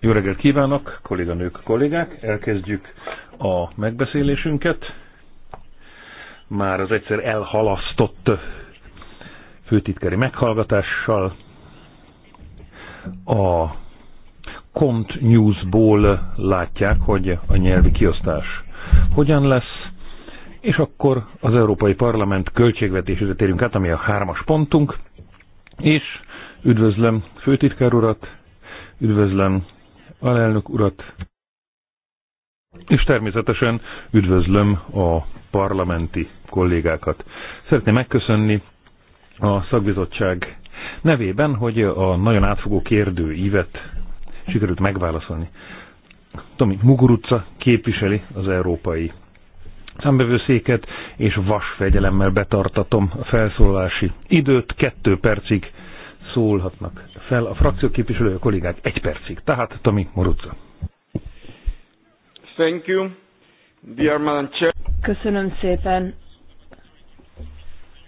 Jó reggelt kívánok, kolléganők, kollégák. Elkezdjük a megbeszélésünket. Már az egyszer elhalasztott főtitkári meghallgatással a Kont Newsból látják, hogy a nyelvi kiosztás hogyan lesz, és akkor az Európai Parlament költségvetésére térünk át, ami a hármas pontunk, és Üdvözlöm főtitkár urat, üdvözlöm alelnök urat, és természetesen üdvözlöm a parlamenti kollégákat. Szeretném megköszönni a szakbizottság nevében, hogy a nagyon átfogó kérdőívet sikerült megválaszolni. Tomi Muguruca képviseli az európai számbevőszéket, és vasfegyelemmel betartatom a felszólalási időt, kettő percig szólhatnak fel a frakció képviselői kollégák egy percig. Tehát Tomi Moruca. Thank you. Dear Madam Chair. Köszönöm szépen.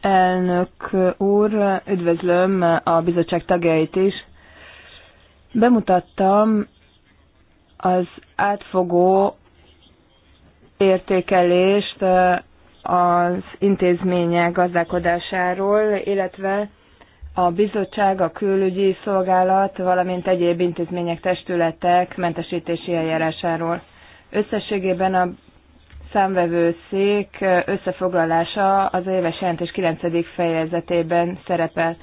Elnök úr, üdvözlöm a bizottság tagjait is. Bemutattam az átfogó értékelést az intézmények gazdálkodásáról, illetve a bizottság, a külügyi szolgálat, valamint egyéb intézmények, testületek mentesítési eljárásáról. Összességében a számvevőszék összefoglalása az éves jelentés 9. fejezetében szerepel.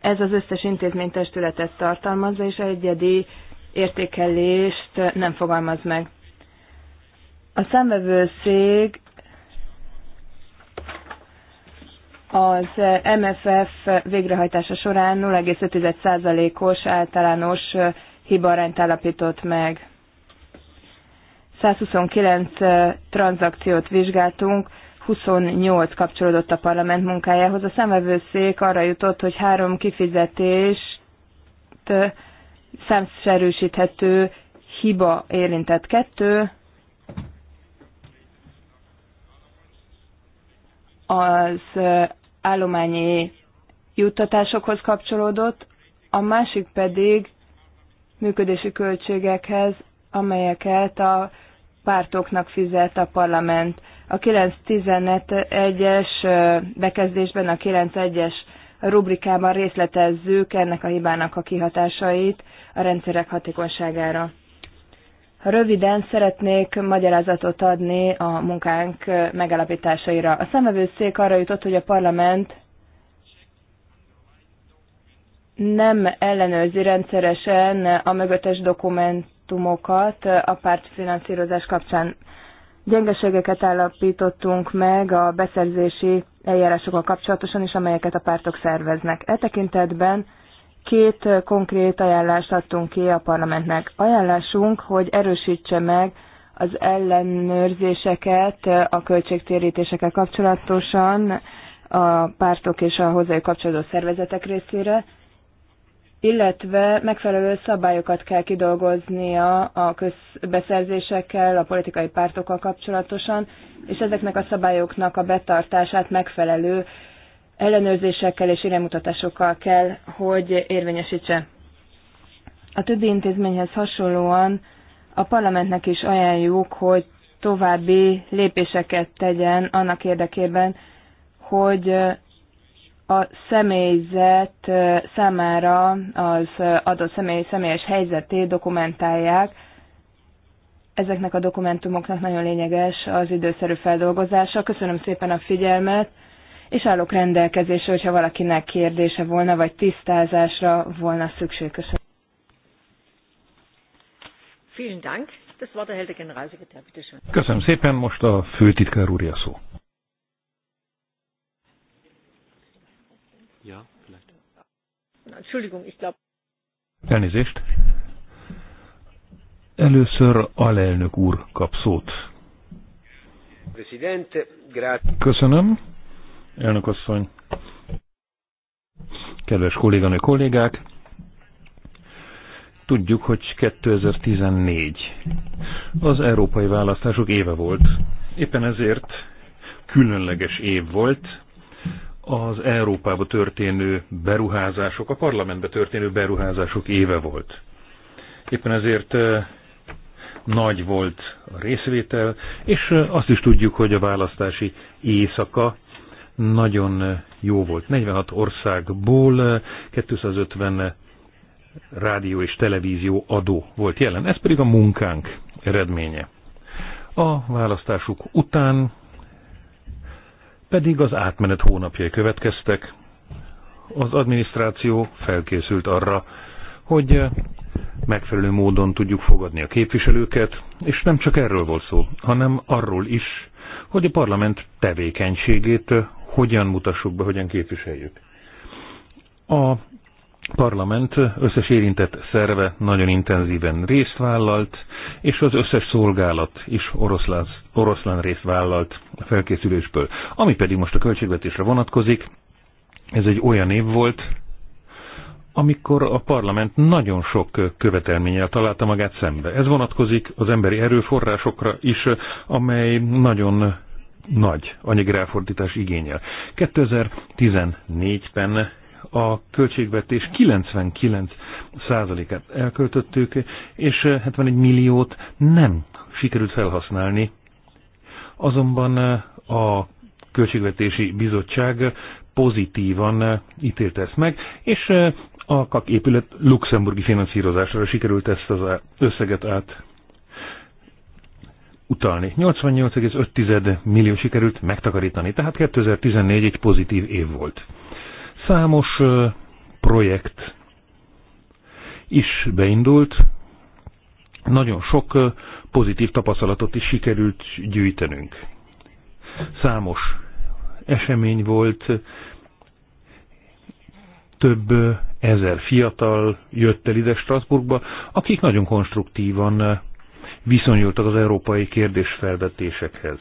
Ez az összes intézmény testületet tartalmazza, és egyedi értékelést nem fogalmaz meg. A számvevőszék az MFF végrehajtása során 0,5%-os általános hibarányt állapított meg. 129 tranzakciót vizsgáltunk, 28 kapcsolódott a parlament munkájához. A számvevőszék arra jutott, hogy három kifizetést számszerűsíthető hiba érintett kettő, az állományi juttatásokhoz kapcsolódott, a másik pedig működési költségekhez, amelyeket a pártoknak fizet a parlament. A 9.11-es bekezdésben, a 9.1-es rubrikában részletezzük ennek a hibának a kihatásait a rendszerek hatékonyságára. Röviden szeretnék magyarázatot adni a munkánk megalapításaira. A szemevőszék arra jutott, hogy a parlament nem ellenőrzi rendszeresen a mögöttes dokumentumokat a pártfinanszírozás kapcsán. Gyengeségeket állapítottunk meg a beszerzési eljárásokkal kapcsolatosan is, amelyeket a pártok szerveznek. E tekintetben Két eh, konkrét ajánlást adtunk ki a parlamentnek. Ajánlásunk, hogy erősítse meg az ellenőrzéseket eh, a költségtérítésekkel kapcsolatosan a pártok és a hozzájuk kapcsolódó szervezetek részére, illetve megfelelő szabályokat kell kidolgoznia a közbeszerzésekkel, a politikai pártokkal kapcsolatosan, és ezeknek a szabályoknak a betartását megfelelő ellenőrzésekkel és iránymutatásokkal kell, hogy érvényesítse. A többi intézményhez hasonlóan a parlamentnek is ajánljuk, hogy további lépéseket tegyen annak érdekében, hogy a személyzet számára az adott személy személyes helyzetét dokumentálják. Ezeknek a dokumentumoknak nagyon lényeges az időszerű feldolgozása. Köszönöm szépen a figyelmet! és állok rendelkezésre, hogyha valakinek kérdése volna, vagy tisztázásra volna szükség. Köszönöm. Köszönöm szépen, most a főtitkár úr a szó. Elnézést. Először alelnök úr kap szót. Köszönöm elnökasszony, kedves kolléganő kollégák, tudjuk, hogy 2014 az európai választások éve volt. Éppen ezért különleges év volt az Európába történő beruházások, a parlamentbe történő beruházások éve volt. Éppen ezért eh, nagy volt a részvétel, és eh, azt is tudjuk, hogy a választási éjszaka nagyon jó volt. 46 országból 250 rádió és televízió adó volt jelen. Ez pedig a munkánk eredménye. A választásuk után pedig az átmenet hónapjai következtek. Az adminisztráció felkészült arra, hogy megfelelő módon tudjuk fogadni a képviselőket, és nem csak erről volt szó, hanem arról is, hogy a parlament tevékenységét hogyan mutassuk be, hogyan képviseljük. A parlament összes érintett szerve nagyon intenzíven részt vállalt, és az összes szolgálat is oroszlán, oroszlán részt vállalt a felkészülésből. Ami pedig most a költségvetésre vonatkozik, ez egy olyan év volt, amikor a parlament nagyon sok követelménnyel találta magát szembe. Ez vonatkozik az emberi erőforrásokra is, amely nagyon nagy anyagi ráfordítás igényel. 2014-ben a költségvetés 99%-át elköltöttük, és 71 eh, milliót nem sikerült felhasználni. Azonban eh, a Költségvetési Bizottság pozitívan eh, ítélte ezt meg, és a KAK épület luxemburgi finanszírozásra sikerült ezt az összeget át utalni. 88,5 millió sikerült megtakarítani, tehát 2014 egy pozitív év volt. Számos projekt is beindult, nagyon sok pozitív tapasztalatot is sikerült gyűjtenünk. Számos esemény volt, több ezer fiatal jött el ide Strasbourgba, akik nagyon konstruktívan viszonyultak az európai kérdésfelvetésekhez.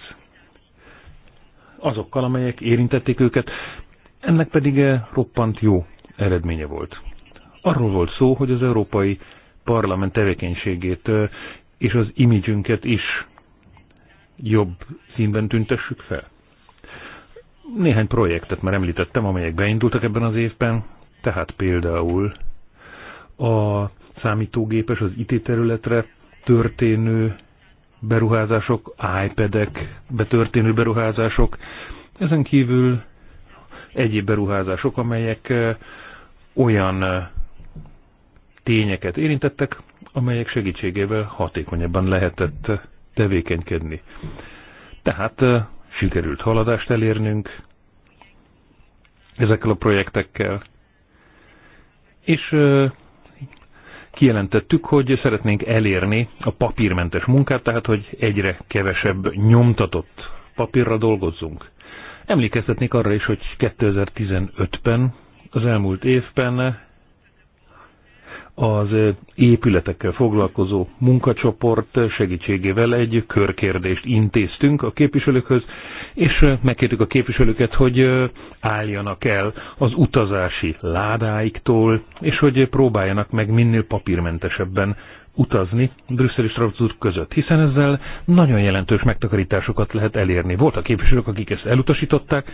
Azokkal, amelyek érintették őket, ennek pedig eh, roppant jó eredménye volt. Arról volt szó, hogy az európai parlament tevékenységét eh, és az imidzsünket is jobb színben tüntessük fel. Néhány projektet már említettem, amelyek beindultak ebben az évben, tehát például a számítógépes, az IT területre történő beruházások, iPad-ek betörténő beruházások, ezen kívül egyéb beruházások, amelyek eh, olyan eh, tényeket érintettek, amelyek segítségével hatékonyabban lehetett eh, tevékenykedni. Tehát sikerült haladást elérnünk ezekkel a projektekkel, és kijelentettük, hogy szeretnénk elérni a papírmentes munkát, tehát hogy egyre kevesebb nyomtatott papírra dolgozzunk. Emlékeztetnék arra is, hogy 2015-ben, az elmúlt évben az épületekkel foglalkozó munkacsoport segítségével egy körkérdést intéztünk a képviselőkhöz, és megkértük a képviselőket, hogy álljanak el az utazási ládáiktól, és hogy próbáljanak meg minél papírmentesebben utazni Brüsszel és Strasbourg között, hiszen ezzel nagyon jelentős megtakarításokat lehet elérni. Voltak képviselők, akik ezt elutasították,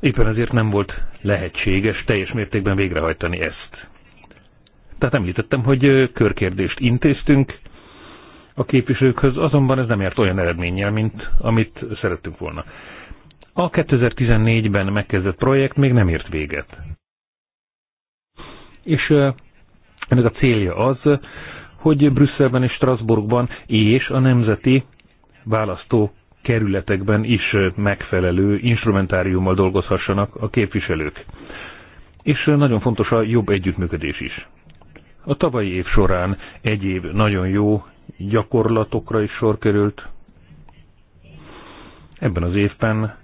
éppen ezért nem volt lehetséges teljes mértékben végrehajtani ezt. Tehát említettem, hogy körkérdést intéztünk a képviselőkhöz, azonban ez nem ért olyan eredménnyel, mint amit szerettünk volna. A 2014-ben megkezdett projekt még nem ért véget. És ennek a célja az, hogy Brüsszelben és Strasbourgban és a nemzeti választó kerületekben is megfelelő instrumentáriummal dolgozhassanak a képviselők. És nagyon fontos a jobb együttműködés is. A tavalyi év során egy év nagyon jó gyakorlatokra is sor került. Ebben az évben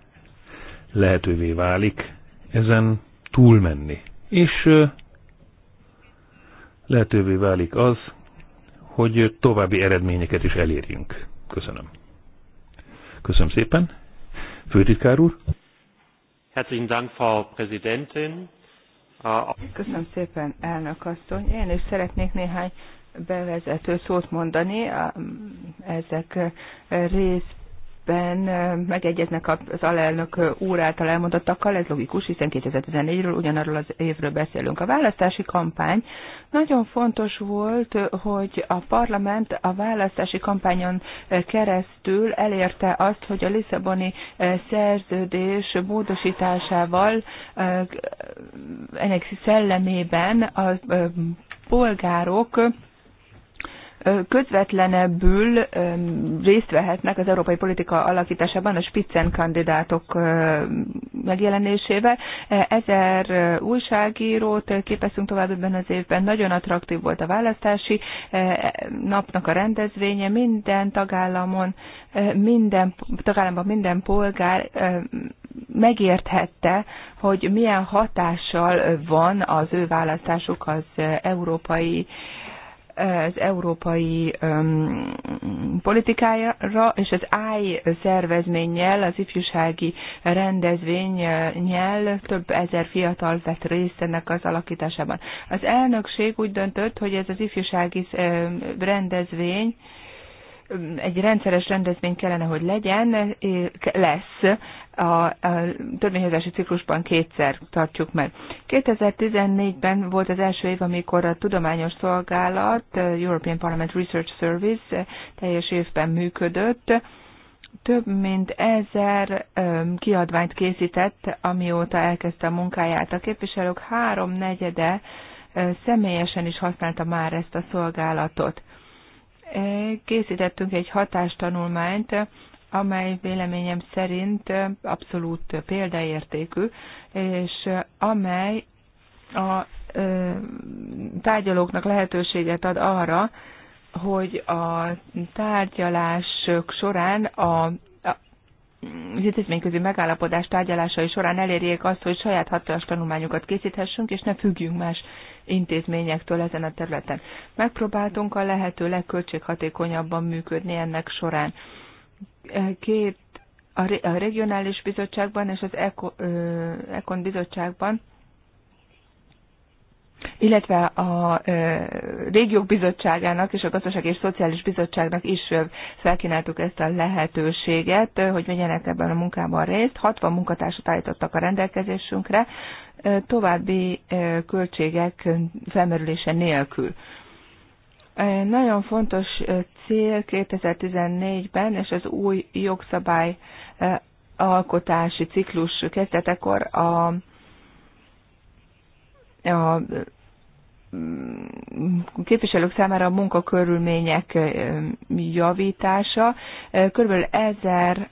lehetővé válik ezen túlmenni. És lehetővé válik az, hogy további eredményeket is elérjünk. Köszönöm. Köszönöm szépen. Főtitkár úr. Herzlichen Dank, Frau Präsidentin. A... Köszönöm szépen, elnök asszony. Én is szeretnék néhány bevezető szót mondani. Ezek rész ebben megegyeznek az alelnök úr által elmondottakkal, ez logikus, hiszen 2014-ről ugyanarról az évről beszélünk. A választási kampány nagyon fontos volt, hogy a parlament a választási kampányon keresztül elérte azt, hogy a Lisszaboni szerződés módosításával ennek szellemében a polgárok közvetlenebbül részt vehetnek az európai politika alakításában a spitzen kandidátok megjelenésével. Ezer újságírót képeztünk tovább ebben az évben. Nagyon attraktív volt a választási napnak a rendezvénye. Minden tagállamon, minden tagállamban minden polgár megérthette, hogy milyen hatással van az ő választásuk az európai az európai um, politikájára és az AI szervezménnyel, az ifjúsági rendezvényel több ezer fiatal vett részt ennek az alakításában. Az elnökség úgy döntött, hogy ez az ifjúsági rendezvény egy rendszeres rendezvény kellene, hogy legyen, lesz. A, a törvényhozási ciklusban kétszer tartjuk meg. 2014-ben volt az első év, amikor a Tudományos Szolgálat, European Parliament Research Service teljes évben működött. Több mint ezer kiadványt készített, amióta elkezdte a munkáját. A képviselők háromnegyede személyesen is használta már ezt a szolgálatot készítettünk egy hatástanulmányt, amely véleményem szerint abszolút példaértékű, és amely a tárgyalóknak lehetőséget ad arra, hogy a tárgyalások során a az intézményközi megállapodás tárgyalásai során elérjék azt, hogy saját hatalmas tanulmányokat készíthessünk, és ne függjünk más intézményektől ezen a területen. Megpróbáltunk a lehető legköltséghatékonyabban működni ennek során. Két a regionális bizottságban és az Econ bizottságban illetve a régiók bizottságának és a gazdaság és szociális bizottságnak is felkínáltuk ezt a lehetőséget, hogy vegyenek ebben a munkában részt. 60 munkatársat állítottak a rendelkezésünkre, további költségek felmerülése nélkül. Nagyon fontos cél 2014-ben, és az új jogszabály alkotási ciklus kezdetekor a a képviselők számára a munkakörülmények javítása. Körülbelül ezer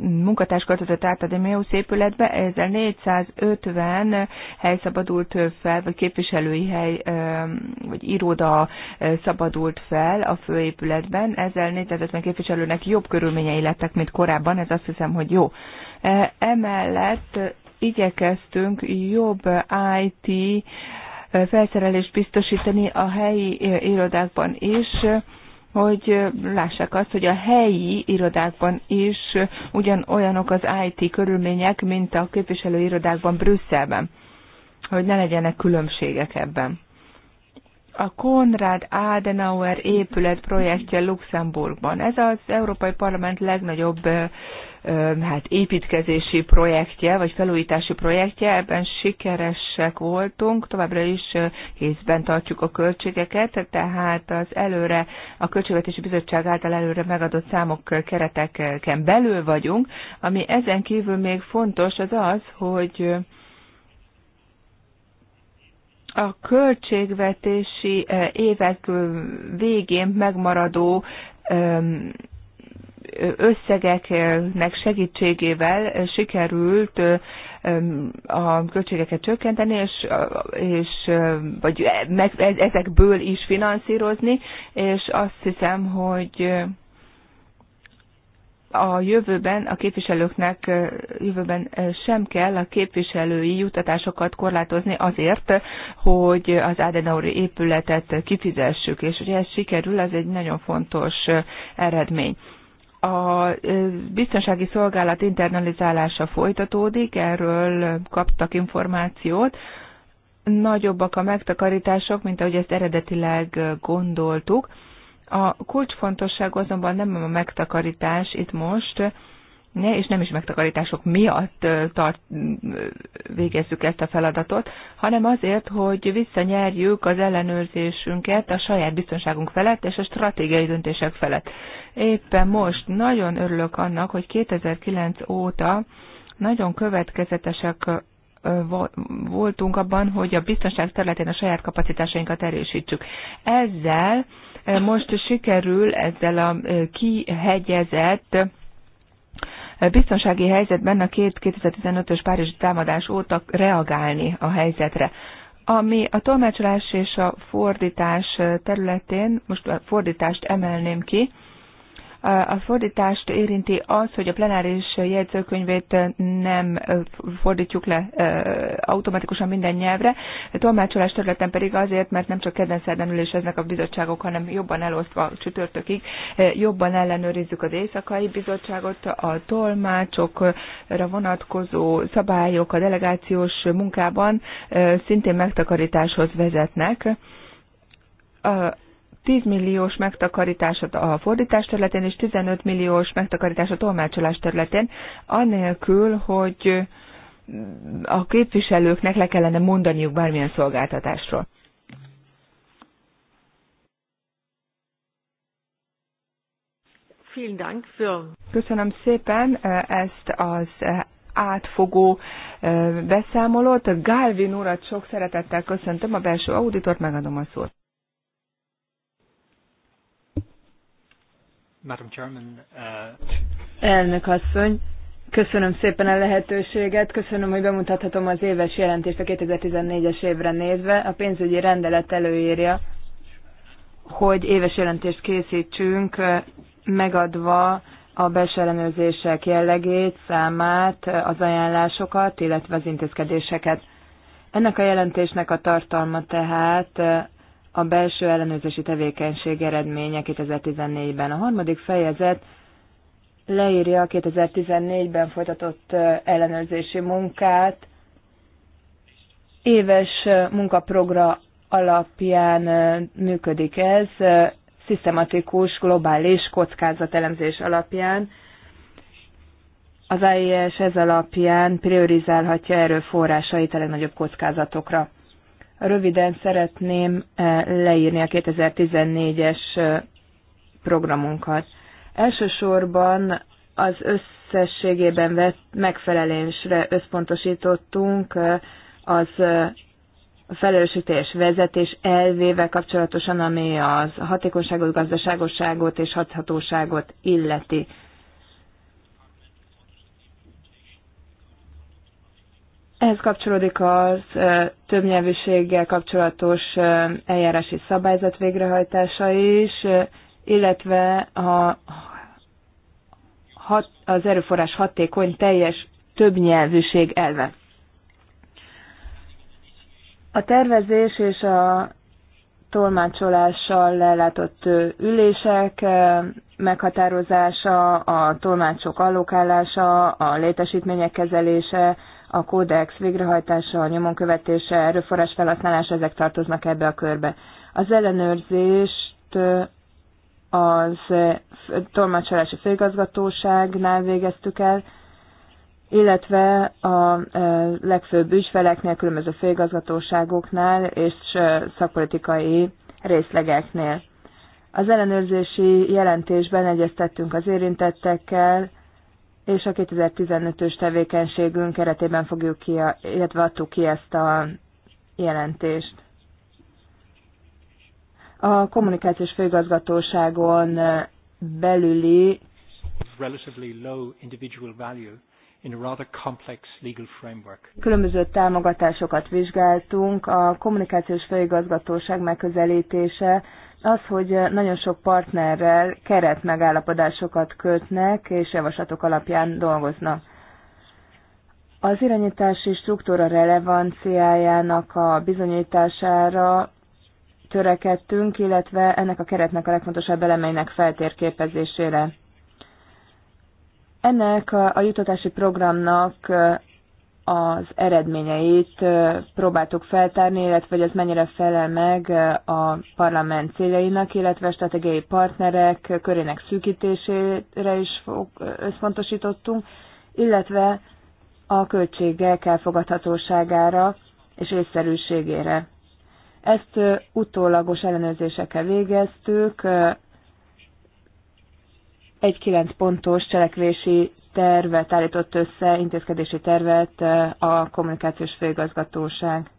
munkatárs költözött át a Demiusz épületbe, ezzel 450 hely szabadult fel, vagy képviselői hely, vagy iroda szabadult fel a főépületben, ezzel 450 képviselőnek jobb körülményei lettek, mint korábban, ez azt hiszem, hogy jó. Emellett igyekeztünk jobb IT felszerelést biztosítani a helyi irodákban is, hogy lássák azt, hogy a helyi irodákban is ugyanolyanok az IT körülmények, mint a irodákban Brüsszelben, hogy ne legyenek különbségek ebben. A Konrad Adenauer épület projektje Luxemburgban. Ez az Európai Parlament legnagyobb hát építkezési projektje, vagy felújítási projektje, ebben sikeresek voltunk, továbbra is kézben tartjuk a költségeket, tehát az előre, a Költségvetési Bizottság által előre megadott számok kereteken belül vagyunk, ami ezen kívül még fontos az az, hogy a költségvetési évek végén megmaradó összegeknek segítségével eh, sikerült eh, a költségeket csökkenteni, és, és eh, vagy meg, e, ezekből is finanszírozni, és azt hiszem, hogy a jövőben a képviselőknek jövőben sem kell a képviselői juttatásokat korlátozni azért, hogy az Adenauer épületet kifizessük, és ugye ez sikerül, ez egy nagyon fontos eredmény. A biztonsági szolgálat internalizálása folytatódik, erről kaptak információt. Nagyobbak a megtakarítások, mint ahogy ezt eredetileg gondoltuk. A kulcsfontosság azonban nem a megtakarítás itt most, ne, és nem is megtakarítások miatt tart, végezzük ezt a feladatot, hanem azért, hogy visszanyerjük az ellenőrzésünket a saját biztonságunk felett és a stratégiai döntések felett. Éppen most nagyon örülök annak, hogy 2009 óta nagyon következetesek voltunk abban, hogy a biztonság területén a saját kapacitásainkat erősítsük. Ezzel most sikerül ezzel a kihegyezett biztonsági helyzetben a két 2015-ös Párizsi támadás óta reagálni a helyzetre. Ami a tolmácsolás és a fordítás területén, most a fordítást emelném ki, a fordítást érinti az, hogy a plenáris jegyzőkönyvét nem fordítjuk le automatikusan minden nyelvre, a tolmácsolás területen pedig azért, mert nem csak kedden szerdán üléseznek a bizottságok, hanem jobban elosztva csütörtökig, jobban ellenőrizzük az éjszakai bizottságot, a tolmácsokra vonatkozó szabályok a delegációs munkában szintén megtakarításhoz vezetnek 10 milliós megtakarításot a fordítás területén, és 15 milliós megtakarítás a tolmácsolás területén, anélkül, hogy a képviselőknek le kellene mondaniuk bármilyen szolgáltatásról. Köszönöm szépen eh, ezt az eh, átfogó eh, beszámolót. Gálvin urat sok szeretettel köszöntöm, a belső auditort megadom a szót. Madam Chairman, uh... Elnök asszony, köszönöm szépen a lehetőséget, köszönöm, hogy bemutathatom az éves jelentést a 2014-es évre nézve. A pénzügyi rendelet előírja, hogy éves jelentést készítsünk, uh, megadva a belső ellenőrzések jellegét, számát, uh, az ajánlásokat, illetve az intézkedéseket. Ennek a jelentésnek a tartalma tehát uh, a belső ellenőrzési tevékenység eredménye 2014-ben. A harmadik fejezet leírja a 2014-ben folytatott ellenőrzési munkát, éves munkaprogram alapján működik ez, szisztematikus globális kockázatelemzés alapján. Az AIS e ez alapján priorizálhatja erőforrásait a legnagyobb kockázatokra. Röviden szeretném eh, leírni a 2014-es eh, programunkat. Elsősorban az összességében vett megfelelésre összpontosítottunk eh, az felelősségteljes vezetés elvével kapcsolatosan, ami az hatékonyságot, gazdaságosságot és hathatóságot illeti. Ehhez kapcsolódik az többnyelvűséggel kapcsolatos eljárási szabályzat végrehajtása is, illetve a, hat, az erőforrás hatékony teljes többnyelvűség elve. A tervezés és a tolmácsolással lelátott ülések meghatározása, a tolmácsok allokálása, a létesítmények kezelése, a kódex végrehajtása, a nyomon követése, erőforrás felhasználása, ezek tartoznak ebbe a körbe. Az ellenőrzést az tolmácsolási főigazgatóságnál végeztük el, illetve a legfőbb ügyfeleknél, különböző főigazgatóságoknál és szakpolitikai részlegeknél. Az ellenőrzési jelentésben egyeztettünk az érintettekkel, és a 2015-ös tevékenységünk keretében fogjuk ki, a, illetve adtuk ki ezt a jelentést. A kommunikációs főigazgatóságon belüli Különböző támogatásokat vizsgáltunk. A kommunikációs főigazgatóság megközelítése az, hogy nagyon sok partnerrel keret megállapodásokat kötnek, és javaslatok alapján dolgoznak. Az irányítási struktúra relevanciájának a bizonyítására törekedtünk, illetve ennek a keretnek a legfontosabb elemeinek feltérképezésére. Ennek a jutatási programnak az eredményeit próbáltuk feltárni, illetve hogy ez mennyire felel meg a parlament céljainak, illetve a stratégiai partnerek körének szűkítésére is összpontosítottunk, illetve a költségek elfogadhatóságára és észszerűségére. Ezt utólagos ellenőrzésekkel végeztük, egy kilenc pontos cselekvési tervet állított össze, intézkedési tervet a kommunikációs főigazgatóság.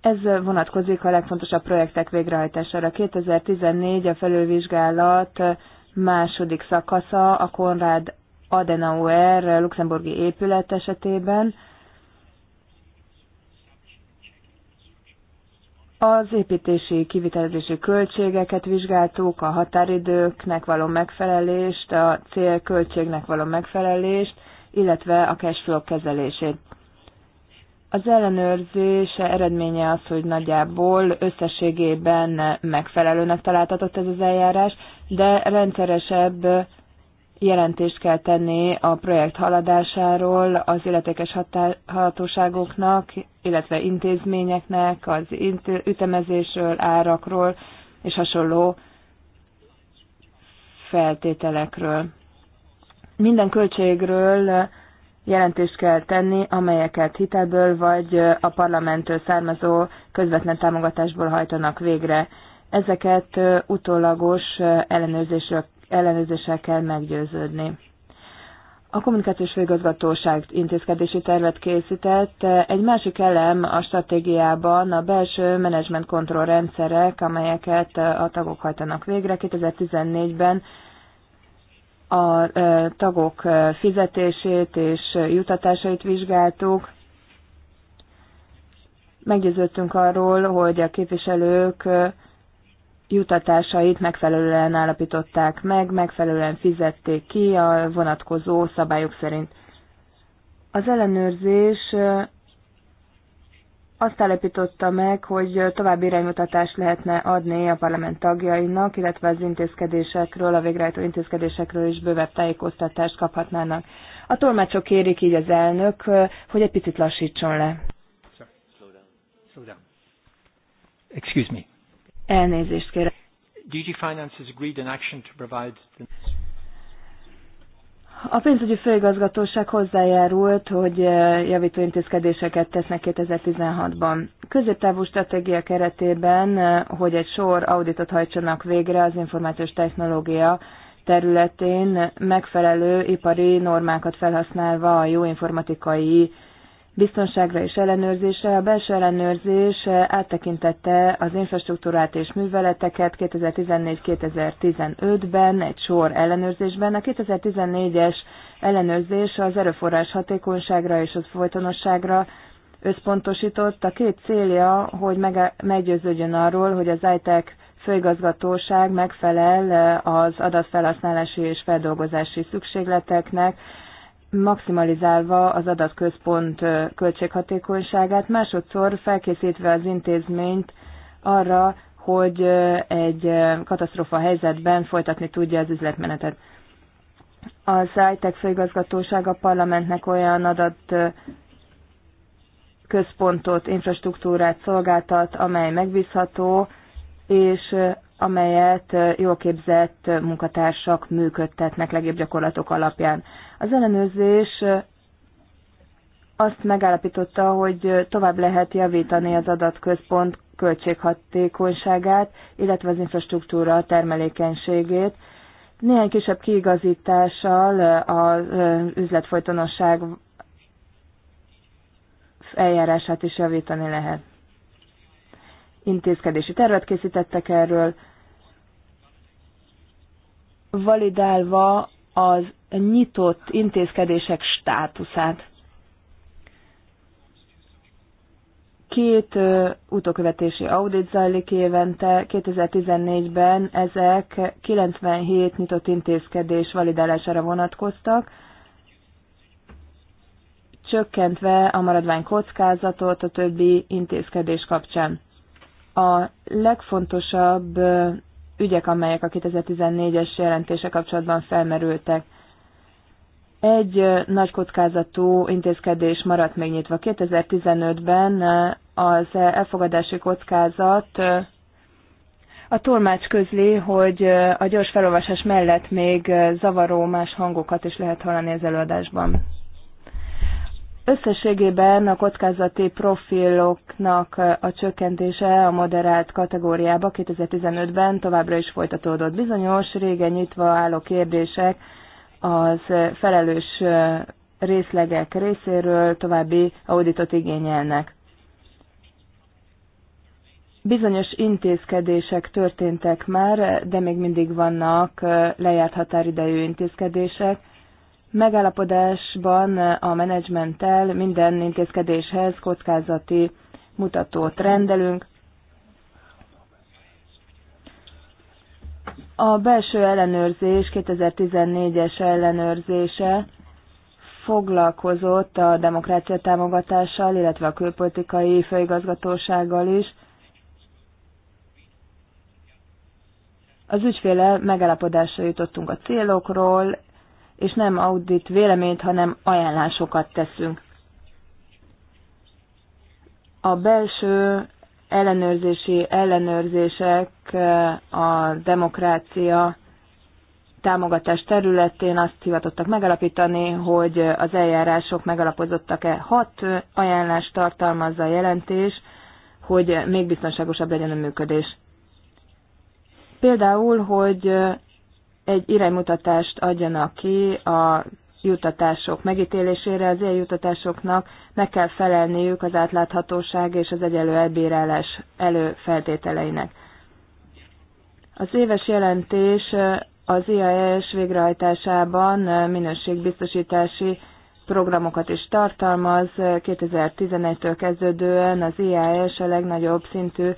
Ez vonatkozik a legfontosabb projektek végrehajtására. 2014 a felülvizsgálat második szakasza a Konrad Adenauer luxemburgi épület esetében. Az építési, kivitelezési költségeket vizsgáltuk, a határidőknek való megfelelést, a célköltségnek való megfelelést, illetve a cashflow kezelését. Az ellenőrzés eredménye az, hogy nagyjából összességében megfelelőnek találtatott ez az eljárás, de rendszeresebb jelentést kell tenni a projekt haladásáról az illetékes hatóságoknak, illetve intézményeknek, az ütemezésről, árakról és hasonló feltételekről. Minden költségről jelentést kell tenni, amelyeket hitelből vagy a parlamenttől származó közvetlen támogatásból hajtanak végre. Ezeket utólagos ellenőrzésre ellenőrzéssel kell meggyőződni. A kommunikációs főigazgatóság intézkedési tervet készített. Egy másik elem a stratégiában a belső menedzsment kontroll rendszerek, amelyeket a tagok hajtanak végre. 2014-ben a tagok fizetését és jutatásait vizsgáltuk. Meggyőződtünk arról, hogy a képviselők jutatásait megfelelően állapították meg, megfelelően fizették ki a vonatkozó szabályok szerint. Az ellenőrzés azt állapította meg, hogy további iránymutatást lehetne adni a parlament tagjainak, illetve az intézkedésekről, a végrehajtó intézkedésekről is bővebb tájékoztatást kaphatnának. A tolmácsok kérik így az elnök, hogy egy picit lassítson le. Excuse me. Elnézést kérek. DG Finance has agreed an action to provide the... A pénzügyi főigazgatóság hozzájárult, hogy eh, javító intézkedéseket tesznek 2016-ban. Középtávú stratégia keretében, eh, hogy egy sor auditot hajtsanak végre az információs technológia területén megfelelő ipari normákat felhasználva a jó informatikai biztonságra és ellenőrzésre. A belső ellenőrzés áttekintette az infrastruktúrát és műveleteket 2014-2015-ben egy sor ellenőrzésben. A 2014-es ellenőrzés az erőforrás hatékonyságra és az folytonosságra összpontosított. A két célja, hogy meggyőződjön arról, hogy az ITEC főigazgatóság megfelel az adatfelhasználási és feldolgozási szükségleteknek, maximalizálva az adatközpont költséghatékonyságát, másodszor felkészítve az intézményt arra, hogy egy katasztrófa helyzetben folytatni tudja az üzletmenetet. A ITEC főigazgatóság a parlamentnek olyan adat központot, infrastruktúrát szolgáltat, amely megbízható, és amelyet jól képzett munkatársak működtetnek legjobb gyakorlatok alapján. Az ellenőrzés azt megállapította, hogy tovább lehet javítani az adatközpont költséghatékonyságát, illetve az infrastruktúra termelékenységét. Néhány kisebb kiigazítással az üzletfolytonosság eljárását is javítani lehet. Intézkedési tervet készítettek erről, validálva az nyitott intézkedések státuszát. Két utókövetési audit zajlik évente, 2014-ben ezek 97 nyitott intézkedés validálására vonatkoztak, csökkentve a maradvány kockázatot a többi intézkedés kapcsán. A legfontosabb ügyek, amelyek a 2014-es jelentése kapcsolatban felmerültek. Egy nagy kockázatú intézkedés maradt még nyitva. 2015-ben az elfogadási kockázat a tolmács közli, hogy a gyors felolvasás mellett még zavaró más hangokat is lehet hallani az előadásban. Összességében a kockázati profiloknak a csökkentése a moderált kategóriába 2015-ben továbbra is folytatódott. Bizonyos régen nyitva álló kérdések az felelős részlegek részéről további auditot igényelnek. Bizonyos intézkedések történtek már, de még mindig vannak lejárt határidejű intézkedések, megállapodásban a menedzsmenttel minden intézkedéshez kockázati mutatót rendelünk. A belső ellenőrzés 2014-es ellenőrzése foglalkozott a demokrácia támogatással, illetve a külpolitikai főigazgatósággal is. Az ügyféle megállapodásra jutottunk a célokról, és nem audit véleményt, hanem ajánlásokat teszünk. A belső ellenőrzési ellenőrzések a demokrácia támogatás területén azt hivatottak megalapítani, hogy az eljárások megalapozottak-e. Hat ajánlást tartalmazza a jelentés, hogy még biztonságosabb legyen a működés. Például, hogy egy iránymutatást adjanak ki a jutatások megítélésére. Az ilyen jutatásoknak meg kell felelniük az átláthatóság és az egyelő elbírálás előfeltételeinek. Az éves jelentés az IAS végrehajtásában minőségbiztosítási programokat is tartalmaz. 2011-től kezdődően az IAS a legnagyobb szintű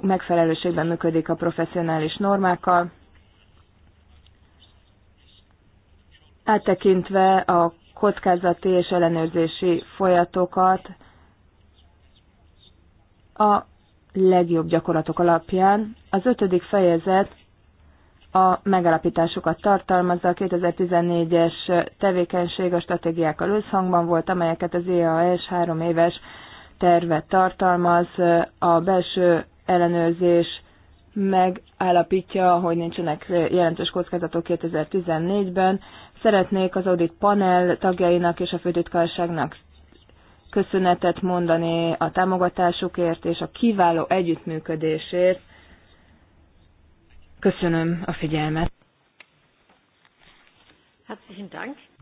megfelelőségben működik a professzionális normákkal. áttekintve a kockázati és ellenőrzési folyatokat a legjobb gyakorlatok alapján. Az ötödik fejezet a megalapításokat tartalmazza, a 2014-es tevékenység a stratégiákkal összhangban volt, amelyeket az EAS három éves tervet tartalmaz, a belső ellenőrzés megállapítja, hogy nincsenek jelentős kockázatok 2014-ben, Szeretnék az audit panel tagjainak és a főtitkárságnak köszönetet mondani a támogatásukért és a kiváló együttműködésért. Köszönöm a figyelmet.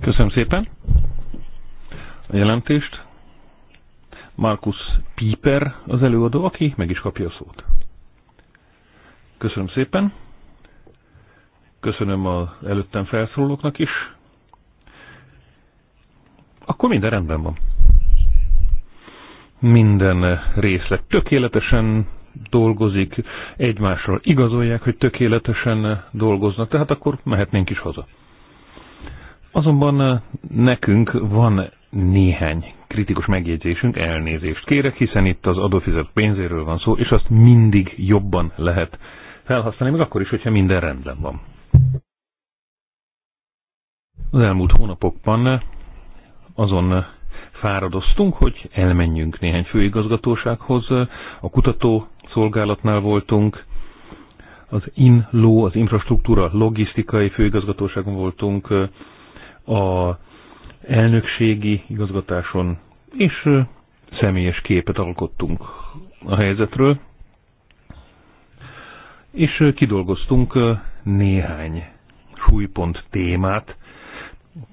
Köszönöm szépen a jelentést. Markus Pieper az előadó, aki meg is kapja a szót. Köszönöm szépen. Köszönöm az előttem felszólóknak is. Akkor minden rendben van. Minden részlet tökéletesen dolgozik, egymásról igazolják, hogy tökéletesen dolgoznak, tehát akkor mehetnénk is haza. Azonban nekünk van néhány kritikus megjegyzésünk, elnézést kérek, hiszen itt az adófizet pénzéről van szó, és azt mindig jobban lehet felhasználni, még akkor is, hogyha minden rendben van. Az elmúlt hónapokban azon fáradoztunk, hogy elmenjünk néhány főigazgatósághoz. A kutató szolgálatnál voltunk, az INLO, az infrastruktúra logisztikai főigazgatóságon voltunk, a elnökségi igazgatáson, és személyes képet alkottunk a helyzetről, és kidolgoztunk néhány súlypont témát,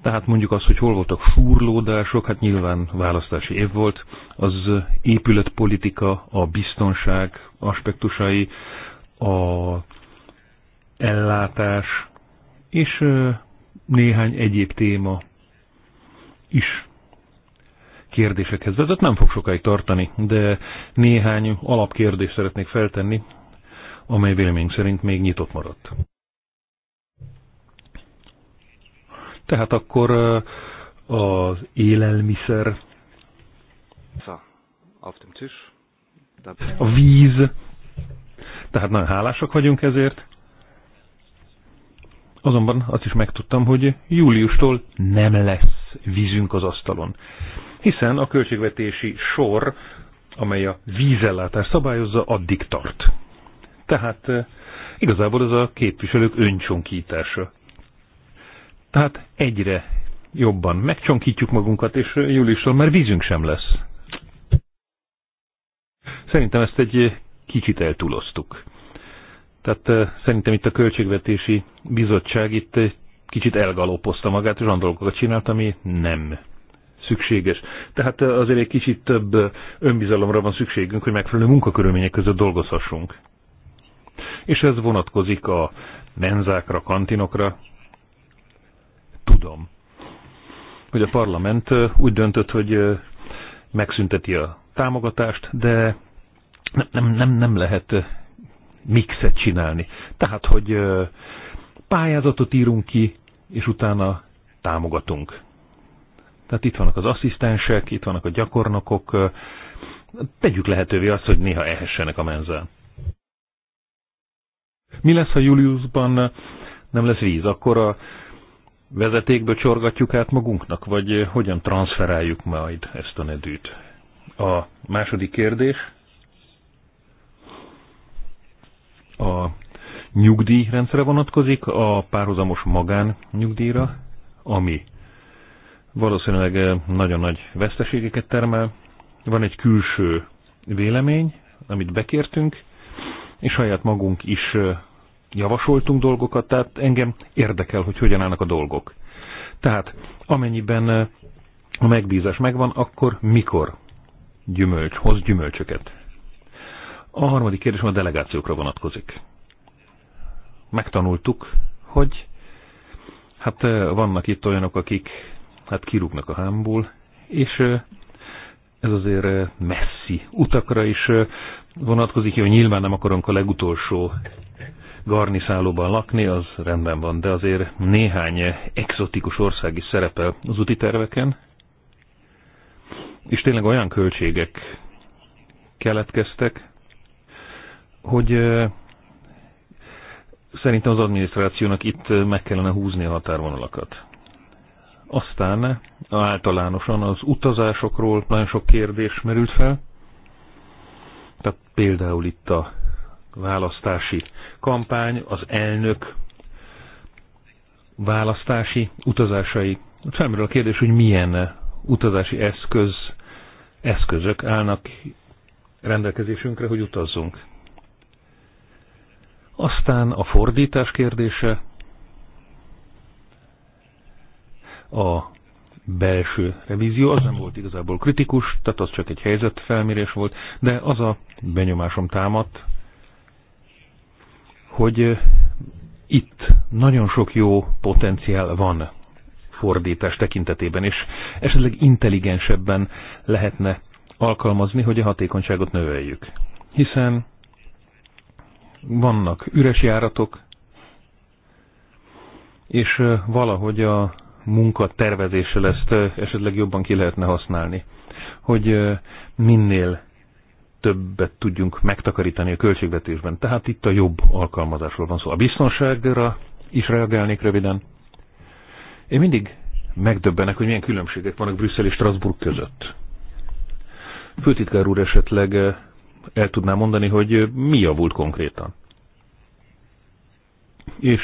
tehát mondjuk az, hogy hol voltak furlódások, hát nyilván választási év volt, az épületpolitika, a biztonság aspektusai, a ellátás, és néhány egyéb téma is kérdésekhez vezet. Nem fog sokáig tartani, de néhány alapkérdést szeretnék feltenni, amely vélemény szerint még nyitott maradt. Tehát akkor az élelmiszer, a víz, tehát nagyon hálásak vagyunk ezért. Azonban azt is megtudtam, hogy júliustól nem lesz vízünk az asztalon. Hiszen a költségvetési sor, amely a vízellátás szabályozza, addig tart. Tehát igazából ez a képviselők öncsonkítása. Tehát egyre jobban megcsonkítjuk magunkat, és júliusról már vízünk sem lesz. Szerintem ezt egy kicsit eltúloztuk. Tehát eh, szerintem itt a Költségvetési Bizottság itt kicsit elgalopozta magát, és olyan dolgokat csinált, ami nem szükséges. Tehát eh, azért egy kicsit több eh, önbizalomra van szükségünk, hogy megfelelő munkakörülmények között dolgozhassunk. És ez vonatkozik a menzákra, kantinokra, Tudom, hogy a parlament úgy döntött, hogy megszünteti a támogatást, de nem, nem, nem, nem lehet mixet csinálni. Tehát, hogy pályázatot írunk ki, és utána támogatunk. Tehát itt vannak az asszisztensek, itt vannak a gyakornokok, tegyük lehetővé azt, hogy néha ehessenek a menzel. Mi lesz, ha júliusban nem lesz víz? Akkor a vezetékből csorgatjuk át magunknak, vagy eh, hogyan transferáljuk majd ezt a nedűt? A második kérdés a nyugdíjrendszere vonatkozik, a párhuzamos magán nyugdíjra, ami valószínűleg eh, nagyon nagy veszteségeket termel. Van egy külső vélemény, amit bekértünk, és saját magunk is eh, javasoltunk dolgokat, tehát engem érdekel, hogy hogyan állnak a dolgok. Tehát amennyiben eh, a megbízás megvan, akkor mikor gyümölcs, hoz gyümölcsöket? A harmadik kérdés a delegációkra vonatkozik. Megtanultuk, hogy hát eh, vannak itt olyanok, akik hát kirúgnak a hámból, és eh, ez azért messzi utakra is vonatkozik, hogy nyilván nem akarunk a legutolsó garniszálóban lakni, az rendben van, de azért néhány exotikus ország is szerepel az úti terveken, és tényleg olyan költségek keletkeztek, hogy szerintem az adminisztrációnak itt meg kellene húzni a határvonalakat. Aztán általánosan az utazásokról nagyon sok kérdés merült fel, tehát például itt a választási kampány, az elnök választási utazásai. Felmerül a kérdés, hogy milyen utazási eszköz, eszközök állnak rendelkezésünkre, hogy utazzunk. Aztán a fordítás kérdése, a belső revízió, az nem volt igazából kritikus, tehát az csak egy helyzetfelmérés volt, de az a benyomásom támadt, hogy itt nagyon sok jó potenciál van fordítás tekintetében, és esetleg intelligensebben lehetne alkalmazni, hogy a hatékonyságot növeljük. Hiszen vannak üres járatok, és valahogy a munka tervezéssel ezt esetleg jobban ki lehetne használni, hogy minél többet tudjunk megtakarítani a költségvetésben. Tehát itt a jobb alkalmazásról van szó. A biztonságra is reagálnék röviden. Én mindig megdöbbenek, hogy milyen különbségek vannak Brüsszel és Strasbourg között. Főtitkár úr esetleg eh, el tudná mondani, hogy eh, mi javult konkrétan. És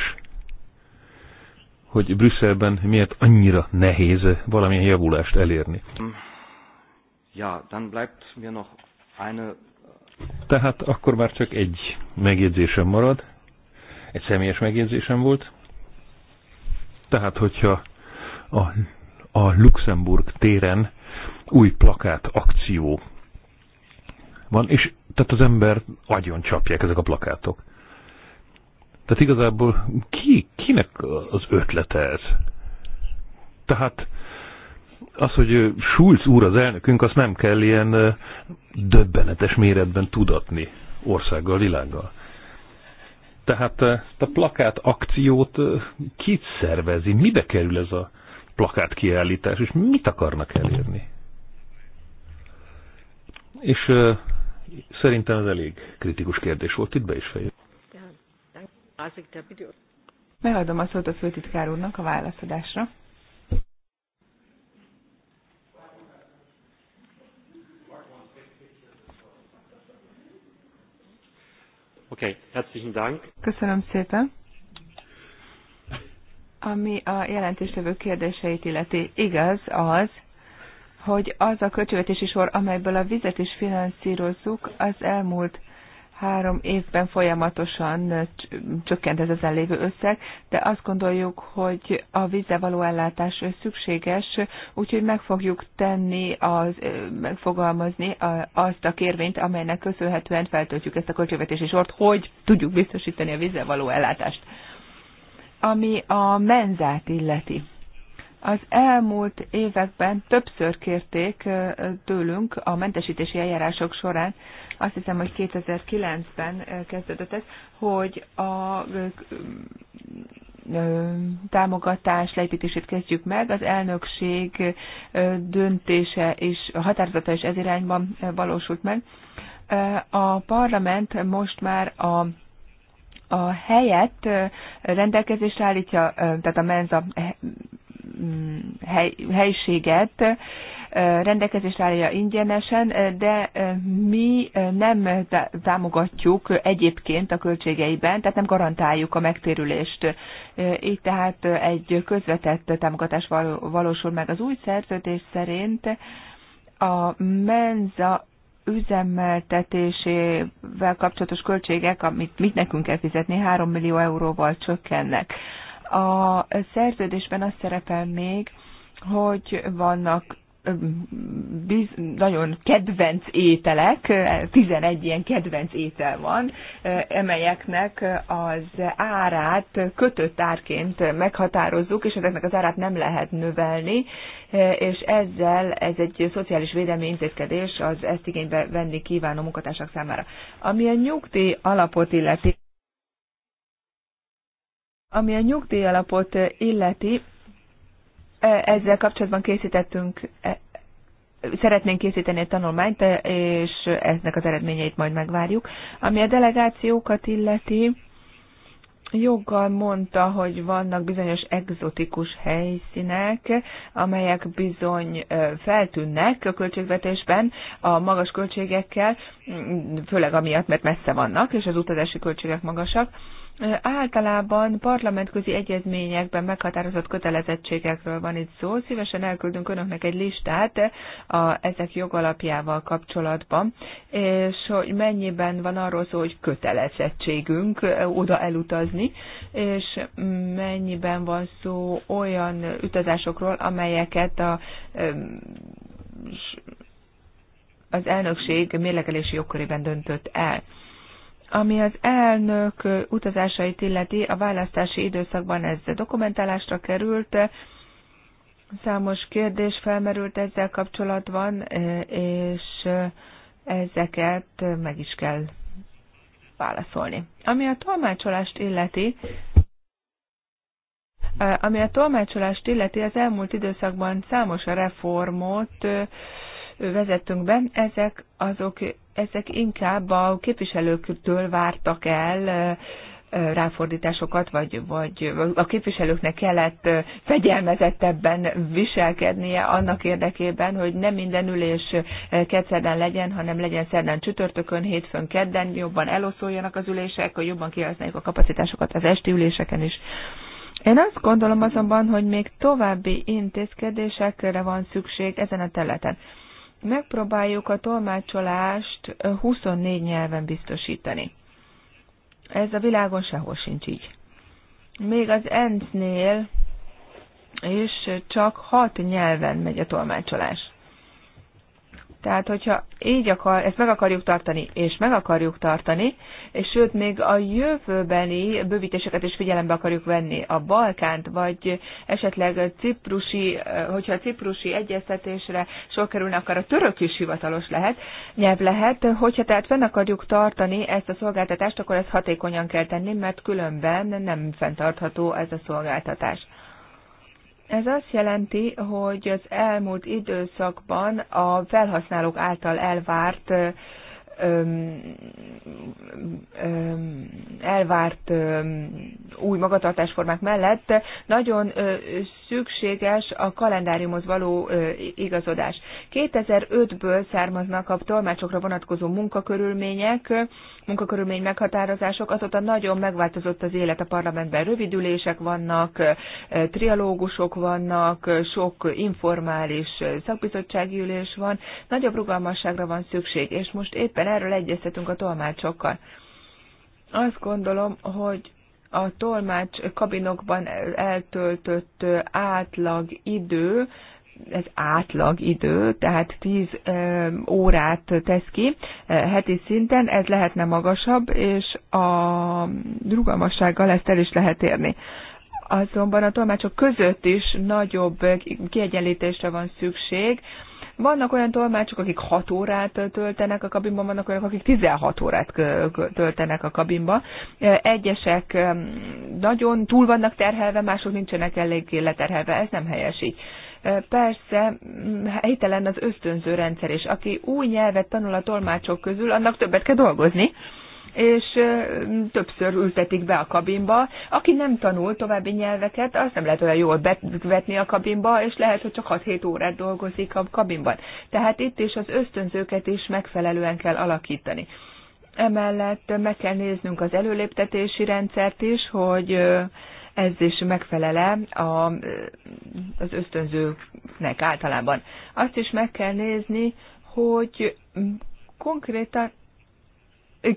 hogy Brüsszelben miért annyira nehéz valamilyen javulást elérni. Ja, dann bleibt mir noch tehát akkor már csak egy megjegyzésem marad, egy személyes megjegyzésem volt. Tehát, hogyha a, a Luxemburg téren új plakát akció van, és tehát az ember agyon csapják ezek a plakátok. Tehát igazából ki, kinek az ötlete ez? Tehát az, hogy Schulz úr az elnökünk, azt nem kell ilyen döbbenetes méretben tudatni országgal, világgal. Tehát a plakát akciót kit szervezi? Mibe kerül ez a plakát kiállítás, és mit akarnak elérni? És uh, szerintem ez elég kritikus kérdés volt, itt be is fejlő. Megadom a szót a főtitkár úrnak a válaszadásra. Okay, herzlichen Dank. Köszönöm szépen. Ami a jelentéstevő kérdéseit illeti, igaz az, hogy az a költségvetési sor, amelyből a vizet is finanszírozzuk, az elmúlt három évben folyamatosan csökkent ez az lévő összeg, de azt gondoljuk, hogy a vízzel való ellátás szükséges, úgyhogy meg fogjuk tenni, az, megfogalmazni azt a kérvényt, amelynek köszönhetően feltöltjük ezt a költségvetési sort, hogy tudjuk biztosítani a vízzel való ellátást. Ami a menzát illeti. Az elmúlt években többször kérték tőlünk a mentesítési eljárások során, azt hiszem, hogy 2009-ben kezdődött ez, hogy a támogatás leépítését kezdjük meg. Az elnökség döntése és határozata is ez irányban valósult meg. A parlament most már a a helyet rendelkezésre állítja, tehát a menza Mm, hely, helységet rendelkezésre állja ingyenesen, de mi nem támogatjuk egyébként a költségeiben, tehát nem garantáljuk a megtérülést. Így tehát egy közvetett támogatás valósul meg az új szerződés szerint. A menza üzemeltetésével kapcsolatos költségek, amit mit nekünk kell fizetni, 3 millió euróval csökkennek. A szerződésben az szerepel még, hogy vannak biz, nagyon kedvenc ételek, 11 ilyen kedvenc étel van, emelyeknek az árát kötött árként meghatározzuk, és ezeknek az árát nem lehet növelni, és ezzel ez egy szociális védelmi intézkedés az ezt igénybe venni kívánó munkatársak számára. Ami a nyugdíj alapot illeti, ami a nyugdíjalapot eh, illeti, eh, ezzel kapcsolatban készítettünk, eh, szeretnénk készíteni egy tanulmányt, és eznek az eredményeit majd megvárjuk. Ami a delegációkat illeti, joggal mondta, hogy vannak bizonyos egzotikus helyszínek, amelyek bizony feltűnnek a költségvetésben a magas költségekkel, mm, főleg amiatt, mert messze vannak, és az utazási költségek magasak. Általában parlamentközi egyezményekben meghatározott kötelezettségekről van itt szó. Szívesen elküldünk önöknek egy listát a, ezek jogalapjával kapcsolatban, és hogy mennyiben van arról szó, hogy kötelezettségünk oda elutazni, és mennyiben van szó olyan utazásokról, amelyeket a az elnökség mérlegelési jogkörében döntött el. Ami az elnök utazásait illeti, a választási időszakban ez dokumentálásra került, számos kérdés felmerült ezzel kapcsolatban, és ezeket meg is kell válaszolni. Ami a tolmácsolást illeti, ami a tolmácsolást illeti, az elmúlt időszakban számos reformot vezettünk be, ezek azok ezek inkább a képviselőktől vártak el ráfordításokat, vagy, vagy a képviselőknek kellett fegyelmezettebben viselkednie annak érdekében, hogy nem minden ülés kedszerden legyen, hanem legyen szerdán csütörtökön, hétfőn, kedden, jobban eloszoljanak az ülések, hogy jobban kihasználjuk a kapacitásokat az esti üléseken is. Én azt gondolom azonban, hogy még további intézkedésekre van szükség ezen a területen. Megpróbáljuk a tolmácsolást 24 nyelven biztosítani. Ez a világon sehol sincs így. Még az ENSZ-nél is csak 6 nyelven megy a tolmácsolás. Tehát, hogyha így akar, ezt meg akarjuk tartani, és meg akarjuk tartani, és sőt, még a jövőbeni bővítéseket is figyelembe akarjuk venni, a Balkánt, vagy esetleg a ciprusi, hogyha a ciprusi egyeztetésre sor kerülne, akkor a török is hivatalos lehet, nyelv lehet, hogyha tehát fenn akarjuk tartani ezt a szolgáltatást, akkor ezt hatékonyan kell tenni, mert különben nem fenntartható ez a szolgáltatás. Ez azt jelenti, hogy az elmúlt időszakban a felhasználók által elvárt öm, öm, elvárt öm, új magatartásformák mellett nagyon ö, szükséges a kalendáriumhoz való ö, igazodás. 2005-ből származnak a tolmácsokra vonatkozó munkakörülmények, munkakörülmény meghatározások, azóta nagyon megváltozott az élet a parlamentben. Rövidülések vannak, trialógusok vannak, sok informális szakbizottsági ülés van, nagyobb rugalmasságra van szükség, és most éppen erről egyeztetünk a tolmácsokkal. Azt gondolom, hogy a tolmács kabinokban eltöltött átlag idő ez átlag idő, tehát 10 órát tesz ki heti szinten, ez lehetne magasabb, és a rugalmassággal ezt el is lehet érni. Azonban a tolmácsok között is nagyobb kiegyenlítésre van szükség. Vannak olyan tolmácsok, akik 6 órát töltenek a kabinban, vannak olyanok, akik 16 órát töltenek a kabinba. Egyesek nagyon túl vannak terhelve, mások nincsenek eléggé leterhelve, ez nem helyes így. Persze, helytelen az ösztönző rendszer, és aki új nyelvet tanul a tolmácsok közül, annak többet kell dolgozni és többször ültetik be a kabinba. Aki nem tanul további nyelveket, azt nem lehet olyan jól bevetni a kabinba, és lehet, hogy csak 6-7 órát dolgozik a kabinban. Tehát itt is az ösztönzőket is megfelelően kell alakítani. Emellett meg kell néznünk az előléptetési rendszert is, hogy ez is megfelele a, az ösztönzőknek általában. Azt is meg kell nézni, hogy konkrétan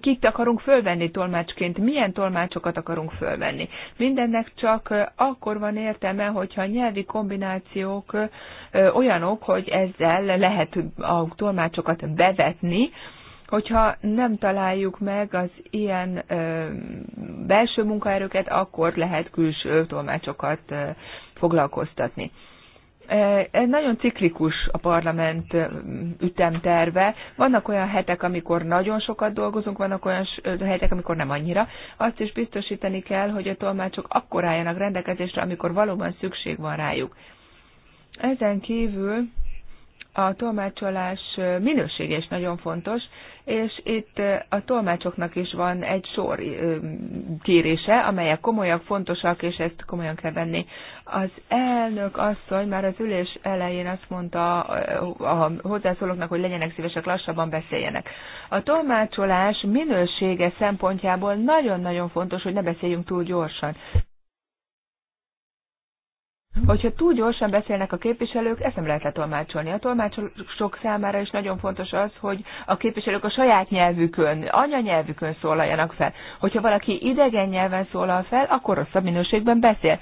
kit akarunk fölvenni tolmácsként, milyen tolmácsokat akarunk fölvenni. Mindennek csak akkor van értelme, hogyha a nyelvi kombinációk olyanok, hogy ezzel lehet a tolmácsokat bevetni, Hogyha nem találjuk meg az ilyen ö, belső munkaerőket, akkor lehet külső tolmácsokat ö, foglalkoztatni. Ez nagyon ciklikus a parlament ütemterve. Vannak olyan hetek, amikor nagyon sokat dolgozunk, vannak olyan hetek, amikor nem annyira. Azt is biztosítani kell, hogy a tolmácsok akkor álljanak rendelkezésre, amikor valóban szükség van rájuk. Ezen kívül a tolmácsolás minősége is nagyon fontos, és itt a tolmácsoknak is van egy sor kérése, amelyek komolyak, fontosak, és ezt komolyan kell venni. Az elnök asszony már az ülés elején azt mondta a hozzászólóknak, hogy legyenek szívesek, lassabban beszéljenek. A tolmácsolás minősége szempontjából nagyon-nagyon fontos, hogy ne beszéljünk túl gyorsan. Hogyha túl gyorsan beszélnek a képviselők, ezt nem lehet letolmácsolni. A tolmácsok számára is nagyon fontos az, hogy a képviselők a saját nyelvükön, anyanyelvükön szólaljanak fel. Hogyha valaki idegen nyelven szólal fel, akkor rosszabb minőségben beszél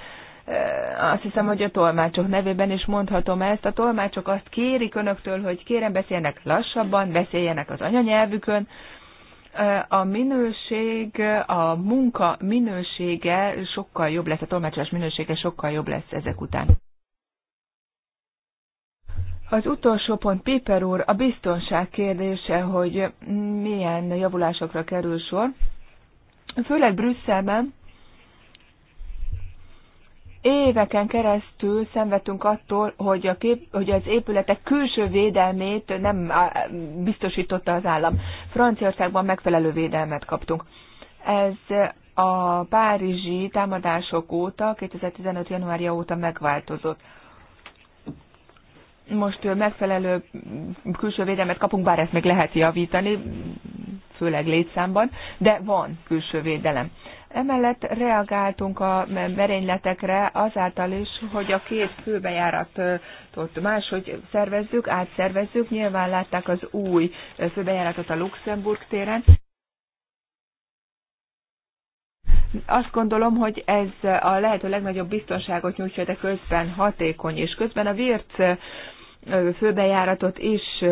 azt hiszem, hogy a tolmácsok nevében is mondhatom ezt. A tolmácsok azt kérik önöktől, hogy kérem beszélnek lassabban, beszéljenek az anyanyelvükön, Eh, a minőség, a munka minősége sokkal jobb lesz, a tolmácsolás minősége sokkal jobb lesz ezek után. Az utolsó pont, Piper úr, a biztonság kérdése, hogy milyen javulásokra kerül sor. Főleg Brüsszelben éveken keresztül szenvedtünk attól, hogy, a kép, hogy az épületek külső védelmét nem biztosította az állam. Franciaországban megfelelő védelmet kaptunk. Ez a párizsi támadások óta, 2015. januárja óta megváltozott. Most megfelelő külső védelmet kapunk, bár ezt még lehet javítani, főleg létszámban, de van külső védelem. Emellett reagáltunk a merényletekre azáltal is, hogy a két főbejáratot máshogy szervezzük, átszervezzük. Nyilván látták az új főbejáratot a Luxemburg téren. Azt gondolom, hogy ez a lehető legnagyobb biztonságot nyújtja, de közben hatékony, és közben a Virc főbejáratot is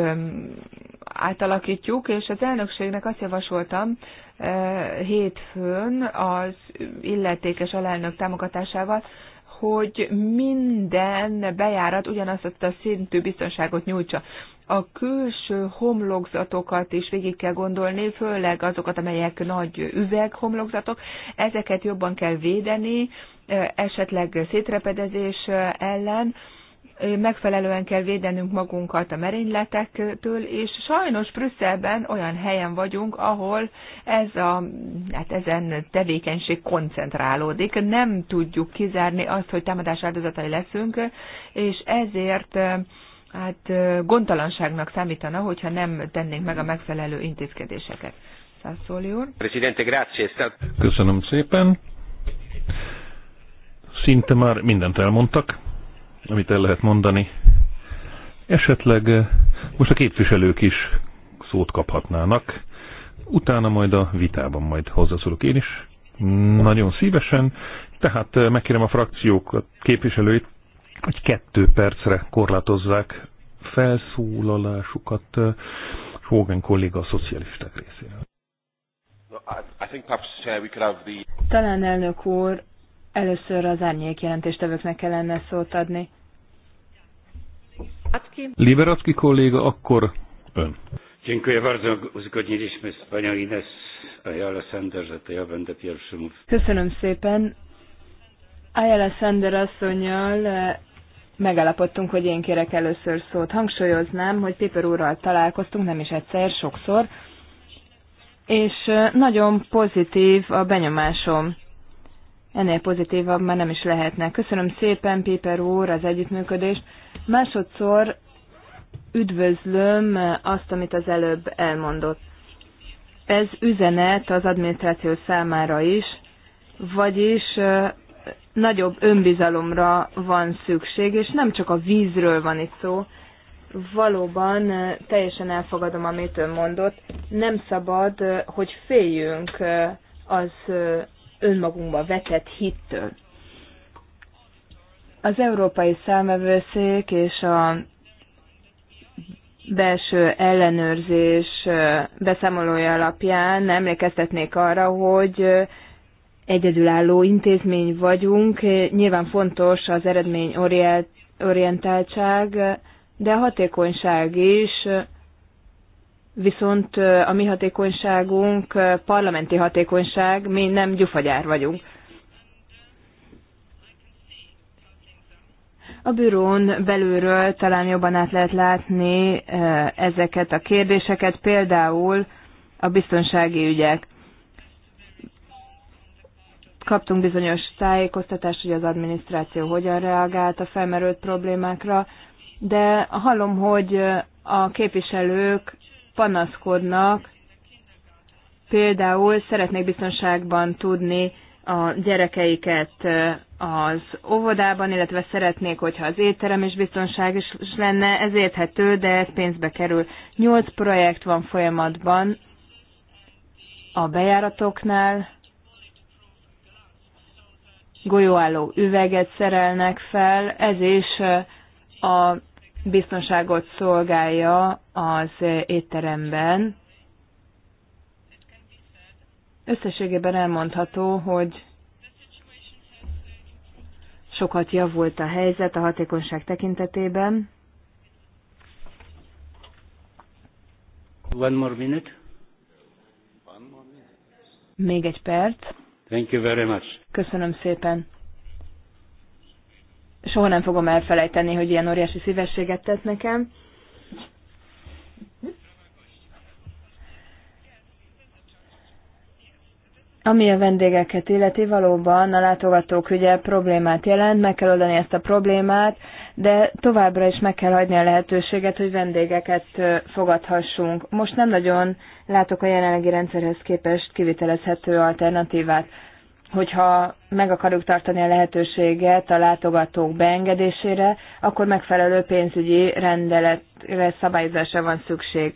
átalakítjuk, és az elnökségnek azt javasoltam hétfőn az illetékes alelnök támogatásával, hogy minden bejárat ugyanazt a szintű biztonságot nyújtsa. A külső homlokzatokat is végig kell gondolni, főleg azokat, amelyek nagy üveghomlokzatok. Ezeket jobban kell védeni, esetleg szétrepedezés ellen megfelelően kell védenünk magunkat a merényletektől, és sajnos Brüsszelben olyan helyen vagyunk, ahol ez a, hát ezen tevékenység koncentrálódik. Nem tudjuk kizárni azt, hogy támadás áldozatai leszünk, és ezért hát gondtalanságnak számítana, hogyha nem tennénk meg a megfelelő intézkedéseket. Szászóli úr. Presidente, grazie. Köszönöm szépen. Szinte már mindent elmondtak amit el lehet mondani. Esetleg eh, most a képviselők is szót kaphatnának, utána majd a vitában majd hozzászólok én is. Nagyon szívesen, tehát eh, megkérem a frakciók a képviselőit, hogy kettő percre korlátozzák felszólalásukat eh, Hogan kolléga a szocialisták részéről. Talán elnök úr, Először az árnyék jelentéstevőknek kellene szót adni. Liberacki kolléga, akkor ön. Dziękuję bardzo. Uzgodniliśmy z panią Ines Ayala Sander, że to ja będę pierwszy Köszönöm szépen. Ayala Sander asszonyjal e, megállapodtunk, hogy én kérek először szót. Hangsúlyoznám, hogy Piper úrral találkoztunk, nem is egyszer, sokszor, és e, nagyon pozitív a benyomásom ennél pozitívabb már nem is lehetne. Köszönöm szépen, Péper úr, az együttműködést. Másodszor üdvözlöm azt, amit az előbb elmondott. Ez üzenet az adminisztráció számára is, vagyis nagyobb önbizalomra van szükség, és nem csak a vízről van itt szó, valóban teljesen elfogadom, amit ön mondott. Nem szabad, hogy féljünk az önmagunkba vetett hittől. Az Európai Számvevőszék és a belső ellenőrzés beszámolója alapján emlékeztetnék arra, hogy egyedülálló intézmény vagyunk. Nyilván fontos az eredményorientáltság, de a hatékonyság is viszont a mi hatékonyságunk parlamenti hatékonyság, mi nem gyufagyár vagyunk. A bürón belülről talán jobban át lehet látni ezeket a kérdéseket, például a biztonsági ügyek. Kaptunk bizonyos tájékoztatást, hogy az adminisztráció hogyan reagált a felmerült problémákra, de hallom, hogy a képviselők panaszkodnak, például szeretnék biztonságban tudni a gyerekeiket az óvodában, illetve szeretnék, hogyha az étterem is biztonságos lenne, ez érthető, de ez pénzbe kerül. Nyolc projekt van folyamatban a bejáratoknál, golyóálló üveget szerelnek fel, ez is a biztonságot szolgálja az étteremben. Összességében elmondható, hogy sokat javult a helyzet a hatékonyság tekintetében. One more minute. Még egy perc. Thank you very much. Köszönöm szépen soha nem fogom elfelejteni, hogy ilyen óriási szívességet tett nekem. Ami a vendégeket illeti, valóban a látogatók ugye problémát jelent, meg kell oldani ezt a problémát, de továbbra is meg kell hagyni a lehetőséget, hogy vendégeket fogadhassunk. Most nem nagyon látok a jelenlegi rendszerhez képest kivitelezhető alternatívát hogyha meg akarjuk tartani a lehetőséget a látogatók beengedésére, akkor megfelelő pénzügyi rendeletre szabályozásra van szükség.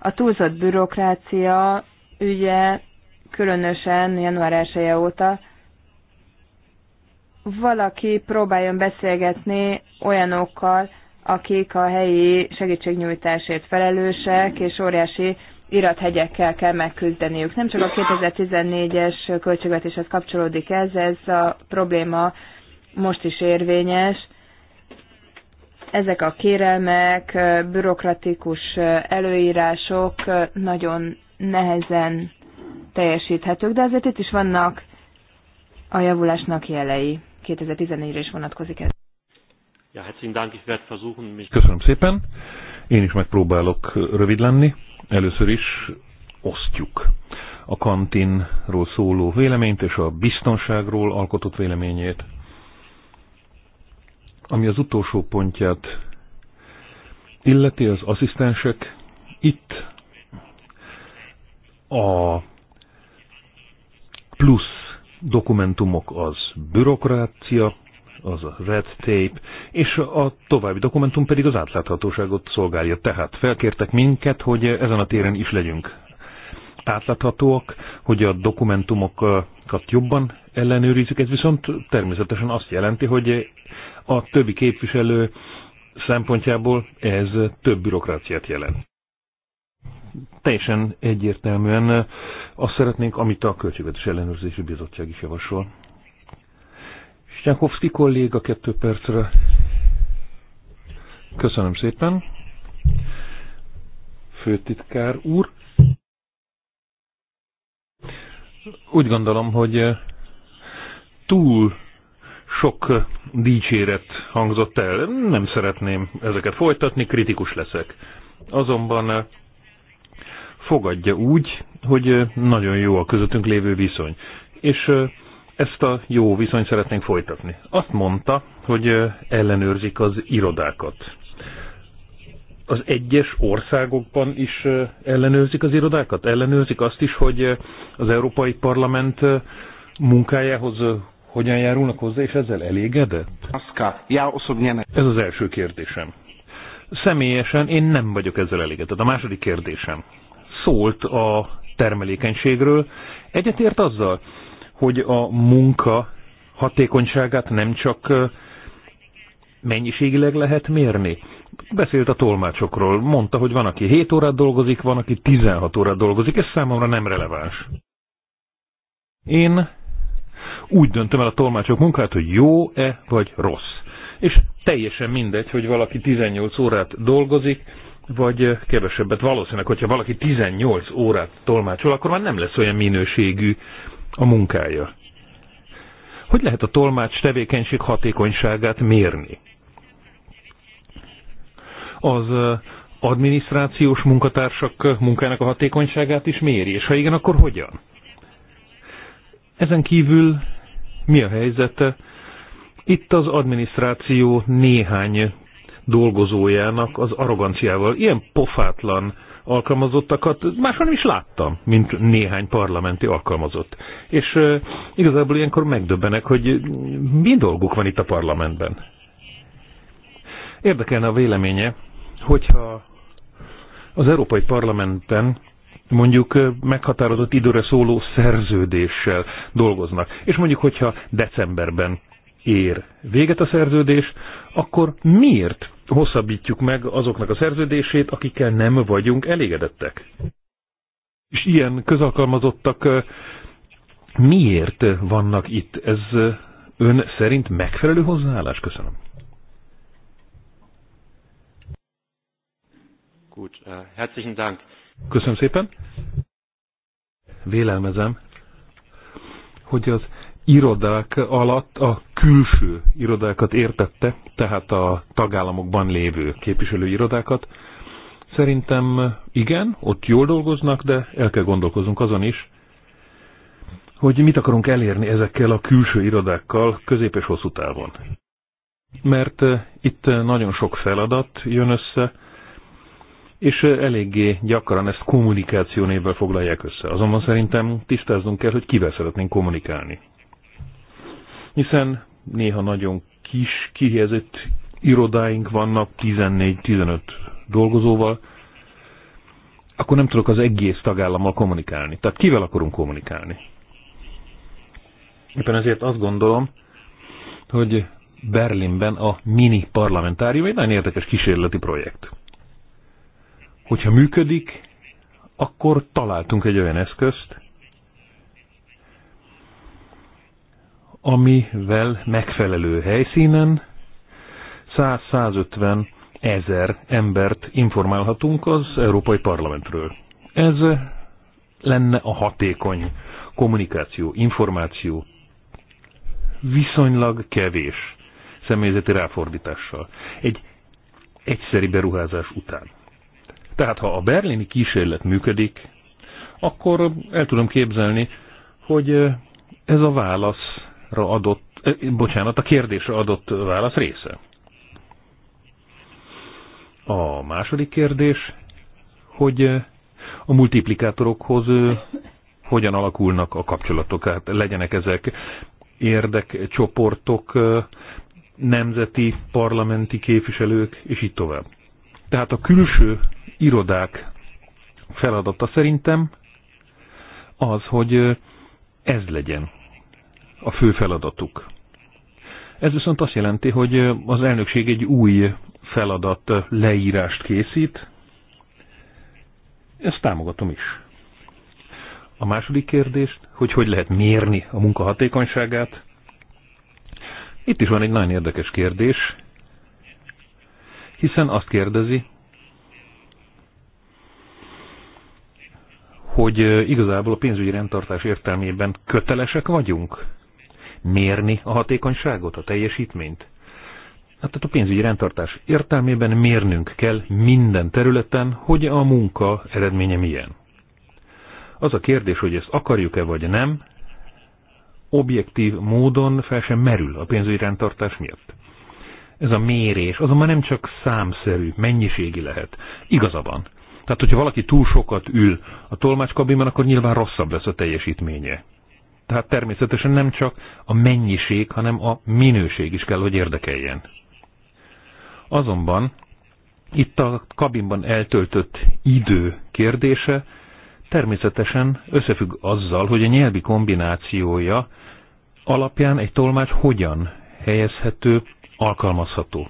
A túlzott bürokrácia ügye különösen január 1 -e óta valaki próbáljon beszélgetni olyanokkal, akik a helyi segítségnyújtásért felelősek, és óriási irathegyekkel kell megküzdeniük. Nem csak a 2014-es költségvetéshez kapcsolódik ez, ez a probléma most is érvényes. Ezek a kérelmek, bürokratikus előírások nagyon nehezen teljesíthetők, de azért itt is vannak a javulásnak jelei. 2014-re is vonatkozik ez. Köszönöm szépen. Én is megpróbálok rövid lenni. Először is osztjuk a kantinról szóló véleményt és a biztonságról alkotott véleményét. Ami az utolsó pontját illeti az asszisztensek, itt a plusz dokumentumok az bürokrácia, az a red tape, és a további dokumentum pedig az átláthatóságot szolgálja. Tehát felkértek minket, hogy ezen a téren is legyünk átláthatóak, hogy a dokumentumokat jobban ellenőrizzük. Ez viszont természetesen azt jelenti, hogy a többi képviselő szempontjából ez több bürokráciát jelent. Teljesen egyértelműen azt szeretnénk, amit a Költségvetés Ellenőrzési Bizottság is javasol. Jankowski kolléga kettő percre. Köszönöm szépen. Főtitkár úr. Úgy gondolom, hogy eh, túl sok eh, dicséret hangzott el. Nem szeretném ezeket folytatni, kritikus leszek. Azonban eh, fogadja úgy, hogy nagyon jó a közöttünk lévő viszony. És ezt a jó viszonyt szeretnénk folytatni. Azt mondta, hogy ellenőrzik az irodákat. Az egyes országokban is ellenőrzik az irodákat? Ellenőrzik azt is, hogy az Európai Parlament munkájához hogyan járulnak hozzá, és ezzel elégedett? Ez az első kérdésem. Személyesen én nem vagyok ezzel elégedett. A második kérdésem. Szólt a termelékenységről. Egyetért azzal, hogy a munka hatékonyságát nem csak mennyiségileg lehet mérni. Beszélt a tolmácsokról, mondta, hogy van, aki 7 órát dolgozik, van, aki 16 órát dolgozik, ez számomra nem releváns. Én úgy döntöm el a tolmácsok munkát, hogy jó-e vagy rossz. És teljesen mindegy, hogy valaki 18 órát dolgozik, vagy kevesebbet. Valószínűleg, hogyha valaki 18 órát tolmácsol, akkor már nem lesz olyan minőségű a munkája. Hogy lehet a tolmács tevékenység hatékonyságát mérni? Az adminisztrációs munkatársak munkának a hatékonyságát is méri, és ha igen, akkor hogyan? Ezen kívül mi a helyzete? Itt az adminisztráció néhány dolgozójának az arroganciával, ilyen pofátlan alkalmazottakat máshol nem is láttam, mint néhány parlamenti alkalmazott. És uh, igazából ilyenkor megdöbbenek, hogy mi dolguk van itt a parlamentben. Érdekelne a véleménye, hogyha az Európai Parlamentben mondjuk meghatározott időre szóló szerződéssel dolgoznak. És mondjuk, hogyha decemberben ér véget a szerződés, akkor miért hosszabbítjuk meg azoknak a szerződését, akikkel nem vagyunk elégedettek. És ilyen közalkalmazottak miért vannak itt? Ez ön szerint megfelelő hozzáállás? Köszönöm. Gut, äh, herzlichen Dank. Köszönöm szépen. Vélelmezem, hogy az irodák alatt a külső irodákat értette, tehát a tagállamokban lévő irodákat. Szerintem igen, ott jól dolgoznak, de el kell gondolkoznunk azon is, hogy mit akarunk elérni ezekkel a külső irodákkal közép és hosszú távon. Mert eh, itt eh, nagyon sok feladat jön össze, és eh, eléggé gyakran ezt kommunikáció névvel foglalják össze. Azonban szerintem tisztáznunk kell, hogy kivel szeretnénk kommunikálni hiszen néha nagyon kis, kihelyezett irodáink vannak, 14-15 dolgozóval, akkor nem tudok az egész tagállammal kommunikálni. Tehát kivel akarunk kommunikálni? Éppen ezért azt gondolom, hogy Berlinben a mini parlamentárium egy nagyon érdekes kísérleti projekt. Hogyha működik, akkor találtunk egy olyan eszközt, amivel megfelelő helyszínen 100-150 ezer embert informálhatunk az Európai Parlamentről. Ez lenne a hatékony kommunikáció, információ viszonylag kevés személyzeti ráfordítással. Egy egyszeri beruházás után. Tehát ha a berlini kísérlet működik, akkor el tudom képzelni, hogy ez a válasz válaszra adott, bocsánat, a kérdésre adott válasz része. A második kérdés, hogy a multiplikátorokhoz hogyan alakulnak a kapcsolatok, hát legyenek ezek érdekcsoportok, nemzeti parlamenti képviselők, és így tovább. Tehát a külső irodák feladata szerintem az, hogy ez legyen a fő feladatuk. Ez viszont azt jelenti, hogy az elnökség egy új feladat leírást készít. Ezt támogatom is. A második kérdést, hogy hogy lehet mérni a munka hatékonyságát. Itt is van egy nagyon érdekes kérdés, hiszen azt kérdezi, hogy igazából a pénzügyi rendtartás értelmében kötelesek vagyunk mérni a hatékonyságot, a teljesítményt? Hát tehát a pénzügyi rendtartás értelmében mérnünk kell minden területen, hogy a munka eredménye milyen. Az a kérdés, hogy ezt akarjuk-e vagy nem, objektív módon fel sem merül a pénzügyi rendtartás miatt. Ez a mérés azonban nem csak számszerű, mennyiségi lehet. Igazaban. Tehát, hogyha valaki túl sokat ül a tolmácskabinban, akkor nyilván rosszabb lesz a teljesítménye. Tehát természetesen nem csak a mennyiség, hanem a minőség is kell, hogy érdekeljen. Azonban itt a kabinban eltöltött idő kérdése természetesen összefügg azzal, hogy a nyelvi kombinációja alapján egy tolmács hogyan helyezhető, alkalmazható.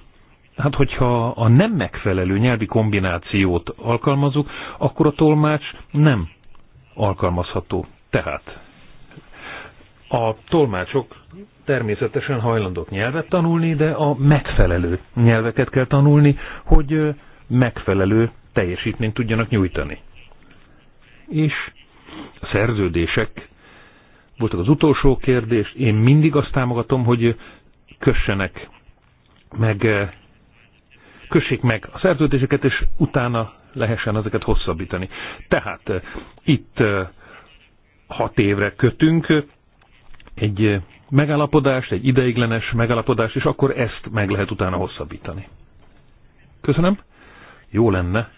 Hát, hogyha a nem megfelelő nyelvi kombinációt alkalmazunk, akkor a tolmács nem alkalmazható. Tehát a tolmácsok természetesen hajlandók nyelvet tanulni, de a megfelelő nyelveket kell tanulni, hogy megfelelő teljesítményt tudjanak nyújtani. És a szerződések voltak az utolsó kérdés. Én mindig azt támogatom, hogy kössenek meg, kössék meg a szerződéseket, és utána lehessen ezeket hosszabbítani. Tehát itt hat évre kötünk, egy megállapodást, egy ideiglenes megállapodást, és akkor ezt meg lehet utána hosszabbítani. Köszönöm. Jó lenne,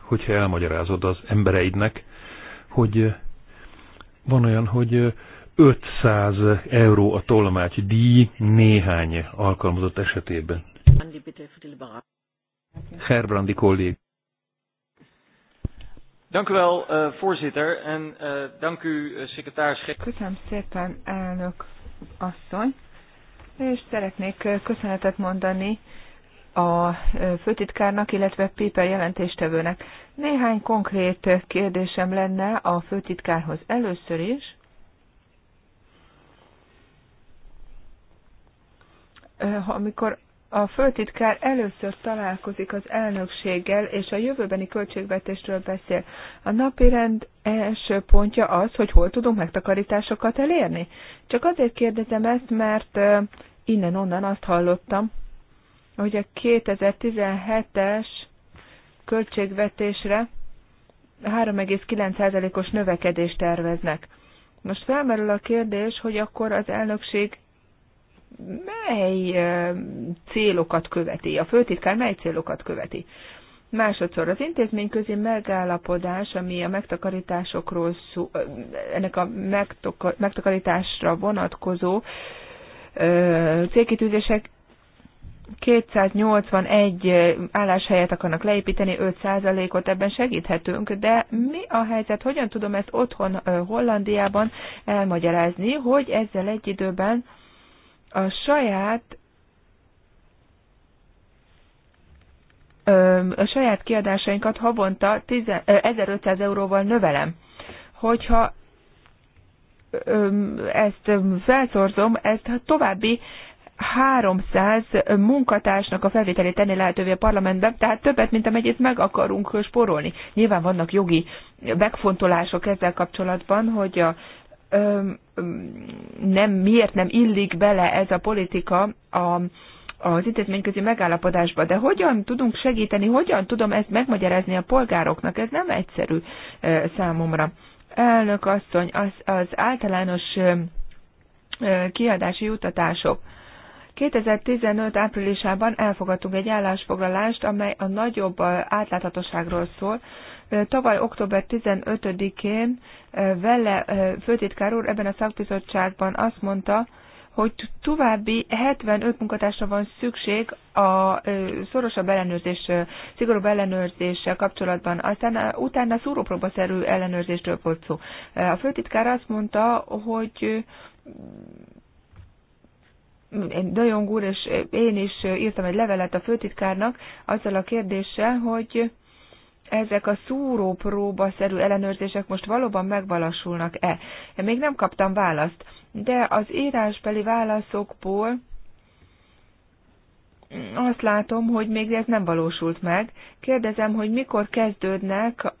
hogyha elmagyarázod az embereidnek, hogy van olyan, hogy 500 euró a tolmács díj néhány alkalmazott esetében. Herbrandi kollég. Dank u wel, uh, voorzitter. En uh, dank u, uh, secretaris. Köszönöm szépen, elnök asszony. És szeretnék köszönetet mondani a főtitkárnak, illetve Piper jelentéstevőnek. Néhány konkrét kérdésem lenne a főtitkárhoz először is. Amikor a főtitkár először találkozik az elnökséggel, és a jövőbeni költségvetésről beszél. A napirend első pontja az, hogy hol tudunk megtakarításokat elérni. Csak azért kérdezem ezt, mert innen-onnan azt hallottam, hogy a 2017-es költségvetésre 3,9%-os növekedést terveznek. Most felmerül a kérdés, hogy akkor az elnökség mely célokat követi, a főtitkár mely célokat követi. Másodszor az intézményközi megállapodás, ami a megtakarításokról szó, ennek a megtakarításra vonatkozó célkitűzések 281 álláshelyet akarnak leépíteni, 5%-ot ebben segíthetünk, de mi a helyzet, hogyan tudom ezt otthon Hollandiában elmagyarázni, hogy ezzel egy időben a saját a saját kiadásainkat havonta 1500 euróval növelem. Hogyha ezt felszorzom, ezt további 300 munkatársnak a felvételét tenni lehetővé a parlamentben, tehát többet, mint amennyit meg akarunk spórolni. Nyilván vannak jogi megfontolások ezzel kapcsolatban, hogy a nem, miért nem illik bele ez a politika a, az intézményközi megállapodásba, de hogyan tudunk segíteni, hogyan tudom ezt megmagyarázni a polgároknak, ez nem egyszerű számomra. Elnök asszony, az, az általános kiadási jutatások. 2015 áprilisában elfogadtunk egy állásfoglalást, amely a nagyobb átláthatóságról szól, Tavaly október 15-én vele főtitkár úr ebben a szakbizottságban azt mondta, hogy további 75 munkatársra van szükség a szorosabb ellenőrzés, szigorúbb ellenőrzéssel kapcsolatban. Aztán utána szúrópróbaszerű ellenőrzéstől volt szó. A főtitkár azt mondta, hogy Dajong úr és én is írtam egy levelet a főtitkárnak azzal a kérdéssel, hogy ezek a szúró próbaszerű ellenőrzések most valóban megvalósulnak-e. Én Még nem kaptam választ, de az írásbeli válaszokból azt látom, hogy még ez nem valósult meg. Kérdezem, hogy mikor kezdődnek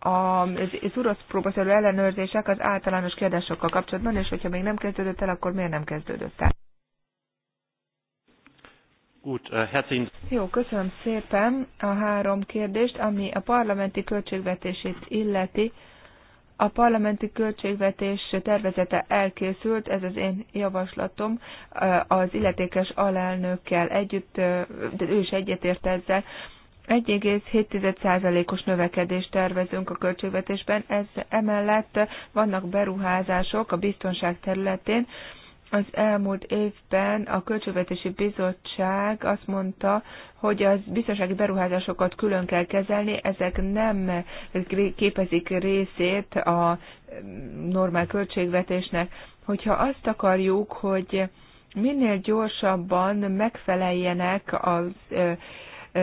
az orosz próbaszerű ellenőrzések az általános kérdésokkal kapcsolatban, és hogyha még nem kezdődött el, akkor miért nem kezdődött el? Gut, äh, herzlichen Jó, köszönöm szépen a három kérdést, ami a parlamenti költségvetését illeti. A parlamenti költségvetés tervezete elkészült, ez az én javaslatom, az illetékes alelnökkel együtt, de ő is egyetért ezzel. 1,7%-os növekedést tervezünk a költségvetésben, ez emellett vannak beruházások a biztonság területén, az elmúlt évben a Költségvetési Bizottság azt mondta, hogy a biztonsági beruházásokat külön kell kezelni, ezek nem képezik részét a normál költségvetésnek. Hogyha azt akarjuk, hogy minél gyorsabban megfeleljenek az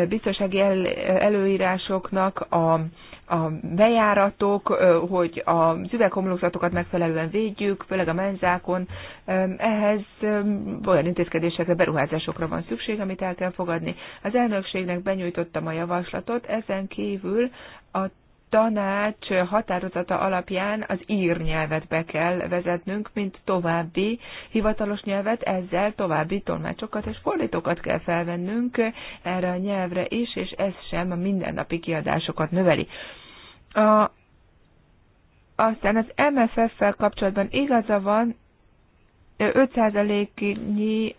biztonsági előírásoknak a a bejáratok, hogy a üveghomlokzatokat megfelelően védjük, főleg a menzákon, ehhez olyan intézkedésekre, beruházásokra van szükség, amit el kell fogadni. Az elnökségnek benyújtottam a javaslatot, ezen kívül a tanács határozata alapján az ír nyelvet be kell vezetnünk, mint további hivatalos nyelvet, ezzel további tolmácsokat és fordítókat kell felvennünk erre a nyelvre is, és ez sem a mindennapi kiadásokat növeli. A, aztán az MFF-fel kapcsolatban igaza van, 5%-nyi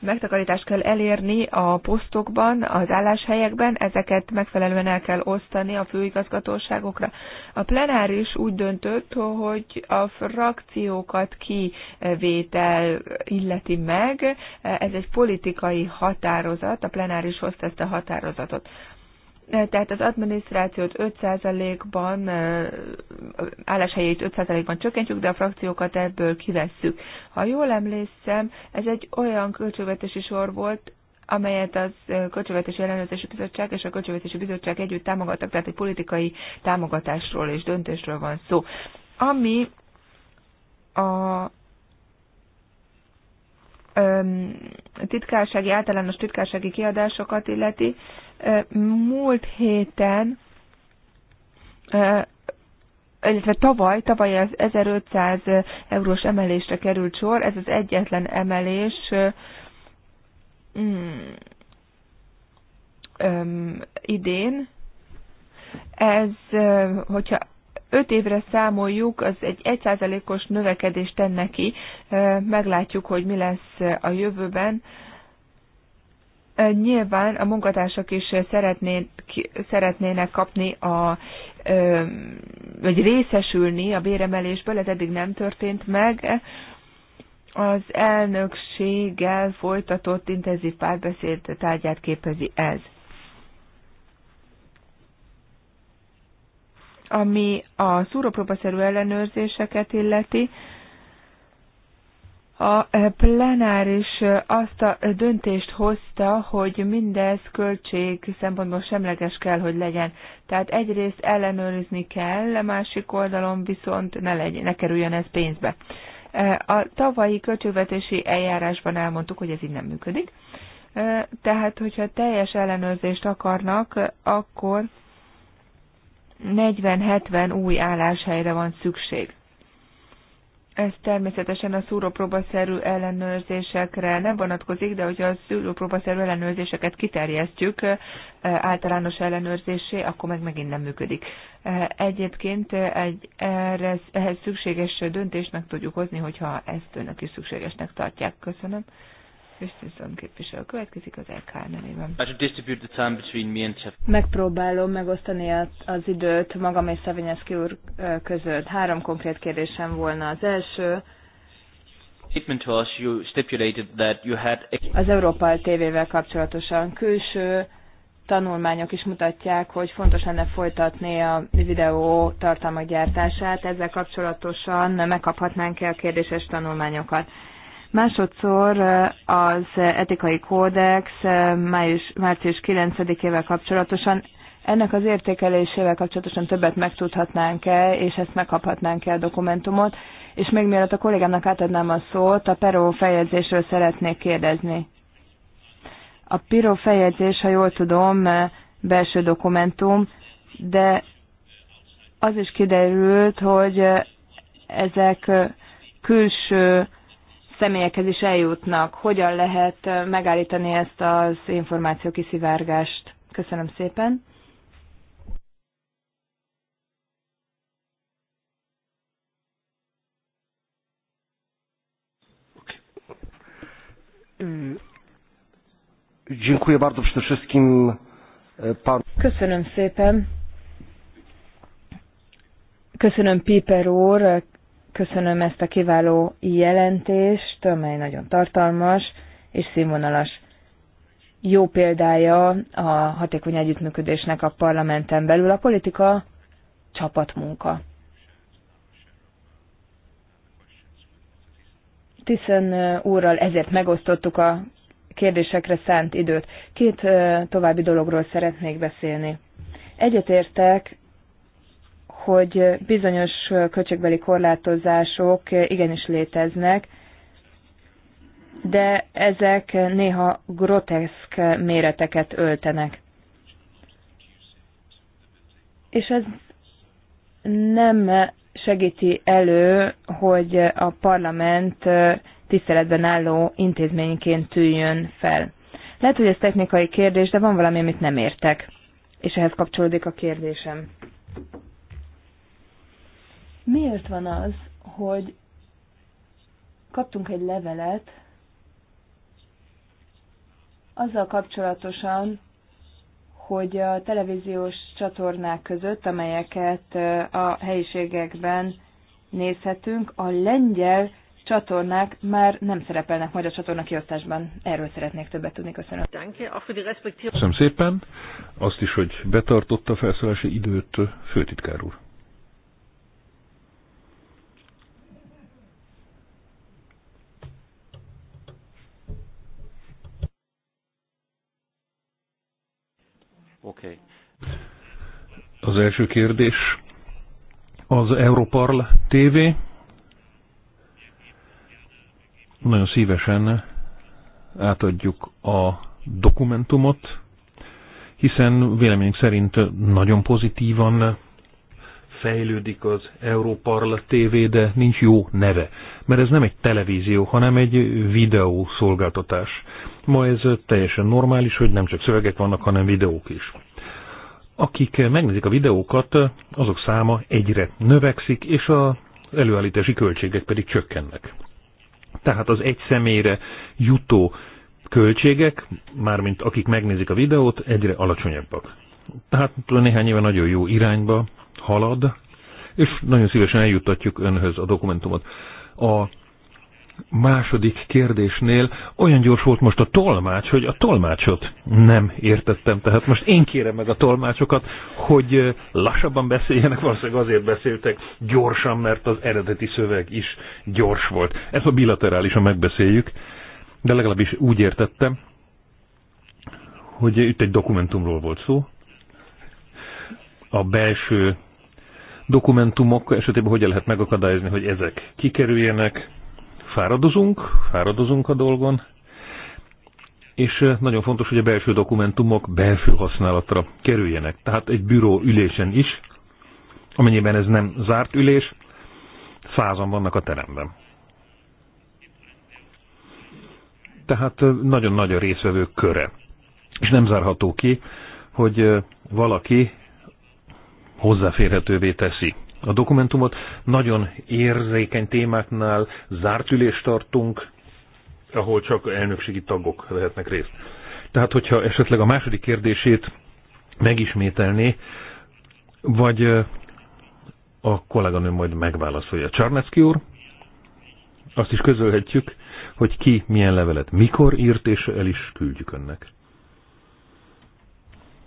megtakarítást kell elérni a posztokban, az álláshelyekben, ezeket megfelelően el kell osztani a főigazgatóságokra. A plenáris úgy döntött, hogy a frakciókat kivétel illeti meg, ez egy politikai határozat, a plenáris hozta ezt a határozatot tehát az adminisztrációt 5%-ban, álláshelyét 5%-ban csökkentjük, de a frakciókat ebből kivesszük. Ha jól emlékszem, ez egy olyan költségvetési sor volt, amelyet az Költségvetési Ellenőrzési Bizottság és a Költségvetési Bizottság együtt támogattak, tehát egy politikai támogatásról és döntésről van szó. Ami a titkársági, általános titkársági kiadásokat illeti, Múlt héten illetve tavaly, tavaly az 1500 eurós emelésre került sor, ez az egyetlen emelés Um, idén. Ez, hogyha 5 évre számoljuk, az egy 1%-os növekedést tenne ki, meglátjuk, hogy mi lesz a jövőben. Öm, Nyilván a munkatársak is szeretnének, szeretnének kapni a vagy részesülni a béremelésből, ez eddig nem történt meg. Az elnökséggel folytatott intenzív párbeszéd tárgyát képezi ez. Ami a szúrópróbaszerű ellenőrzéseket illeti, a plenáris azt a döntést hozta, hogy mindez költség szempontból semleges kell, hogy legyen. Tehát egyrészt ellenőrizni kell, a másik oldalon viszont ne, legyen, ne kerüljön ez pénzbe. E, a tavalyi költségvetési eljárásban elmondtuk, hogy ez így nem működik. E, tehát, hogyha teljes ellenőrzést akarnak, akkor 40-70 új álláshelyre van szükség. Ez természetesen a szúrópróbaszerű ellenőrzésekre nem vonatkozik, de hogyha a szúrópróbaszerű ellenőrzéseket kiterjesztjük eh, általános ellenőrzésé, akkor meg megint nem működik. Eh, egyébként egy, erre, ehhez szükséges döntést meg tudjuk hozni, hogyha ezt önök is szükségesnek tartják. Köszönöm. Christensen képviselő következik az LK nevében. Megpróbálom megosztani az időt magam és Szavinyeszki úr között. Három konkrét kérdésem volna. Az első, az Európa TV-vel kapcsolatosan külső tanulmányok is mutatják, hogy fontos lenne folytatni a videó tartalmak gyártását. Ezzel kapcsolatosan megkaphatnánk-e a kérdéses tanulmányokat? Másodszor az etikai kódex május, március 9-ével kapcsolatosan ennek az értékelésével kapcsolatosan többet megtudhatnánk el, és ezt megkaphatnánk el a dokumentumot, és még mielőtt a kollégámnak átadnám a szót, a Peró feljegyzésről szeretnék kérdezni. A PIRO feljegyzés, ha jól tudom, belső dokumentum, de az is kiderült, hogy ezek külső személyekhez is eljutnak. Hogyan lehet megállítani ezt az információ kiszivárgást? Köszönöm szépen. Dziękuję bardzo przede wszystkim e, panu. Köszönöm szépen. Köszönöm Piper úr Köszönöm ezt a kiváló jelentést, amely nagyon tartalmas és színvonalas. Jó példája a hatékony együttműködésnek a parlamenten belül a politika csapatmunka. Tiszen úrral ezért megosztottuk a kérdésekre szánt időt. Két további dologról szeretnék beszélni. Egyetértek hogy bizonyos költségbeli korlátozások igenis léteznek, de ezek néha groteszk méreteket öltenek. És ez nem segíti elő, hogy a parlament tiszteletben álló intézményként tűjön fel. Lehet, hogy ez technikai kérdés, de van valami, amit nem értek. És ehhez kapcsolódik a kérdésem. Miért van az, hogy kaptunk egy levelet azzal kapcsolatosan, hogy a televíziós csatornák között, amelyeket a helyiségekben nézhetünk, a lengyel csatornák már nem szerepelnek majd a csatorna kiosztásban. Erről szeretnék többet tudni. Köszönöm. Köszönöm szépen. Azt is, hogy betartotta a felszólási időt főtitkár úr. Okay. Az első kérdés az Europarl TV. Nagyon szívesen átadjuk a dokumentumot, hiszen véleményünk szerint nagyon pozitívan fejlődik az Európarla TV, de nincs jó neve. Mert ez nem egy televízió, hanem egy videó szolgáltatás. Ma ez teljesen normális, hogy nem csak szövegek vannak, hanem videók is. Akik megnézik a videókat, azok száma egyre növekszik, és az előállítási költségek pedig csökkennek. Tehát az egy személyre jutó költségek, mármint akik megnézik a videót, egyre alacsonyabbak. Tehát néhány éve nagyon jó irányba halad, és nagyon szívesen eljuttatjuk önhöz a dokumentumot. A második kérdésnél olyan gyors volt most a tolmács, hogy a tolmácsot nem értettem. Tehát most én kérem meg a tolmácsokat, hogy lassabban beszéljenek, valószínűleg azért beszéltek gyorsan, mert az eredeti szöveg is gyors volt. Ezt a bilaterálisan megbeszéljük, de legalábbis úgy értettem, hogy itt egy dokumentumról volt szó. A belső dokumentumok esetében hogyan lehet megakadályozni, hogy ezek kikerüljenek. Fáradozunk, fáradozunk a dolgon, és eh, nagyon fontos, hogy a belső dokumentumok belső használatra kerüljenek. Tehát egy büró ülésen is, amennyiben ez nem zárt ülés, százan vannak a teremben. Tehát eh, nagyon nagy a részvevők köre. És nem zárható ki, hogy eh, valaki hozzáférhetővé teszi a dokumentumot. Nagyon érzékeny témáknál zárt ülést tartunk, ahol csak elnökségi tagok lehetnek részt. Tehát, hogyha esetleg a második kérdését megismételné, vagy a kolléganő majd megválaszolja. Csarnecki úr, azt is közölhetjük, hogy ki milyen levelet mikor írt, és el is küldjük önnek.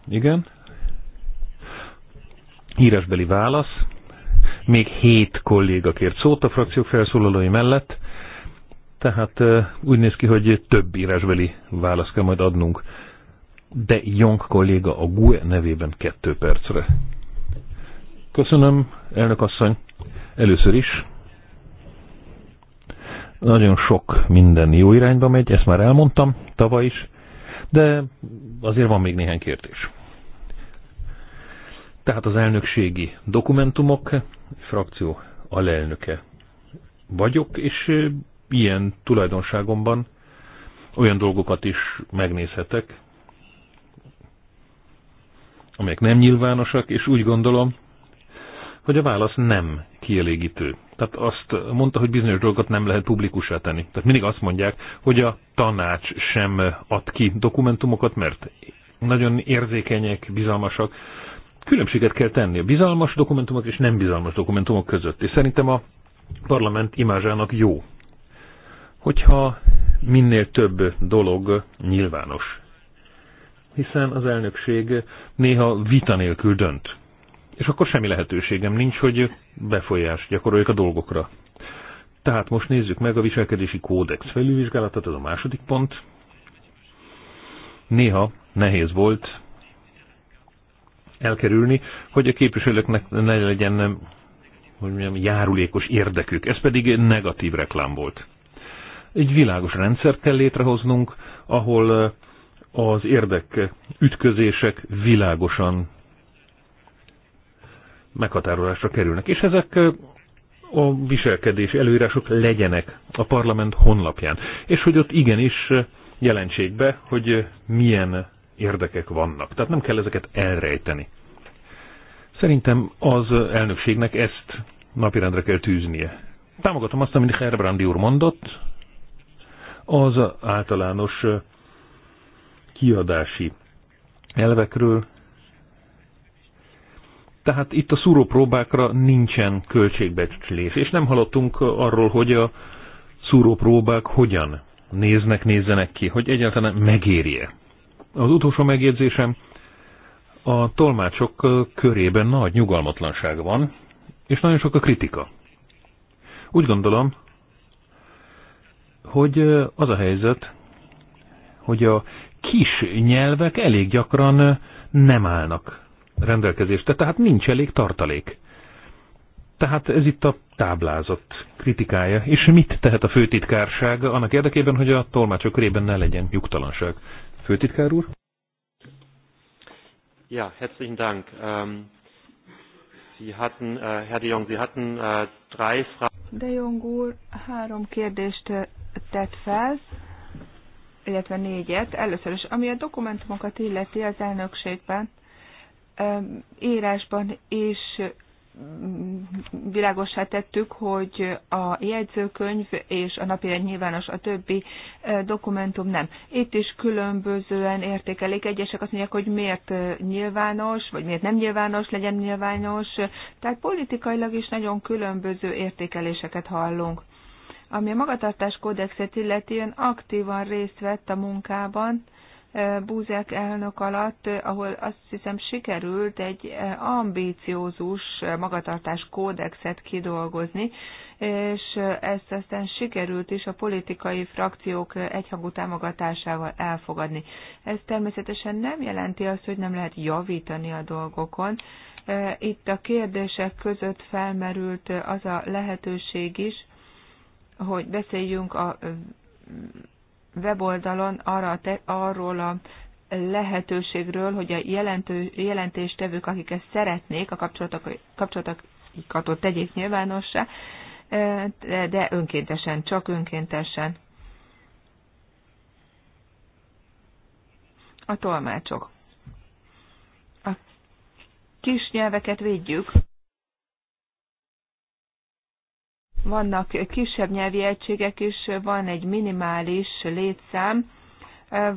Igen? írásbeli válasz. Még hét kolléga kért szót a frakció felszólalói mellett, tehát úgy néz ki, hogy több írásbeli választ kell majd adnunk. De Jong kolléga a GUE nevében kettő percre. Köszönöm, elnök asszony. Először is nagyon sok minden jó irányba megy, ezt már elmondtam tavaly is, de azért van még néhány kérdés. Tehát az elnökségi dokumentumok frakció alelnöke vagyok, és ilyen tulajdonságomban olyan dolgokat is megnézhetek, amelyek nem nyilvánosak, és úgy gondolom, hogy a válasz nem kielégítő. Tehát azt mondta, hogy bizonyos dolgokat nem lehet publikussá tenni. Tehát mindig azt mondják, hogy a tanács sem ad ki dokumentumokat, mert nagyon érzékenyek, bizalmasak különbséget kell tenni a bizalmas dokumentumok és nem bizalmas dokumentumok között. És szerintem a parlament imázsának jó, hogyha minél több dolog nyilvános. Hiszen az elnökség néha vita nélkül dönt. És akkor semmi lehetőségem nincs, hogy befolyás gyakoroljak a dolgokra. Tehát most nézzük meg a viselkedési kódex felülvizsgálatát, ez a második pont. Néha nehéz volt elkerülni, hogy a képviselőknek ne legyen hogy mondjam, járulékos érdekük. Ez pedig negatív reklám volt. Egy világos rendszert kell létrehoznunk, ahol eh, az érdek ütközések világosan meghatározásra kerülnek. És ezek eh, a viselkedés előírások legyenek a parlament honlapján. És hogy ott igenis eh, jelentsék be, hogy milyen érdekek vannak. Tehát nem kell ezeket elrejteni. Szerintem az elnökségnek ezt napirendre kell tűznie. Támogatom azt, amit Herbrandi úr mondott, az általános kiadási elvekről. Tehát itt a szúrópróbákra nincsen költségbecslés, és nem hallottunk arról, hogy a szúrópróbák hogyan néznek, nézzenek ki, hogy egyáltalán megérje az utolsó megjegyzésem, a tolmácsok körében nagy nyugalmatlanság van, és nagyon sok a kritika. Úgy gondolom, hogy az a helyzet, hogy a kis nyelvek elég gyakran nem állnak rendelkezésre, tehát nincs elég tartalék. Tehát ez itt a táblázott kritikája. És mit tehet a főtitkárság annak érdekében, hogy a tolmácsok körében ne legyen nyugtalanság? Főtitkár úr? Ja, herzlichen Dank. Um, Sie hatten, uh, Herr de Jong, Sie hatten uh, drei Fragen. De Jong úr három kérdést äh, tett fel, illetve négyet. Először is, ami a dokumentumokat illeti az elnökségben, ähm, írásban és világosá tettük, hogy a jegyzőkönyv és a napirend nyilvános a többi dokumentum nem. Itt is különbözően értékelik. Egyesek azt mondják, hogy miért nyilvános, vagy miért nem nyilvános, legyen nyilvános. Tehát politikailag is nagyon különböző értékeléseket hallunk. Ami a magatartás kódexet illeti, ön aktívan részt vett a munkában, Búzák elnök alatt, ahol azt hiszem sikerült egy eh, ambíciózus eh, magatartás kódexet kidolgozni, és eh, ezt aztán sikerült is a politikai frakciók egyhangú támogatásával elfogadni. Ez természetesen nem jelenti azt, hogy nem lehet javítani a dolgokon. Itt a kérdések között felmerült az a lehetőség is, hogy beszéljünk a weboldalon arra, te, arról a lehetőségről, hogy a jelentő, jelentéstevők, akik ezt szeretnék, a kapcsolatokat ott tegyék nyilvánossá, e, de önkéntesen, csak önkéntesen. A tolmácsok. A kis nyelveket védjük. vannak kisebb nyelvi egységek is, van egy minimális létszám,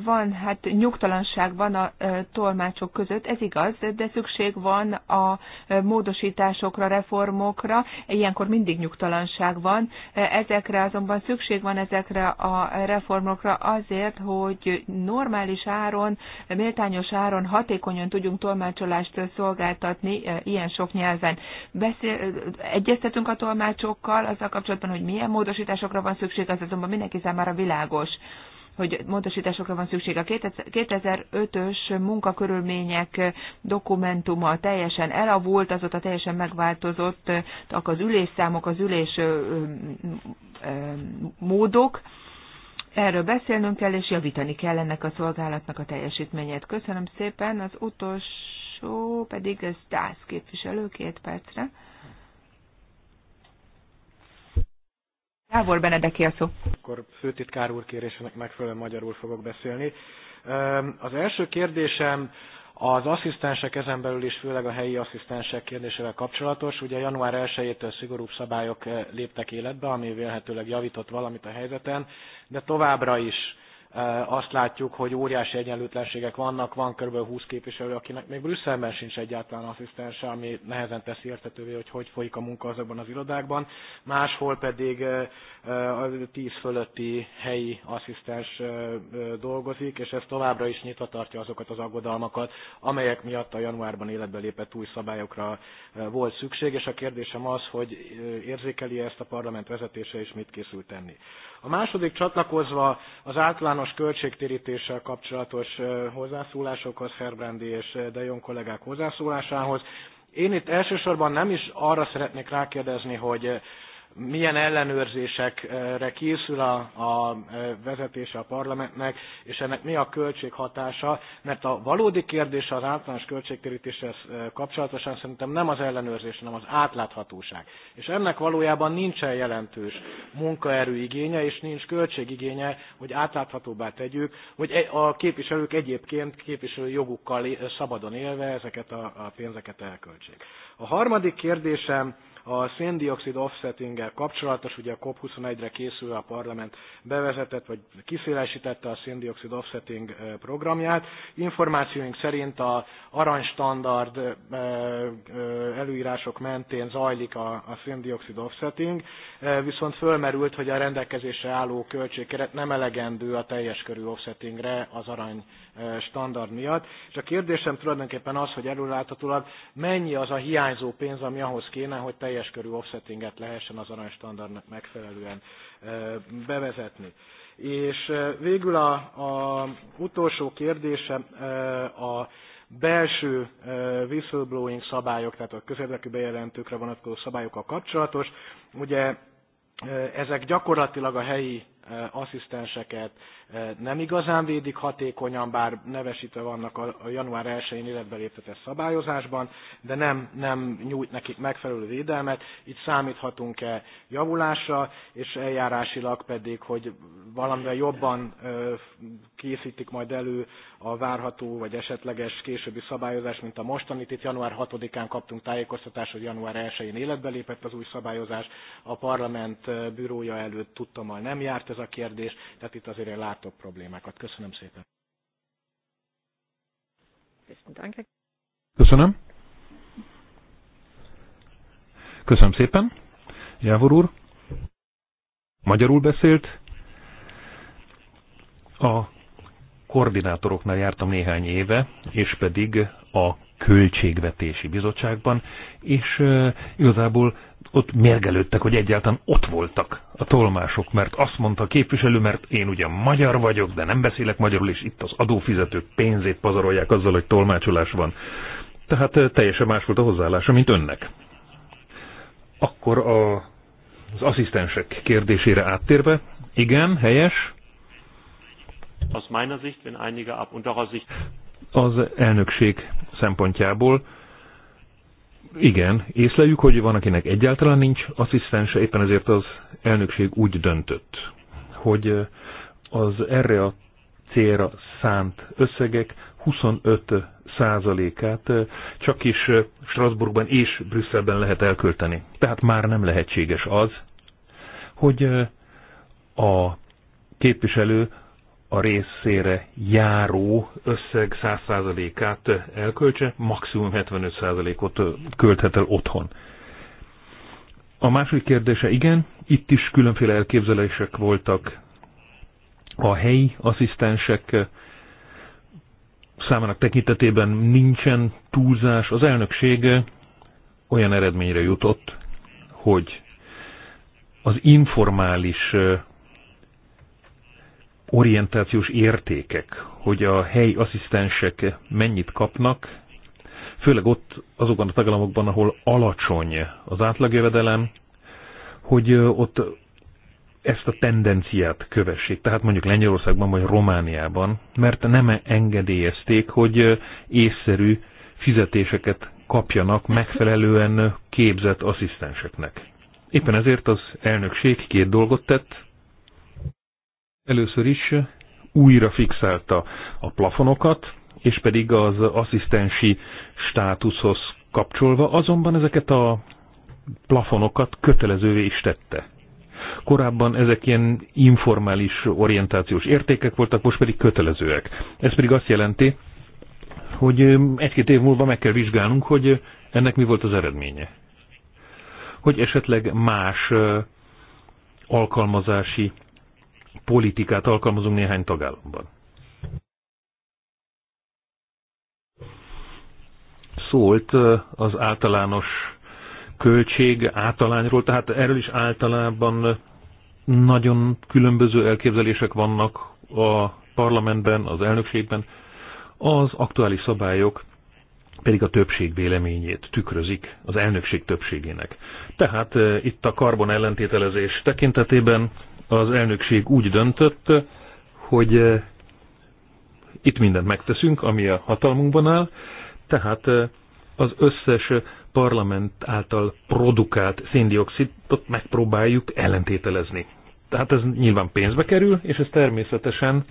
van, hát nyugtalanság van a tolmácsok között, ez igaz, de szükség van a módosításokra, reformokra, ilyenkor mindig nyugtalanság van, ezekre azonban szükség van ezekre a reformokra azért, hogy normális áron, méltányos áron hatékonyan tudjunk tolmácsolást szolgáltatni ilyen sok nyelven. Beszél, egyeztetünk a tolmácsokkal azzal kapcsolatban, hogy milyen módosításokra van szükség, az azonban mindenki számára világos hogy módosításokra van szükség. A 2005-ös munkakörülmények dokumentuma teljesen elavult, azóta teljesen megváltozott az ülésszámok, az ülés módok. Erről beszélnünk kell, és javítani kell ennek a szolgálatnak a teljesítményét. Köszönöm szépen. Az utolsó pedig ez Dász képviselő két percre. Jávor Benedeki a szó. Akkor főtitkár úr kérésének megfelelően magyarul fogok beszélni. Az első kérdésem az asszisztensek ezen belül is, főleg a helyi asszisztensek kérdésével kapcsolatos. Ugye január 1-től szigorúbb szabályok eh, léptek életbe, ami vélhetőleg javított valamit a helyzeten, de továbbra is azt látjuk, hogy óriási egyenlőtlenségek vannak, van kb. 20 képviselő, akinek még Brüsszelben sincs egyáltalán asszisztense, ami nehezen teszi értetővé, hogy hogy folyik a munka azokban az irodákban, máshol pedig a 10 fölötti helyi asszisztens dolgozik, és ez továbbra is nyitva tartja azokat az aggodalmakat, amelyek miatt a januárban életbe lépett új szabályokra volt szükség, és a kérdésem az, hogy érzékeli -e ezt a parlament vezetése, és mit készül tenni. A második csatlakozva az általános költségtérítéssel kapcsolatos hozzászólásokhoz, Herbrandi és Jong kollégák hozzászólásához. Én itt elsősorban nem is arra szeretnék rákérdezni, hogy milyen ellenőrzésekre készül a, a vezetése a parlamentnek, és ennek mi a költséghatása, mert a valódi kérdés az általános költségtérítéssel kapcsolatosan szerintem nem az ellenőrzés, hanem az átláthatóság. És ennek valójában nincsen jelentős munkaerő igénye, és nincs költségigénye, hogy átláthatóbbá tegyük, hogy e, a képviselők egyébként képviselő jogukkal szabadon élve ezeket a pénzeket elköltsék. A harmadik kérdésem, a széndiokszid offsettinggel kapcsolatos, ugye a COP21-re készül a parlament bevezetett, vagy kiszélesítette a széndiokszid offsetting programját. Információink szerint a aranystandard előírások mentén zajlik a, a széndiokszid offsetting, viszont fölmerült, hogy a rendelkezésre álló költségkeret nem elegendő a teljes körű offsettingre az arany standard miatt. És a kérdésem tulajdonképpen az, hogy előláthatólag mennyi az a hiányzó pénz, ami ahhoz kéne, hogy teljes teljes körű offsettinget lehessen az aranystandardnak megfelelően bevezetni. És végül a, a utolsó kérdése a belső whistleblowing szabályok, tehát a közérdekű bejelentőkre vonatkozó szabályokkal kapcsolatos. Ugye ezek gyakorlatilag a helyi asszisztenseket, nem igazán védik hatékonyan, bár nevesítve vannak a január 1-én életbe léptetett szabályozásban, de nem, nem nyújt nekik megfelelő védelmet. Itt számíthatunk-e javulásra, és eljárásilag pedig, hogy valamivel jobban készítik majd elő a várható vagy esetleges későbbi szabályozás, mint a mostanit. Itt január 6-án kaptunk tájékoztatást, hogy január 1-én életbe lépett az új szabályozás. A parlament bürója előtt tudtommal nem járt ez a kérdés, tehát itt azért lát látok problémákat. Köszönöm szépen. Köszönöm. Köszönöm szépen. Jávor úr. Magyarul beszélt. A koordinátoroknál jártam néhány éve, és pedig a költségvetési bizottságban, és igazából ott mérgelődtek, hogy egyáltalán ott voltak a tolmások, mert azt mondta a képviselő, mert én ugyan magyar vagyok, de nem beszélek magyarul, és itt az adófizetők pénzét pazarolják azzal, hogy tolmácsolás van. Tehát teljesen más volt a hozzáállása, mint önnek. Akkor a, az asszisztensek kérdésére áttérve, igen, helyes. Aus meiner Sicht, wenn einige ab und Sicht. Az elnökség szempontjából igen, észleljük, hogy van, akinek egyáltalán nincs asszisztense, éppen ezért az elnökség úgy döntött, hogy az erre a célra szánt összegek 25 százalékát csak is Strasbourgban és Brüsszelben lehet elkölteni. Tehát már nem lehetséges az, hogy a képviselő a részére járó összeg 100%-át elköltse, maximum 75%-ot költhet el otthon. A második kérdése igen, itt is különféle elképzelések voltak a helyi asszisztensek számának tekintetében nincsen túlzás. Az elnökség olyan eredményre jutott, hogy az informális orientációs értékek, hogy a helyi asszisztensek mennyit kapnak, főleg ott azokban a tagállamokban, ahol alacsony az átlagjövedelem, hogy ott ezt a tendenciát kövessék, tehát mondjuk Lengyelországban vagy Romániában, mert nem engedélyezték, hogy észszerű fizetéseket kapjanak megfelelően képzett asszisztenseknek. Éppen ezért az elnökség két dolgot tett, Először is újra fixálta a plafonokat, és pedig az asszisztensi státuszhoz kapcsolva, azonban ezeket a plafonokat kötelezővé is tette. Korábban ezek ilyen informális orientációs értékek voltak, most pedig kötelezőek. Ez pedig azt jelenti, hogy egy-két év múlva meg kell vizsgálnunk, hogy ennek mi volt az eredménye. Hogy esetleg más alkalmazási politikát alkalmazunk néhány tagállamban. Szólt az általános költség általányról, tehát erről is általában nagyon különböző elképzelések vannak a parlamentben, az elnökségben. Az aktuális szabályok pedig a többség véleményét tükrözik az elnökség többségének. Tehát itt a karbon ellentételezés tekintetében az elnökség úgy döntött, hogy eh, itt mindent megteszünk, ami a hatalmunkban áll, tehát eh, az összes parlament által produkált széndiokszidot megpróbáljuk ellentételezni. Tehát ez nyilván pénzbe kerül, és ez természetesen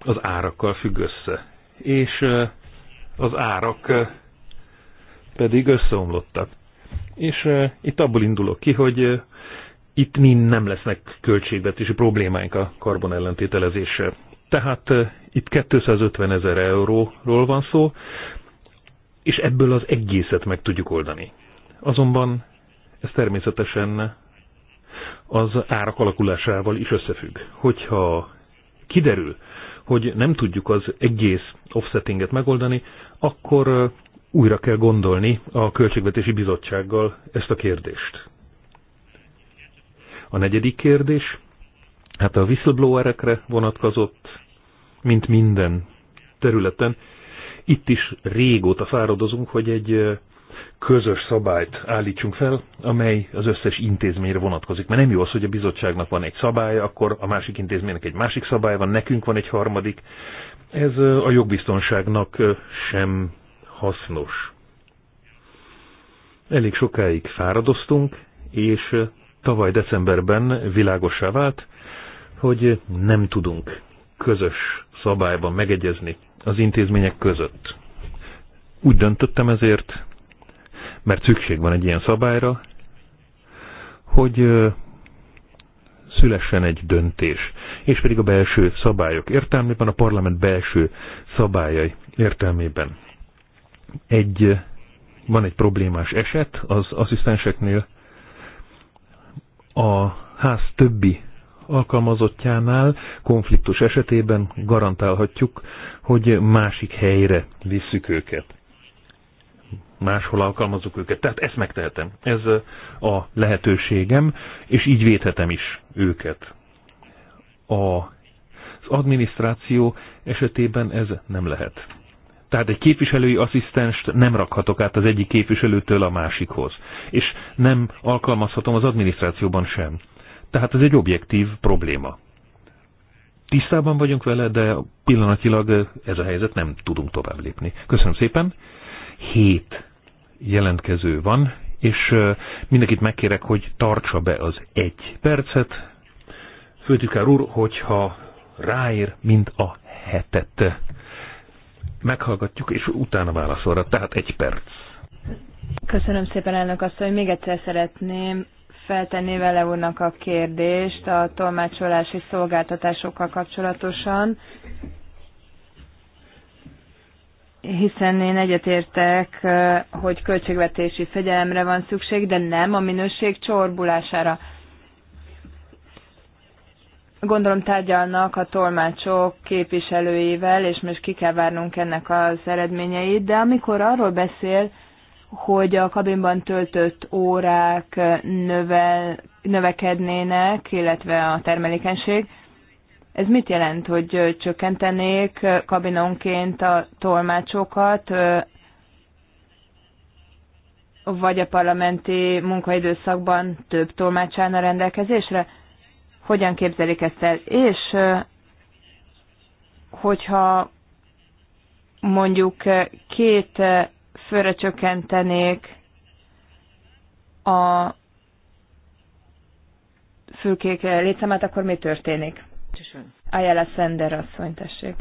az árakkal függ össze. És eh, az árak pedig összeomlottak. És itt abból indulok ki, hogy itt mi nem lesznek költségvetési problémáink a karbon Tehát itt 250 ezer euróról van szó, és ebből az egészet meg tudjuk oldani. Azonban ez természetesen az árak alakulásával is összefügg. Hogyha kiderül, hogy nem tudjuk az egész offsettinget megoldani, akkor újra kell gondolni a Költségvetési Bizottsággal ezt a kérdést. A negyedik kérdés, hát a whistleblowerekre vonatkozott, mint minden területen. Itt is régóta fáradozunk, hogy egy közös szabályt állítsunk fel, amely az összes intézményre vonatkozik. Mert nem jó az, hogy a bizottságnak van egy szabálya, akkor a másik intézménynek egy másik szabály van, nekünk van egy harmadik. Ez a jogbiztonságnak sem hasznos. Elég sokáig fáradoztunk, és tavaly decemberben világosá vált, hogy nem tudunk közös szabályban megegyezni az intézmények között. Úgy döntöttem ezért, mert szükség van egy ilyen szabályra, hogy szülessen egy döntés, és pedig a belső szabályok értelmében, a parlament belső szabályai értelmében. Egy, van egy problémás eset az asszisztenseknél, a ház többi alkalmazottjánál konfliktus esetében garantálhatjuk, hogy másik helyre visszük őket. Máshol alkalmazunk őket. Tehát ezt megtehetem. Ez a lehetőségem, és így védhetem is őket. A, az adminisztráció esetében ez nem lehet. Tehát egy képviselői asszisztenst nem rakhatok át az egyik képviselőtől a másikhoz. És nem alkalmazhatom az adminisztrációban sem. Tehát ez egy objektív probléma. Tisztában vagyunk vele, de pillanatilag ez a helyzet nem tudunk tovább lépni. Köszönöm szépen. Hét jelentkező van, és mindenkit megkérek, hogy tartsa be az egy percet. Főtikár úr, hogyha ráér, mint a hetette meghallgatjuk, és utána válaszolra. Tehát egy perc. Köszönöm szépen, elnök asszony. Még egyszer szeretném feltenni vele úrnak a kérdést a tolmácsolási szolgáltatásokkal kapcsolatosan, hiszen én egyetértek, hogy költségvetési fegyelemre van szükség, de nem a minőség csorbulására. Gondolom tárgyalnak a tolmácsok képviselőivel, és most ki kell várnunk ennek az eredményeit, de amikor arról beszél, hogy a kabinban töltött órák növel, növekednének, illetve a termelékenység, ez mit jelent, hogy csökkentenék kabinonként a tolmácsokat, vagy a parlamenti munkaidőszakban több tolmácsán a rendelkezésre? hogyan képzelik ezt el. És hogyha mondjuk két főre csökkentenék a fülkék létszámát, akkor mi történik? Ayala Sender asszony, tessék.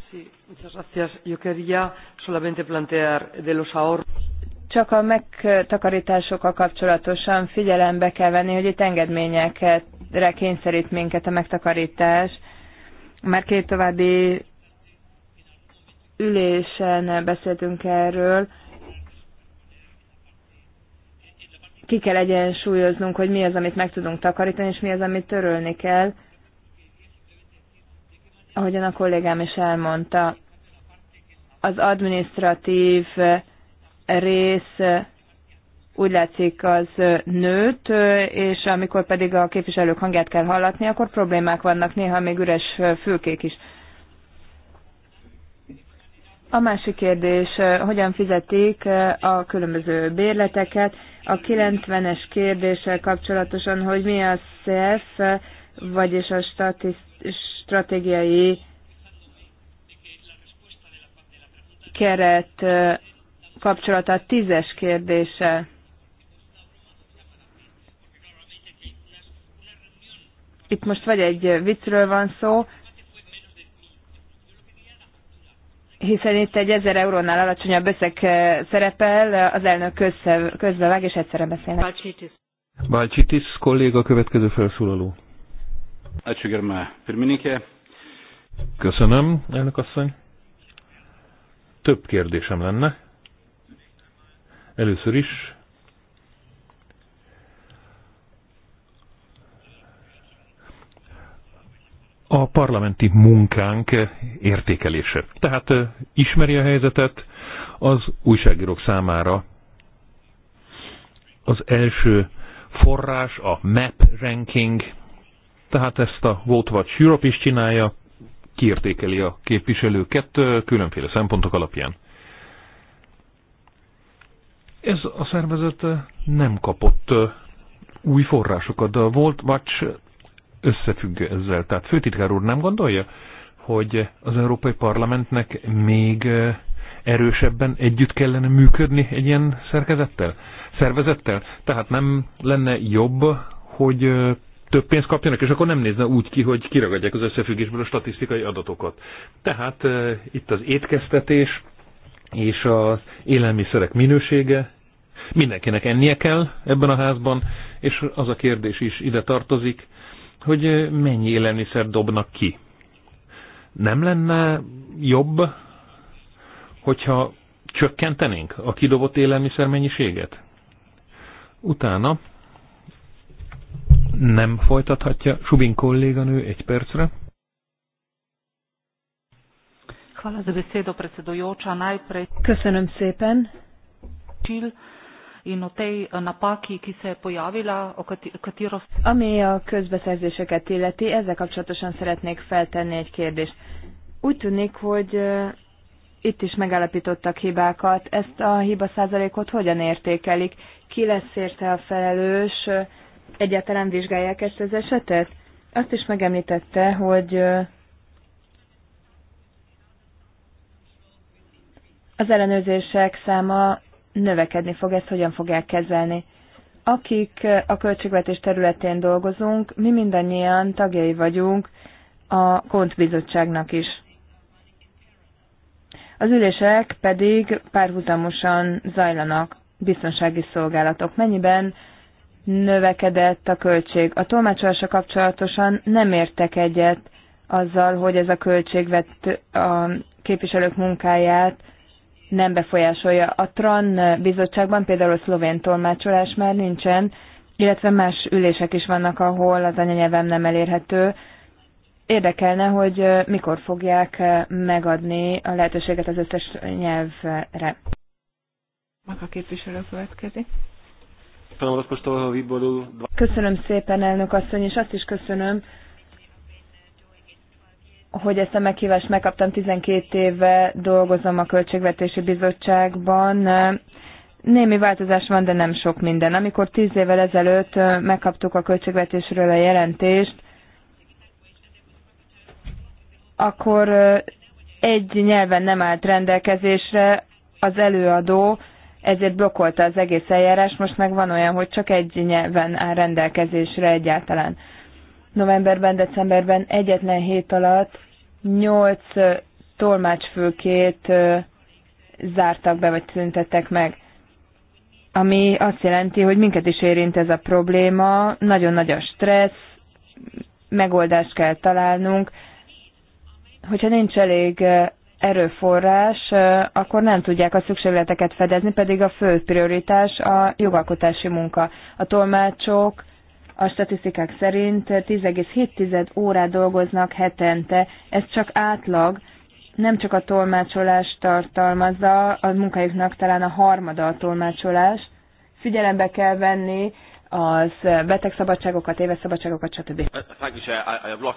Csak a megtakarításokkal kapcsolatosan figyelembe kell venni, hogy itt engedményeket re kényszerít minket a megtakarítás. Már két további ülésen beszéltünk erről. Ki kell egyensúlyoznunk, hogy mi az, amit meg tudunk takarítani, és mi az, amit törölni kell. Ahogyan a kollégám is elmondta, az administratív rész úgy látszik az nőt, és amikor pedig a képviselők hangját kell hallatni, akkor problémák vannak, néha még üres fülkék is. A másik kérdés, hogyan fizetik a különböző bérleteket? A 90-es kérdéssel kapcsolatosan, hogy mi a CEF, vagyis a stratégiai keret kapcsolata a tízes kérdéssel. Itt most vagy egy viccről van szó, hiszen itt egy 1000 eurónál alacsonyabb összeg eh, szerepel, az elnök közbe, vág, és egyszerre beszélnek. Balcsitis kolléga, következő felszólaló. Köszönöm, elnök asszony. Több kérdésem lenne. Először is a parlamenti munkánk értékelése. Tehát ismeri a helyzetet az újságírók számára. Az első forrás a map ranking, tehát ezt a Vote Watch Europe is csinálja, kiértékeli a képviselőket különféle szempontok alapján. Ez a szervezet nem kapott új forrásokat. A Volt Watch összefüggő ezzel. Tehát főtitkár úr nem gondolja, hogy az Európai Parlamentnek még erősebben együtt kellene működni egy ilyen szerkezettel, szervezettel? Tehát nem lenne jobb, hogy több pénzt kapjanak, és akkor nem nézne úgy ki, hogy kiragadják az összefüggésből a statisztikai adatokat. Tehát itt az étkeztetés és az élelmiszerek minősége, mindenkinek ennie kell ebben a házban, és az a kérdés is ide tartozik, hogy mennyi élelmiszer dobnak ki. Nem lenne jobb, hogyha csökkentenénk a kidobott élelmiszer mennyiséget? Utána nem folytathatja Subin kolléganő egy percre. Köszönöm szépen in o tej eh, napaki, ki se je pojavila, o katero... Ami a közbeszerzéseket illeti, ezzel kapcsolatosan szeretnék feltenni egy kérdést. Úgy tűnik, hogy eh, itt is megállapítottak hibákat. Ezt a hiba százalékot hogyan értékelik? Ki lesz érte a felelős? Egyáltalán vizsgálják ezt az esetet? Azt is megemlítette, hogy eh, az ellenőrzések száma növekedni fog, ezt hogyan fogják kezelni. Akik a költségvetés területén dolgozunk, mi mindannyian tagjai vagyunk a kontbizottságnak is. Az ülések pedig párhuzamosan zajlanak. Biztonsági szolgálatok mennyiben növekedett a költség. A tolmácsolása kapcsolatosan nem értek egyet azzal, hogy ez a költségvet a képviselők munkáját nem befolyásolja. A TRAN bizottságban például a szlovén tolmácsolás már nincsen, illetve más ülések is vannak, ahol az anyanyelvem nem elérhető. Érdekelne, hogy mikor fogják megadni a lehetőséget az összes nyelvre. Maga képviselő következik. Köszönöm szépen, elnök asszony, és azt is köszönöm, hogy ezt a meghívást megkaptam, 12 éve dolgozom a Költségvetési Bizottságban. Némi változás van, de nem sok minden. Amikor 10 évvel ezelőtt megkaptuk a költségvetésről a jelentést, akkor egy nyelven nem állt rendelkezésre az előadó, ezért blokkolta az egész eljárás, most meg van olyan, hogy csak egy nyelven áll rendelkezésre egyáltalán novemberben, decemberben egyetlen hét alatt nyolc tolmácsfőkét zártak be, vagy szüntettek meg. Ami azt jelenti, hogy minket is érint ez a probléma, nagyon nagy a stressz, megoldást kell találnunk. Hogyha nincs elég erőforrás, akkor nem tudják a szükségleteket fedezni, pedig a fő prioritás a jogalkotási munka. A tolmácsok a statisztikák szerint 10,7 órát dolgoznak hetente. Ez csak átlag, nem csak a tolmácsolás tartalmazza, a munkájuknak talán a harmada a tolmácsolás. Figyelembe kell venni az betegszabadságokat, évesszabadságokat, stb. Uh,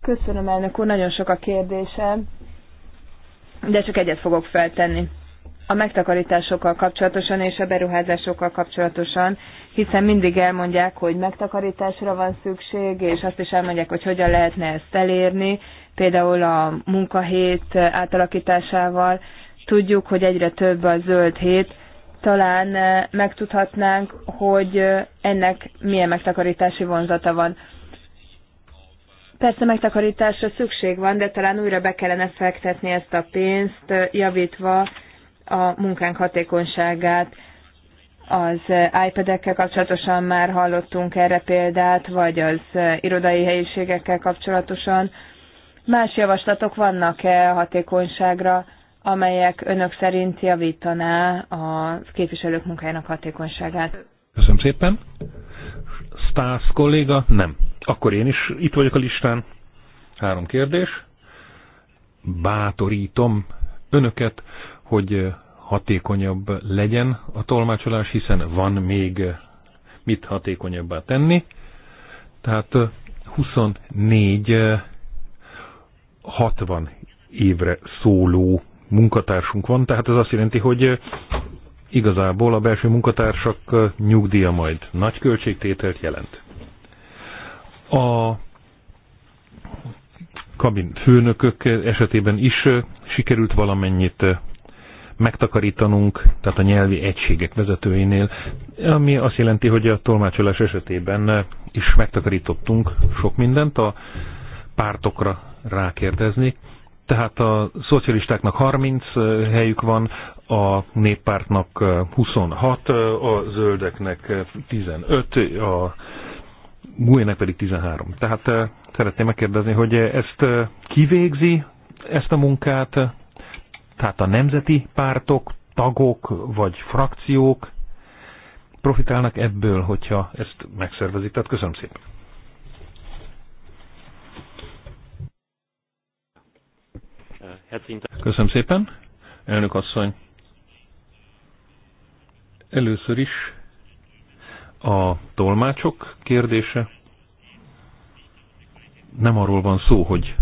Köszönöm, elnök úr, nagyon sok a kérdésem, de csak egyet fogok feltenni a megtakarításokkal kapcsolatosan és a beruházásokkal kapcsolatosan, hiszen mindig elmondják, hogy megtakarításra van szükség, és azt is elmondják, hogy hogyan lehetne ezt elérni, például a munkahét átalakításával. Tudjuk, hogy egyre több a zöld hét, talán eh, megtudhatnánk, hogy eh, ennek milyen megtakarítási vonzata van. Persze megtakarításra szükség van, de talán újra be kellene fektetni ezt a pénzt, eh, javítva a munkánk hatékonyságát. Az iPad-ekkel kapcsolatosan már hallottunk erre példát, vagy az irodai helyiségekkel kapcsolatosan. Más javaslatok vannak-e a hatékonyságra, amelyek önök szerint javítaná a képviselők munkájának hatékonyságát? Köszönöm szépen. Stász kolléga? Nem. Akkor én is itt vagyok a listán. Három kérdés. Bátorítom önöket, hogy eh, hatékonyabb legyen a tolmácsolás, hiszen van még eh, mit hatékonyabbá tenni. Tehát 24 eh, 60 évre szóló munkatársunk van, tehát ez azt jelenti, hogy igazából a belső munkatársak nyugdíja majd nagy költségtételt jelent. A kabin főnökök esetében is sikerült valamennyit megtakarítanunk, tehát a nyelvi egységek vezetőinél, ami azt jelenti, hogy a tolmácsolás esetében is megtakarítottunk sok mindent, a pártokra rákérdezni. Tehát a szocialistáknak 30 helyük van, a néppártnak 26, a zöldeknek 15, a Guének pedig 13. Tehát szeretném megkérdezni, hogy ezt kivégzi ezt a munkát, tehát a nemzeti pártok, tagok vagy frakciók profitálnak ebből, hogyha ezt megszervezik. Tehát köszönöm szépen. Köszönöm szépen, elnök asszony. Először is a tolmácsok kérdése. Nem arról van szó, hogy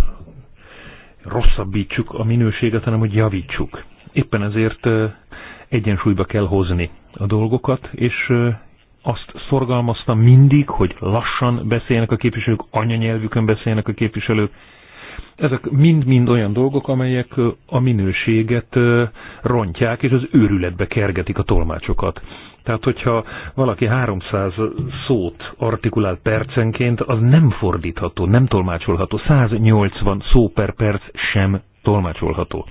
rosszabbítsuk a minőséget, hanem hogy javítsuk. Éppen ezért egyensúlyba kell hozni a dolgokat, és azt szorgalmaztam mindig, hogy lassan beszélnek a képviselők, anyanyelvükön beszélnek a képviselők, ezek mind-mind olyan dolgok, amelyek a minőséget rontják, és az őrületbe kergetik a tolmácsokat. Tehát, hogyha valaki 300 szót artikulál percenként, az nem fordítható, nem tolmácsolható. 180 szó per perc sem tolmácsolható.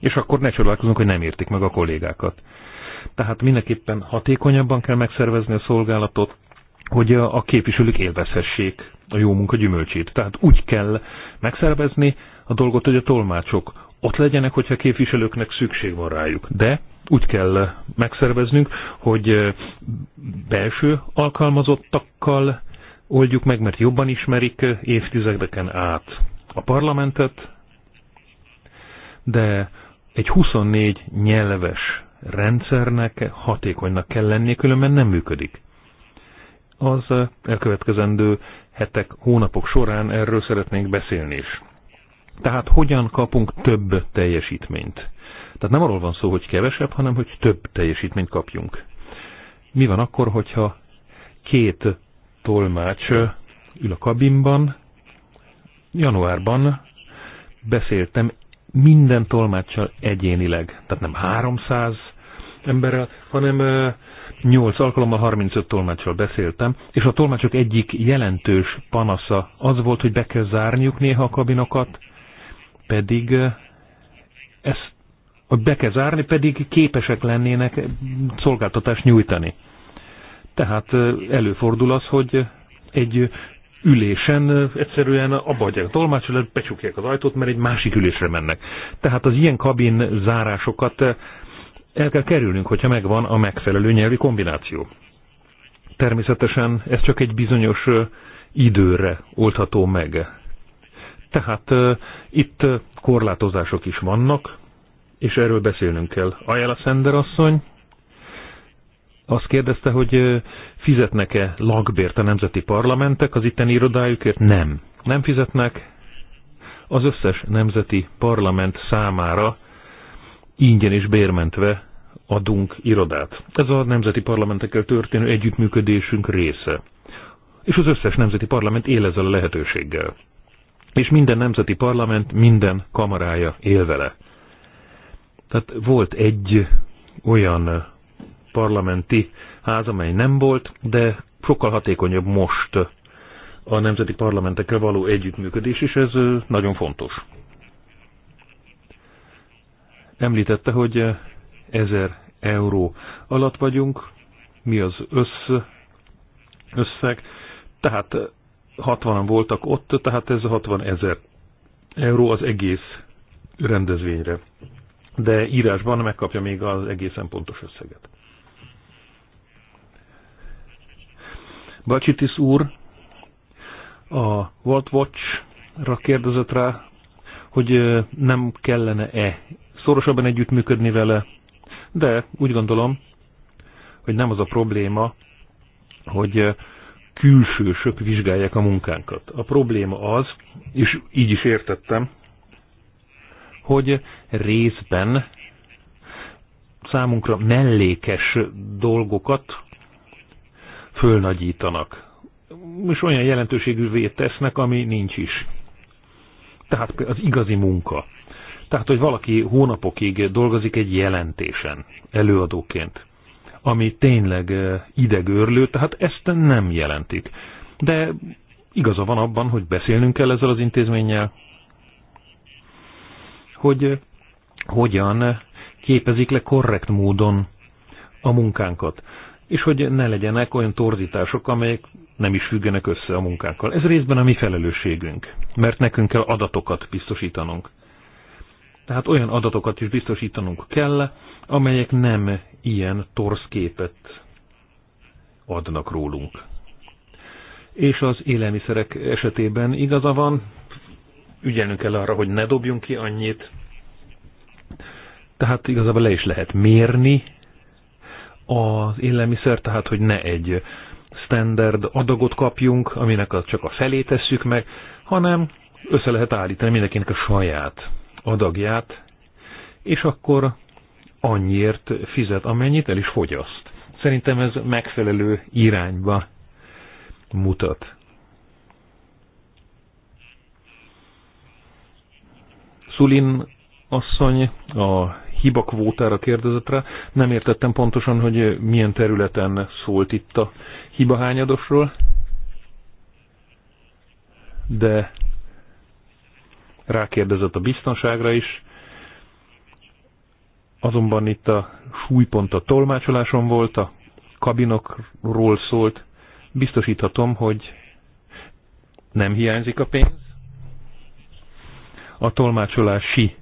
És akkor ne csodálkozunk, hogy nem értik meg a kollégákat. Tehát mindenképpen hatékonyabban kell megszervezni a szolgálatot, hogy a képviselők élvezhessék a jó munka gyümölcsét. Tehát úgy kell megszervezni a dolgot, hogy a tolmácsok ott legyenek, hogyha a képviselőknek szükség van rájuk. De úgy kell megszerveznünk, hogy belső alkalmazottakkal oldjuk meg, mert jobban ismerik évtizedeken át a parlamentet, de egy 24 nyelves rendszernek hatékonynak kell lennie, különben nem működik. Az elkövetkezendő hetek, hónapok során erről szeretnénk beszélni is. Tehát hogyan kapunk több teljesítményt? Tehát nem arról van szó, hogy kevesebb, hanem hogy több teljesítményt kapjunk. Mi van akkor, hogyha két tolmács ül a kabinban, januárban beszéltem minden tolmáccsal egyénileg, tehát nem 300 emberrel, hanem Nyolc alkalommal 35 tolmácsról beszéltem, és a tolmácsok egyik jelentős panasza az volt, hogy be kell zárniuk néha a kabinokat, pedig ezt hogy be kell zárni, pedig képesek lennének szolgáltatást nyújtani. Tehát előfordul az, hogy egy ülésen egyszerűen abba hagyják a tolmácsolat, becsukják az ajtót, mert egy másik ülésre mennek. Tehát az ilyen kabin zárásokat el kell kerülnünk, hogyha megvan a megfelelő nyelvi kombináció. Természetesen ez csak egy bizonyos időre oldható meg. Tehát itt korlátozások is vannak, és erről beszélnünk kell. Ajala Szender asszony azt kérdezte, hogy fizetnek-e lakbért a nemzeti parlamentek az itteni irodájukért? Nem. Nem fizetnek. Az összes nemzeti parlament számára ingyen és bérmentve adunk irodát. Ez a nemzeti parlamentekkel történő együttműködésünk része. És az összes nemzeti parlament él ezzel a lehetőséggel. És minden nemzeti parlament, minden kamarája él vele. Tehát volt egy olyan parlamenti ház, amely nem volt, de sokkal hatékonyabb most a nemzeti parlamentekkel való együttműködés, és ez nagyon fontos. Említette, hogy 1000 euró alatt vagyunk, mi az össz, összeg, tehát 60-an voltak ott, tehát ez a 60 ezer euró az egész rendezvényre. De írásban megkapja még az egészen pontos összeget. Bacsitis úr a World Watch-ra kérdezett rá, hogy nem kellene-e szorosabban együttműködni vele, de úgy gondolom, hogy nem az a probléma, hogy eh, külsősök vizsgálják a munkánkat. A probléma az, és így is értettem, hogy részben számunkra mellékes dolgokat fölnagyítanak, és olyan jelentőségűvé tesznek, ami nincs is. Tehát az igazi munka. Tehát, hogy valaki hónapokig dolgozik egy jelentésen előadóként, ami tényleg idegőrlő, tehát ezt nem jelentik. De igaza van abban, hogy beszélnünk kell ezzel az intézménnyel, hogy hogyan képezik le korrekt módon a munkánkat, és hogy ne legyenek olyan torzítások, amelyek nem is függenek össze a munkánkkal. Ez részben a mi felelősségünk, mert nekünk kell adatokat biztosítanunk. Tehát olyan adatokat is biztosítanunk kell, amelyek nem ilyen torszképet képet adnak rólunk. És az élelmiszerek esetében igaza van, ügyelnünk kell arra, hogy ne dobjunk ki annyit. Tehát igazából le is lehet mérni az élelmiszer, tehát hogy ne egy standard adagot kapjunk, aminek az csak a felét tesszük meg, hanem össze lehet állítani mindenkinek a saját adagját, és akkor annyiért fizet, amennyit el is fogyaszt. Szerintem ez megfelelő irányba mutat. Szulin asszony a hibakvótára kérdezett rá. Nem értettem pontosan, hogy milyen területen szólt itt a hibahányadosról, de rákérdezett a biztonságra is, azonban itt a súlypont a tolmácsoláson volt, a kabinokról szólt, biztosíthatom, hogy nem hiányzik a pénz. A tolmácsolási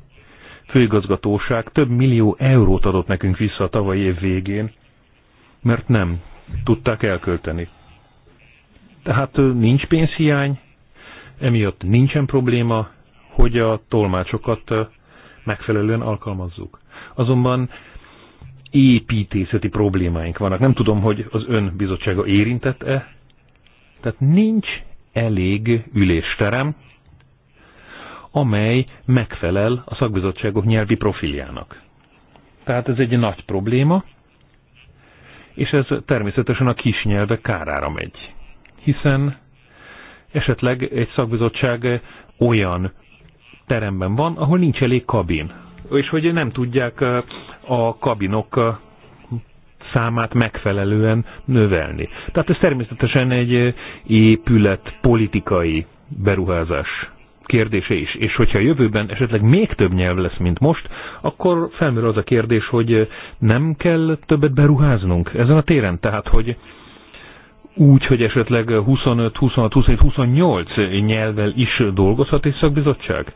főigazgatóság több millió eurót adott nekünk vissza a tavalyi év végén, mert nem tudták elkölteni. Tehát nincs pénzhiány, emiatt nincsen probléma, hogy a tolmácsokat megfelelően alkalmazzuk. Azonban építészeti problémáink vannak. Nem tudom, hogy az ön bizottsága érintett-e. Tehát nincs elég ülésterem, amely megfelel a szakbizottságok nyelvi profiljának. Tehát ez egy nagy probléma, és ez természetesen a kis nyelve kárára megy. Hiszen esetleg egy szakbizottság olyan teremben van, ahol nincs elég kabin. És hogy nem tudják eh, a kabinok eh, számát megfelelően növelni. Tehát ez természetesen egy eh, épület politikai beruházás kérdése is. És hogyha a jövőben esetleg még több nyelv lesz, mint most, akkor felmerül az a kérdés, hogy nem kell többet beruháznunk ezen a téren. Tehát, hogy úgy, hogy esetleg 25, 26, 27, 28 nyelvvel is dolgozhat egy szakbizottság?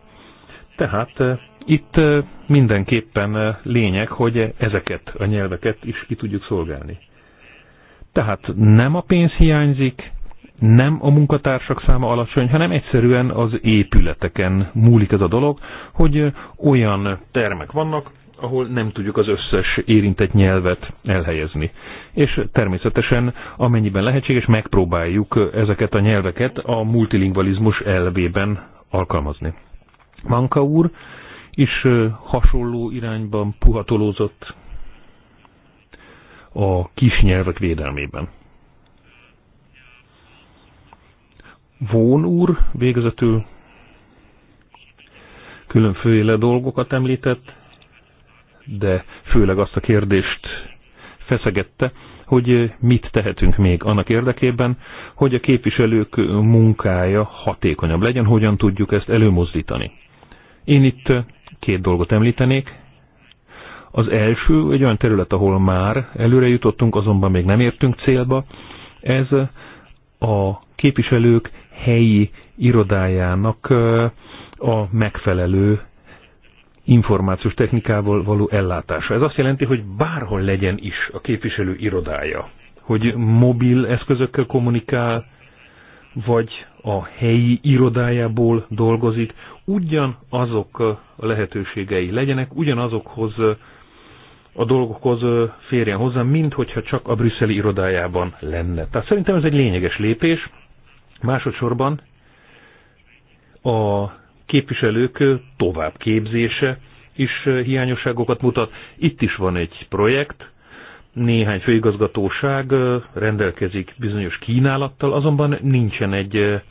Tehát eh, itt eh, mindenképpen eh, lényeg, hogy ezeket a nyelveket is ki tudjuk szolgálni. Tehát nem a pénz hiányzik, nem a munkatársak száma alacsony, hanem egyszerűen az épületeken múlik ez a dolog, hogy olyan termek vannak, ahol nem tudjuk az összes érintett nyelvet elhelyezni. És természetesen, amennyiben lehetséges, megpróbáljuk ezeket a nyelveket a multilingvalizmus elvében alkalmazni. Manka úr is hasonló irányban puhatolózott a nyelvek védelmében. Vón úr végezetül különféle dolgokat említett, de főleg azt a kérdést feszegette, hogy mit tehetünk még annak érdekében, hogy a képviselők munkája hatékonyabb legyen, hogyan tudjuk ezt előmozdítani. Én itt két dolgot említenék. Az első egy olyan terület, ahol már előre jutottunk, azonban még nem értünk célba. Ez a képviselők helyi irodájának a megfelelő információs technikával való ellátása. Ez azt jelenti, hogy bárhol legyen is a képviselő irodája, hogy mobil eszközökkel kommunikál, vagy a helyi irodájából dolgozik, ugyanazok a lehetőségei legyenek, ugyanazokhoz a dolgokhoz férjen hozzá, mint hogyha csak a brüsszeli irodájában lenne. Tehát szerintem ez egy lényeges lépés. Másodszorban a képviselők továbbképzése is hiányosságokat mutat. Itt is van egy projekt, néhány főigazgatóság rendelkezik bizonyos kínálattal, azonban nincsen egy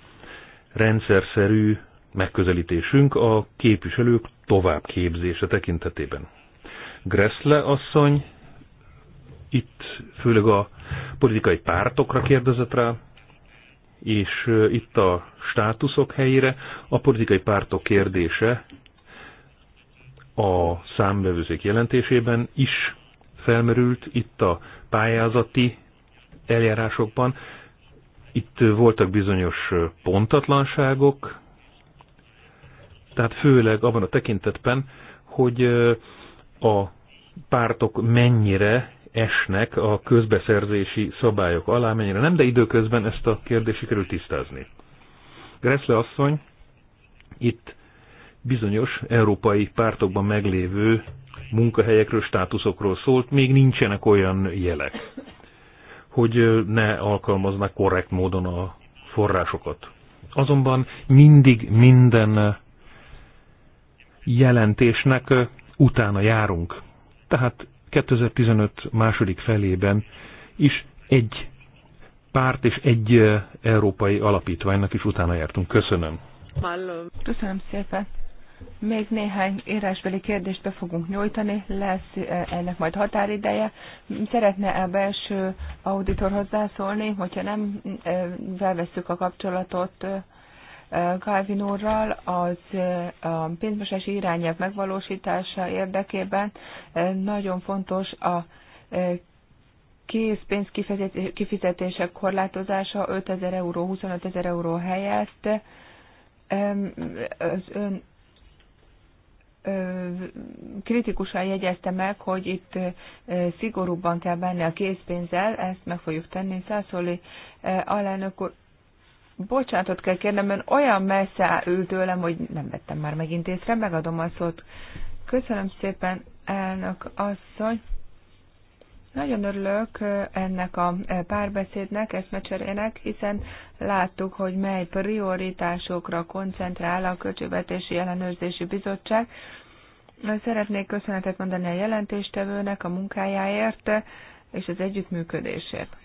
rendszerszerű megközelítésünk a képviselők továbbképzése tekintetében. Gressle asszony itt főleg a politikai pártokra kérdezett rá, és itt a státuszok helyére a politikai pártok kérdése a számbevőzék jelentésében is felmerült itt a pályázati eljárásokban. Itt voltak bizonyos pontatlanságok, tehát főleg abban a tekintetben, hogy a pártok mennyire esnek a közbeszerzési szabályok alá, mennyire nem, de időközben ezt a kérdést sikerült tisztázni. Gressle asszony itt bizonyos európai pártokban meglévő munkahelyekről, státuszokról szólt, még nincsenek olyan jelek, hogy ne alkalmaznak korrekt módon a forrásokat. Azonban mindig minden jelentésnek utána járunk. Tehát 2015 második felében is egy párt és egy európai alapítványnak is utána jártunk. Köszönöm. Köszönöm szépen. Még néhány írásbeli kérdést be fogunk nyújtani, lesz e, ennek majd határideje. Szeretne a belső auditor hozzászólni, hogyha nem e, felvesszük a kapcsolatot e, Calvin úrral, az a pénzmosási irányelv megvalósítása érdekében nagyon fontos a készpénz kifizetések korlátozása 5000 euró, 25 ezer euró helyett az ön kritikusan jegyezte meg, hogy itt szigorúbban kell bánni a készpénzzel, ezt meg fogjuk tenni. Szászoli alelnök úr, bocsánatot kell kérnem, mert olyan messze ült tőlem, hogy nem vettem már megint észre, megadom a szót. Köszönöm szépen, elnök asszony. Nagyon örülök ennek a párbeszédnek, eszmecserének, hiszen láttuk, hogy mely prioritásokra koncentrál a Költségvetési Ellenőrzési Bizottság. Szeretnék köszönetet mondani a jelentéstevőnek a munkájáért és az együttműködésért.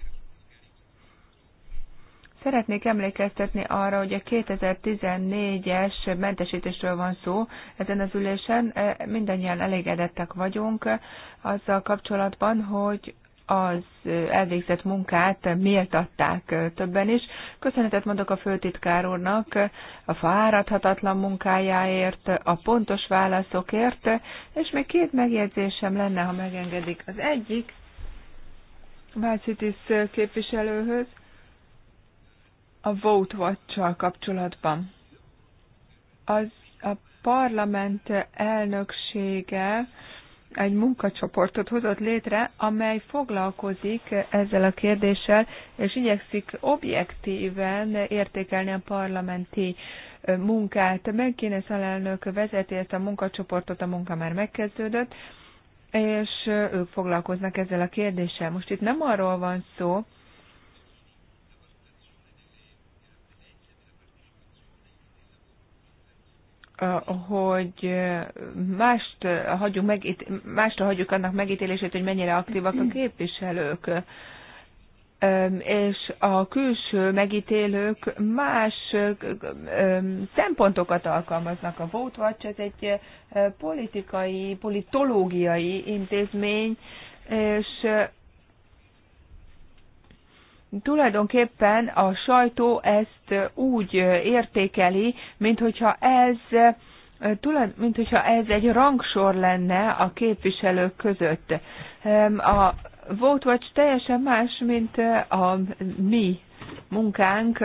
Szeretnék emlékeztetni arra, hogy a 2014-es mentesítésről van szó ezen az ülésen. E, mindannyian elégedettek vagyunk azzal kapcsolatban, hogy az elvégzett munkát méltatták többen is. Köszönetet mondok a főtitkár úrnak a fáradhatatlan munkájáért, a pontos válaszokért, és még két megjegyzésem lenne, ha megengedik. Az egyik Vácitis képviselőhöz, a Vote watch kapcsolatban. Az a parlament elnöksége egy munkacsoportot hozott létre, amely foglalkozik ezzel a kérdéssel, és igyekszik objektíven értékelni a parlamenti munkát. Megkéne alelnök vezeti ezt a munkacsoportot, a munka már megkezdődött, és ők foglalkoznak ezzel a kérdéssel. Most itt nem arról van szó, hogy mást hagyjuk megít, mást hagyjuk annak megítélését, hogy mennyire aktívak a mm-hmm. képviselők. És a külső megítélők más szempontokat alkalmaznak. A Vote Watch ez egy politikai, politológiai intézmény, és tulajdonképpen a sajtó ezt úgy értékeli, mint hogyha ez mint hogyha ez egy rangsor lenne a képviselők között. A Vote Watch teljesen más, mint a mi munkánk.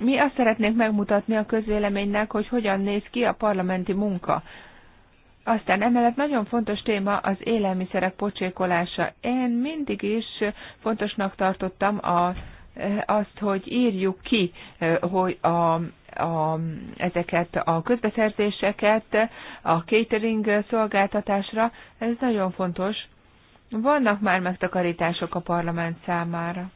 Mi azt szeretnénk megmutatni a közvéleménynek, hogy hogyan néz ki a parlamenti munka. Aztán emellett nagyon fontos téma az élelmiszerek pocsékolása. Én mindig is fontosnak tartottam a, azt, hogy írjuk ki, hogy a, a, ezeket a közbeszerzéseket a catering szolgáltatásra. Ez nagyon fontos. Vannak már megtakarítások a parlament számára.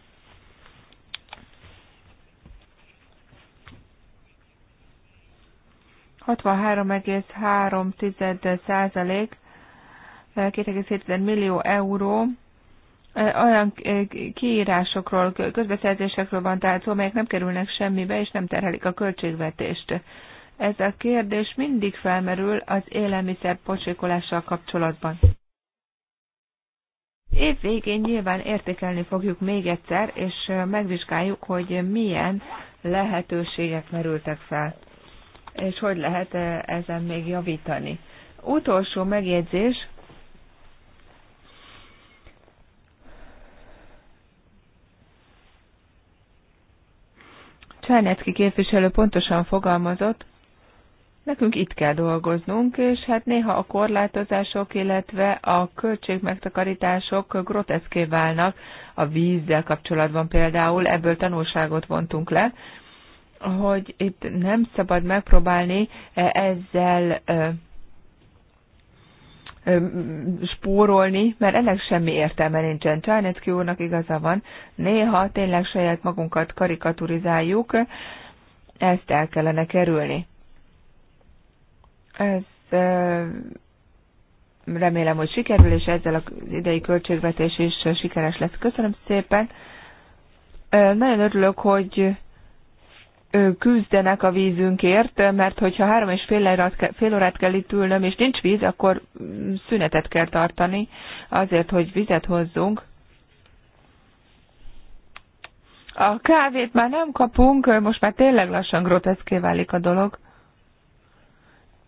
63,3 százalék, 2,7 millió euró olyan kiírásokról, közbeszerzésekről van tehát szó, amelyek nem kerülnek semmibe, és nem terhelik a költségvetést. Ez a kérdés mindig felmerül az élelmiszer pocsékolással kapcsolatban. Év végén nyilván értékelni fogjuk még egyszer, és megvizsgáljuk, hogy milyen lehetőségek merültek fel és hogy lehet e, ezen még javítani. Utolsó megjegyzés, Csárnyecki képviselő pontosan fogalmazott, nekünk itt kell dolgoznunk, és hát néha a korlátozások, illetve a költségmegtakarítások groteszké válnak, a vízzel kapcsolatban például, ebből tanulságot vontunk le, hogy itt nem szabad megpróbálni e, ezzel e, e, spórolni, mert ennek semmi értelme nincsen. Csánecki úrnak igaza van, néha tényleg saját magunkat karikaturizáljuk, ezt el kellene kerülni. Ez remélem, hogy sikerül, és ezzel az idei költségvetés is sikeres lesz. Köszönöm szépen. Nagyon örülök, hogy küzdenek a vízünkért, mert hogyha három és fél órát, fél órát kell itt ülnöm, és nincs víz, akkor mm, szünetet kell tartani azért, hogy vizet hozzunk. A kávét már nem kapunk, most már tényleg lassan groteszké válik a dolog.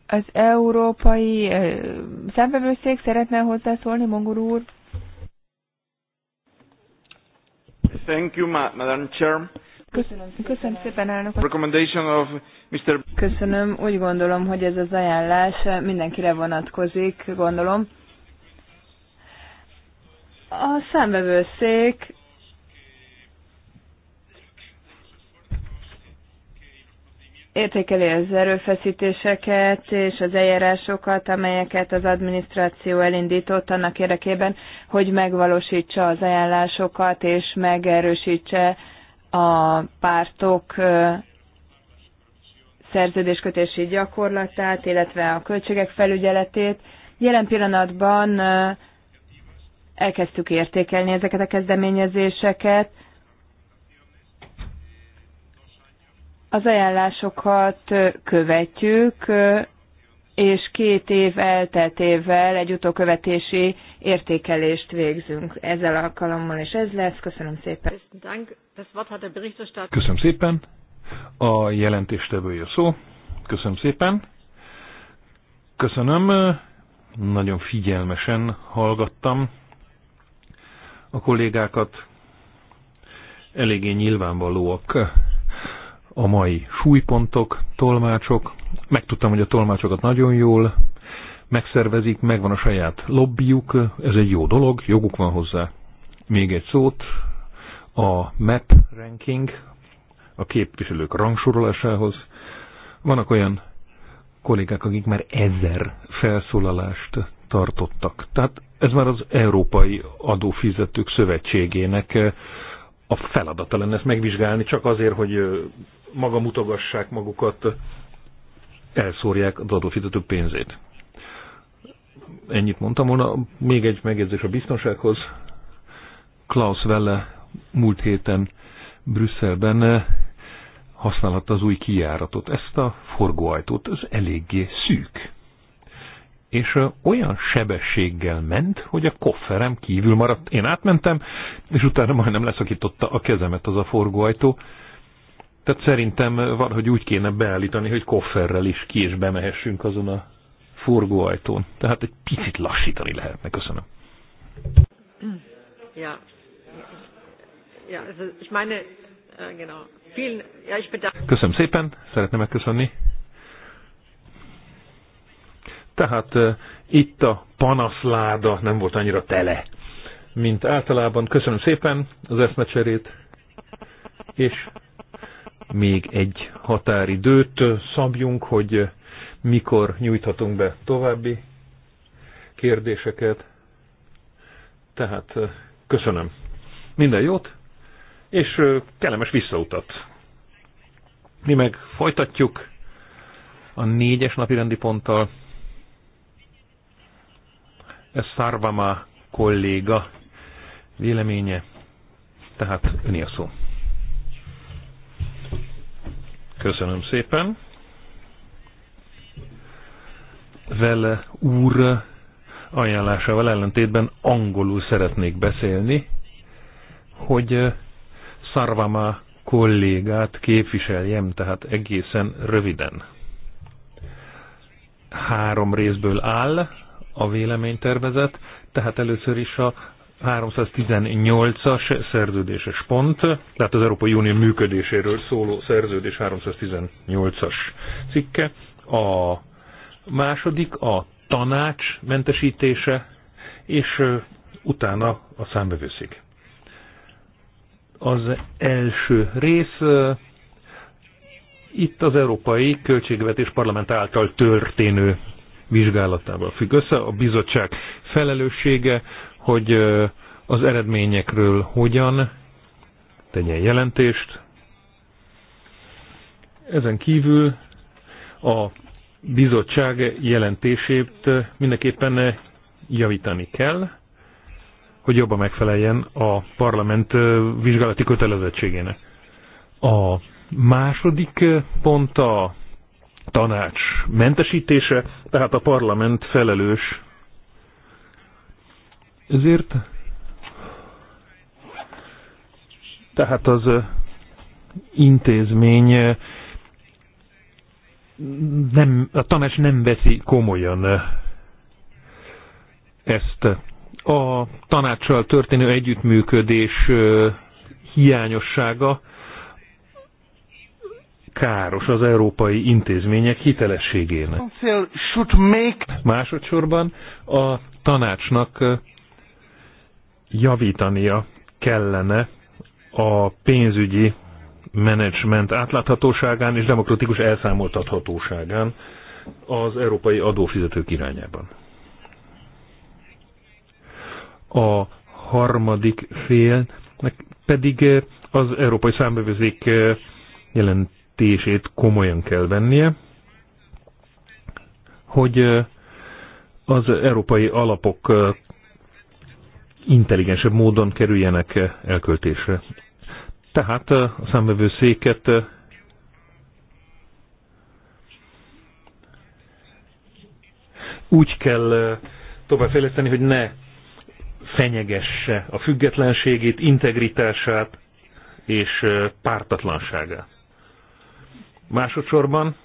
Az európai szembevőszék szeretne hozzászólni, Mongor úr? Thank you, Madam Chair. Köszönöm, szépen, elnök. Köszönöm. Úgy gondolom, hogy ez az ajánlás mindenkire vonatkozik, gondolom. A számvevőszék értékeli az erőfeszítéseket és az eljárásokat, amelyeket az adminisztráció elindított annak érdekében, hogy megvalósítsa az ajánlásokat és megerősítse a pártok szerződéskötési gyakorlatát, illetve a költségek felügyeletét. Jelen pillanatban elkezdtük értékelni ezeket a kezdeményezéseket. Az ajánlásokat követjük, és két év elteltével egy utókövetési értékelést végzünk ezzel alkalommal, és ez lesz. Köszönöm szépen. Köszönöm szépen. A jelentéstevője szó. Köszönöm szépen. Köszönöm. Nagyon figyelmesen hallgattam a kollégákat. Eléggé nyilvánvalóak a mai súlypontok, tolmácsok. Megtudtam, hogy a tolmácsokat nagyon jól megszervezik, megvan a saját lobbyjuk, ez egy jó dolog, joguk van hozzá. Még egy szót, a map ranking, a képviselők rangsorolásához. Vannak olyan kollégák, akik már ezer felszólalást tartottak. Tehát ez már az Európai Adófizetők Szövetségének eh, a feladata lenne ezt megvizsgálni, csak azért, hogy eh, maga mutogassák magukat, elszórják az adófizetők pénzét. Ennyit mondtam volna. Még egy megjegyzés a biztonsághoz. Klaus Welle múlt héten Brüsszelben használhatta az új kijáratot, ezt a forgóajtót, ez eléggé szűk. És olyan sebességgel ment, hogy a kofferem kívül maradt. Én átmentem, és utána majdnem leszakította a kezemet az a forgóajtó. Tehát szerintem van, hogy úgy kéne beállítani, hogy kofferrel is ki és bemehessünk azon a forgóajtón. Tehát egy picit lassítani lehetne. Köszönöm. Mm. Ja. Ja, also és meine, äh, genau. Vielen, ja, ich bedanke. Köszönöm szépen, szeretném megköszönni. Tehát uh, itt a panaszláda nem volt annyira tele, mint általában. Köszönöm szépen az eszmecserét, és még egy határidőt szabjunk, hogy mikor nyújthatunk be további kérdéseket. Tehát köszönöm minden jót, és kellemes visszautat. Mi meg folytatjuk a négyes napi rendi ponttal. Ez Szárvama kolléga véleménye, tehát öné a szó. Köszönöm szépen. Vele úr ajánlásával ellentétben angolul szeretnék beszélni, hogy eh, Szarvama kollégát képviseljem, tehát egészen röviden. Három részből áll a véleménytervezet, tehát először is a 318-as szerződéses pont, tehát az Európai Unió működéséről szóló szerződés 318-as cikke. A második a tanács mentesítése, és utána a számbevőszék. Az első rész itt az európai költségvetés parlament által történő vizsgálatával függ össze. A bizottság felelőssége hogy az eredményekről hogyan tegyen jelentést. Ezen kívül a bizottság jelentését mindenképpen javítani kell, hogy jobban megfeleljen a parlament vizsgálati kötelezettségének. A második pont a tanács mentesítése, tehát a parlament felelős ezért tehát az intézmény nem, a tanács nem veszi komolyan ezt. A tanácssal történő együttműködés hiányossága káros az európai intézmények hitelességének. Másodszorban a tanácsnak javítania kellene a pénzügyi menedzsment átláthatóságán és demokratikus elszámoltathatóságán az európai adófizetők irányában. A harmadik félnek pedig az európai számbevőzék jelentését komolyan kell vennie, hogy az európai alapok intelligensebb módon kerüljenek elköltésre. Tehát eh, a számvevőszéket eh, úgy kell eh, továbbfejleszteni, hogy ne fenyegesse a függetlenségét, integritását és pártatlanságát. Másodszorban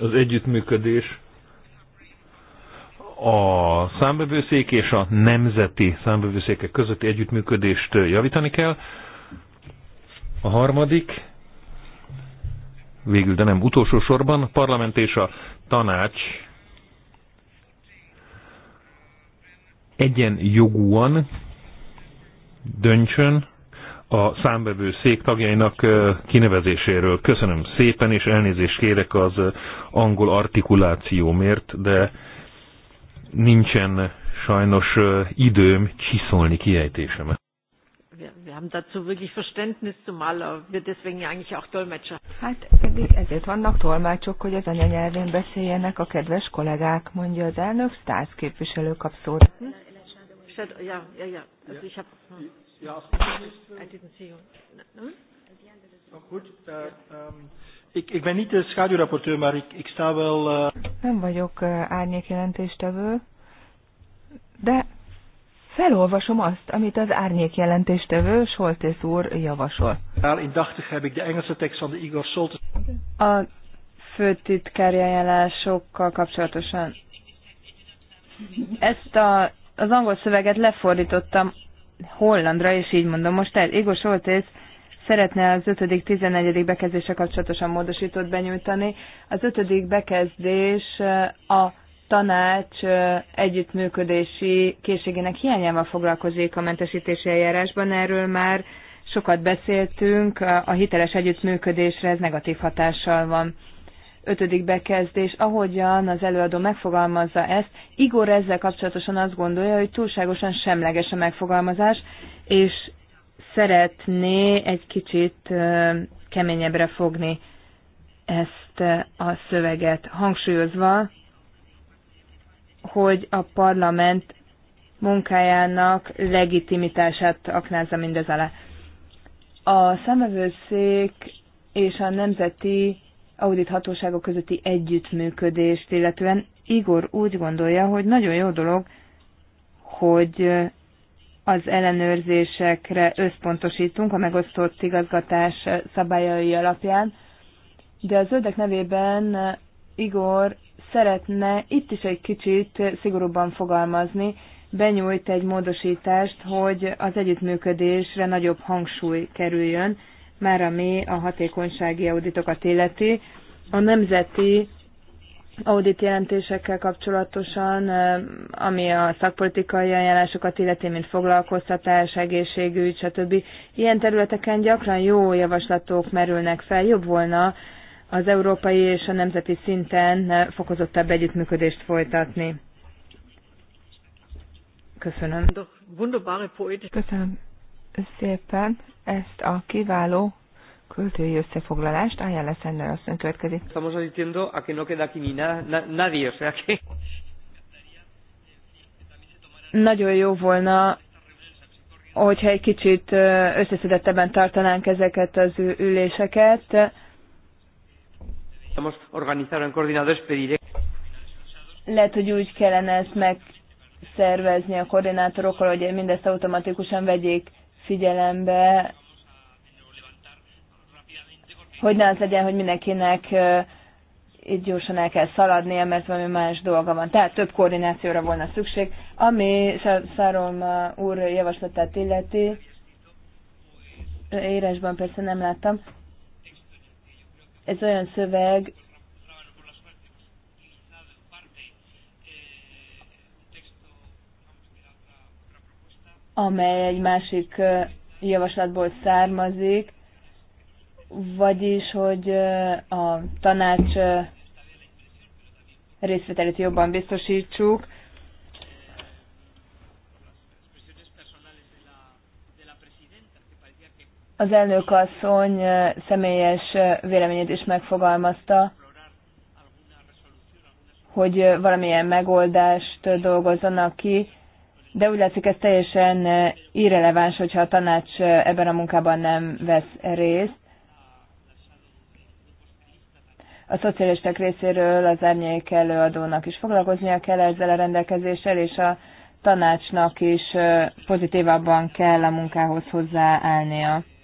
az együttműködés a számbevőszék és a nemzeti számbevőszékek közötti együttműködést javítani kell. A harmadik, végül de nem utolsó sorban, a parlament és a tanács egyen jogúan döntsön a számbevő szék tagjainak kinevezéséről. Köszönöm szépen, és elnézést kérek az angol artikulációmért, de nincsen sajnos időm csiszolni kiejtésemet. Wir haben dazu wirklich Verständnis, zumal wir deswegen ja eigentlich auch Dolmetscher. Hát pedig ezért vannak tolmácsok, hogy az anyanyelvén beszéljenek a kedves kollégák, mondja az elnök, Stász képviselő kap szót. Ja, ja, ja. Also ich hab, hm. I didn't see you. Hm? Gut, da, äh, ähm, Ik, ik ben niet de schaduwrapporteur, maar ik, ik sta wel... Uh... Nem vagyok uh, árnyékjelentéstevő, de felolvasom azt, amit az árnyékjelentéstevő Soltész úr javasol. Indachtig heb ik de Engelse tekst van de Igor Soltész... A főtitkári ajánlásokkal kapcsolatosan. Ezt a, az angol szöveget lefordítottam hollandra, és így mondom most el. Igor Soltész szeretne az 5.-14. bekezdése kapcsolatosan módosított benyújtani. Az 5. bekezdés eh, a tanács eh, együttműködési készségének hiányával foglalkozik a mentesítési eljárásban. Erről már sokat beszéltünk, a hiteles együttműködésre ez negatív hatással van. Ötödik bekezdés, ahogyan az előadó megfogalmazza ezt, Igor ezzel kapcsolatosan azt gondolja, hogy túlságosan semleges a megfogalmazás, és szeretné egy kicsit keményebbre fogni ezt a szöveget, hangsúlyozva, hogy a parlament munkájának legitimitását aknázza mindez alá. A számövőszék és a nemzeti audithatóságok közötti együttműködést illetően Igor úgy gondolja, hogy nagyon jó dolog, hogy az ellenőrzésekre összpontosítunk a megosztott igazgatás szabályai alapján, de az zöldek nevében Igor szeretne itt is egy kicsit szigorúbban fogalmazni, benyújt egy módosítást, hogy az együttműködésre nagyobb hangsúly kerüljön, már ami a hatékonysági auditokat illeti. A nemzeti audit jelentésekkel kapcsolatosan, ami a szakpolitikai ajánlásokat illeti, mint foglalkoztatás, egészségügy, stb. Ilyen területeken gyakran jó javaslatok merülnek fel, jobb volna az európai és a nemzeti szinten fokozottabb együttműködést folytatni. Köszönöm. Köszönöm szépen ezt a kiváló költői összefoglalást. Ayala Sender asszony következik. Estamos asistiendo a que no queda aquí ni nada, nadie, o sea que... Nagyon jó volna, hogyha egy kicsit összeszedettebben tartanánk ezeket az üléseket. Estamos organizar en coordinadores Lehet, hogy úgy kellene ezt megszervezni a koordinátorokkal, hogy mindezt automatikusan vegyék figyelembe hogy ne az legyen, hogy mindenkinek itt gyorsan el kell szaladnia, mert valami más dolga van. Tehát több koordinációra volna szükség. Ami Szárom úr javaslatát illeti, írásban persze nem láttam, ez olyan szöveg, amely egy másik javaslatból származik, vagyis, hogy a tanács részvételét jobban biztosítsuk. Az elnök asszony személyes véleményét is megfogalmazta, hogy valamilyen megoldást dolgozzanak ki, de úgy látszik, ez teljesen irreleváns, hogyha a tanács ebben a munkában nem vesz részt a szocialisták részéről az árnyék előadónak is foglalkoznia kell ezzel a rendelkezéssel, és a tanácsnak is pozitívabban kell a munkához hozzáállnia.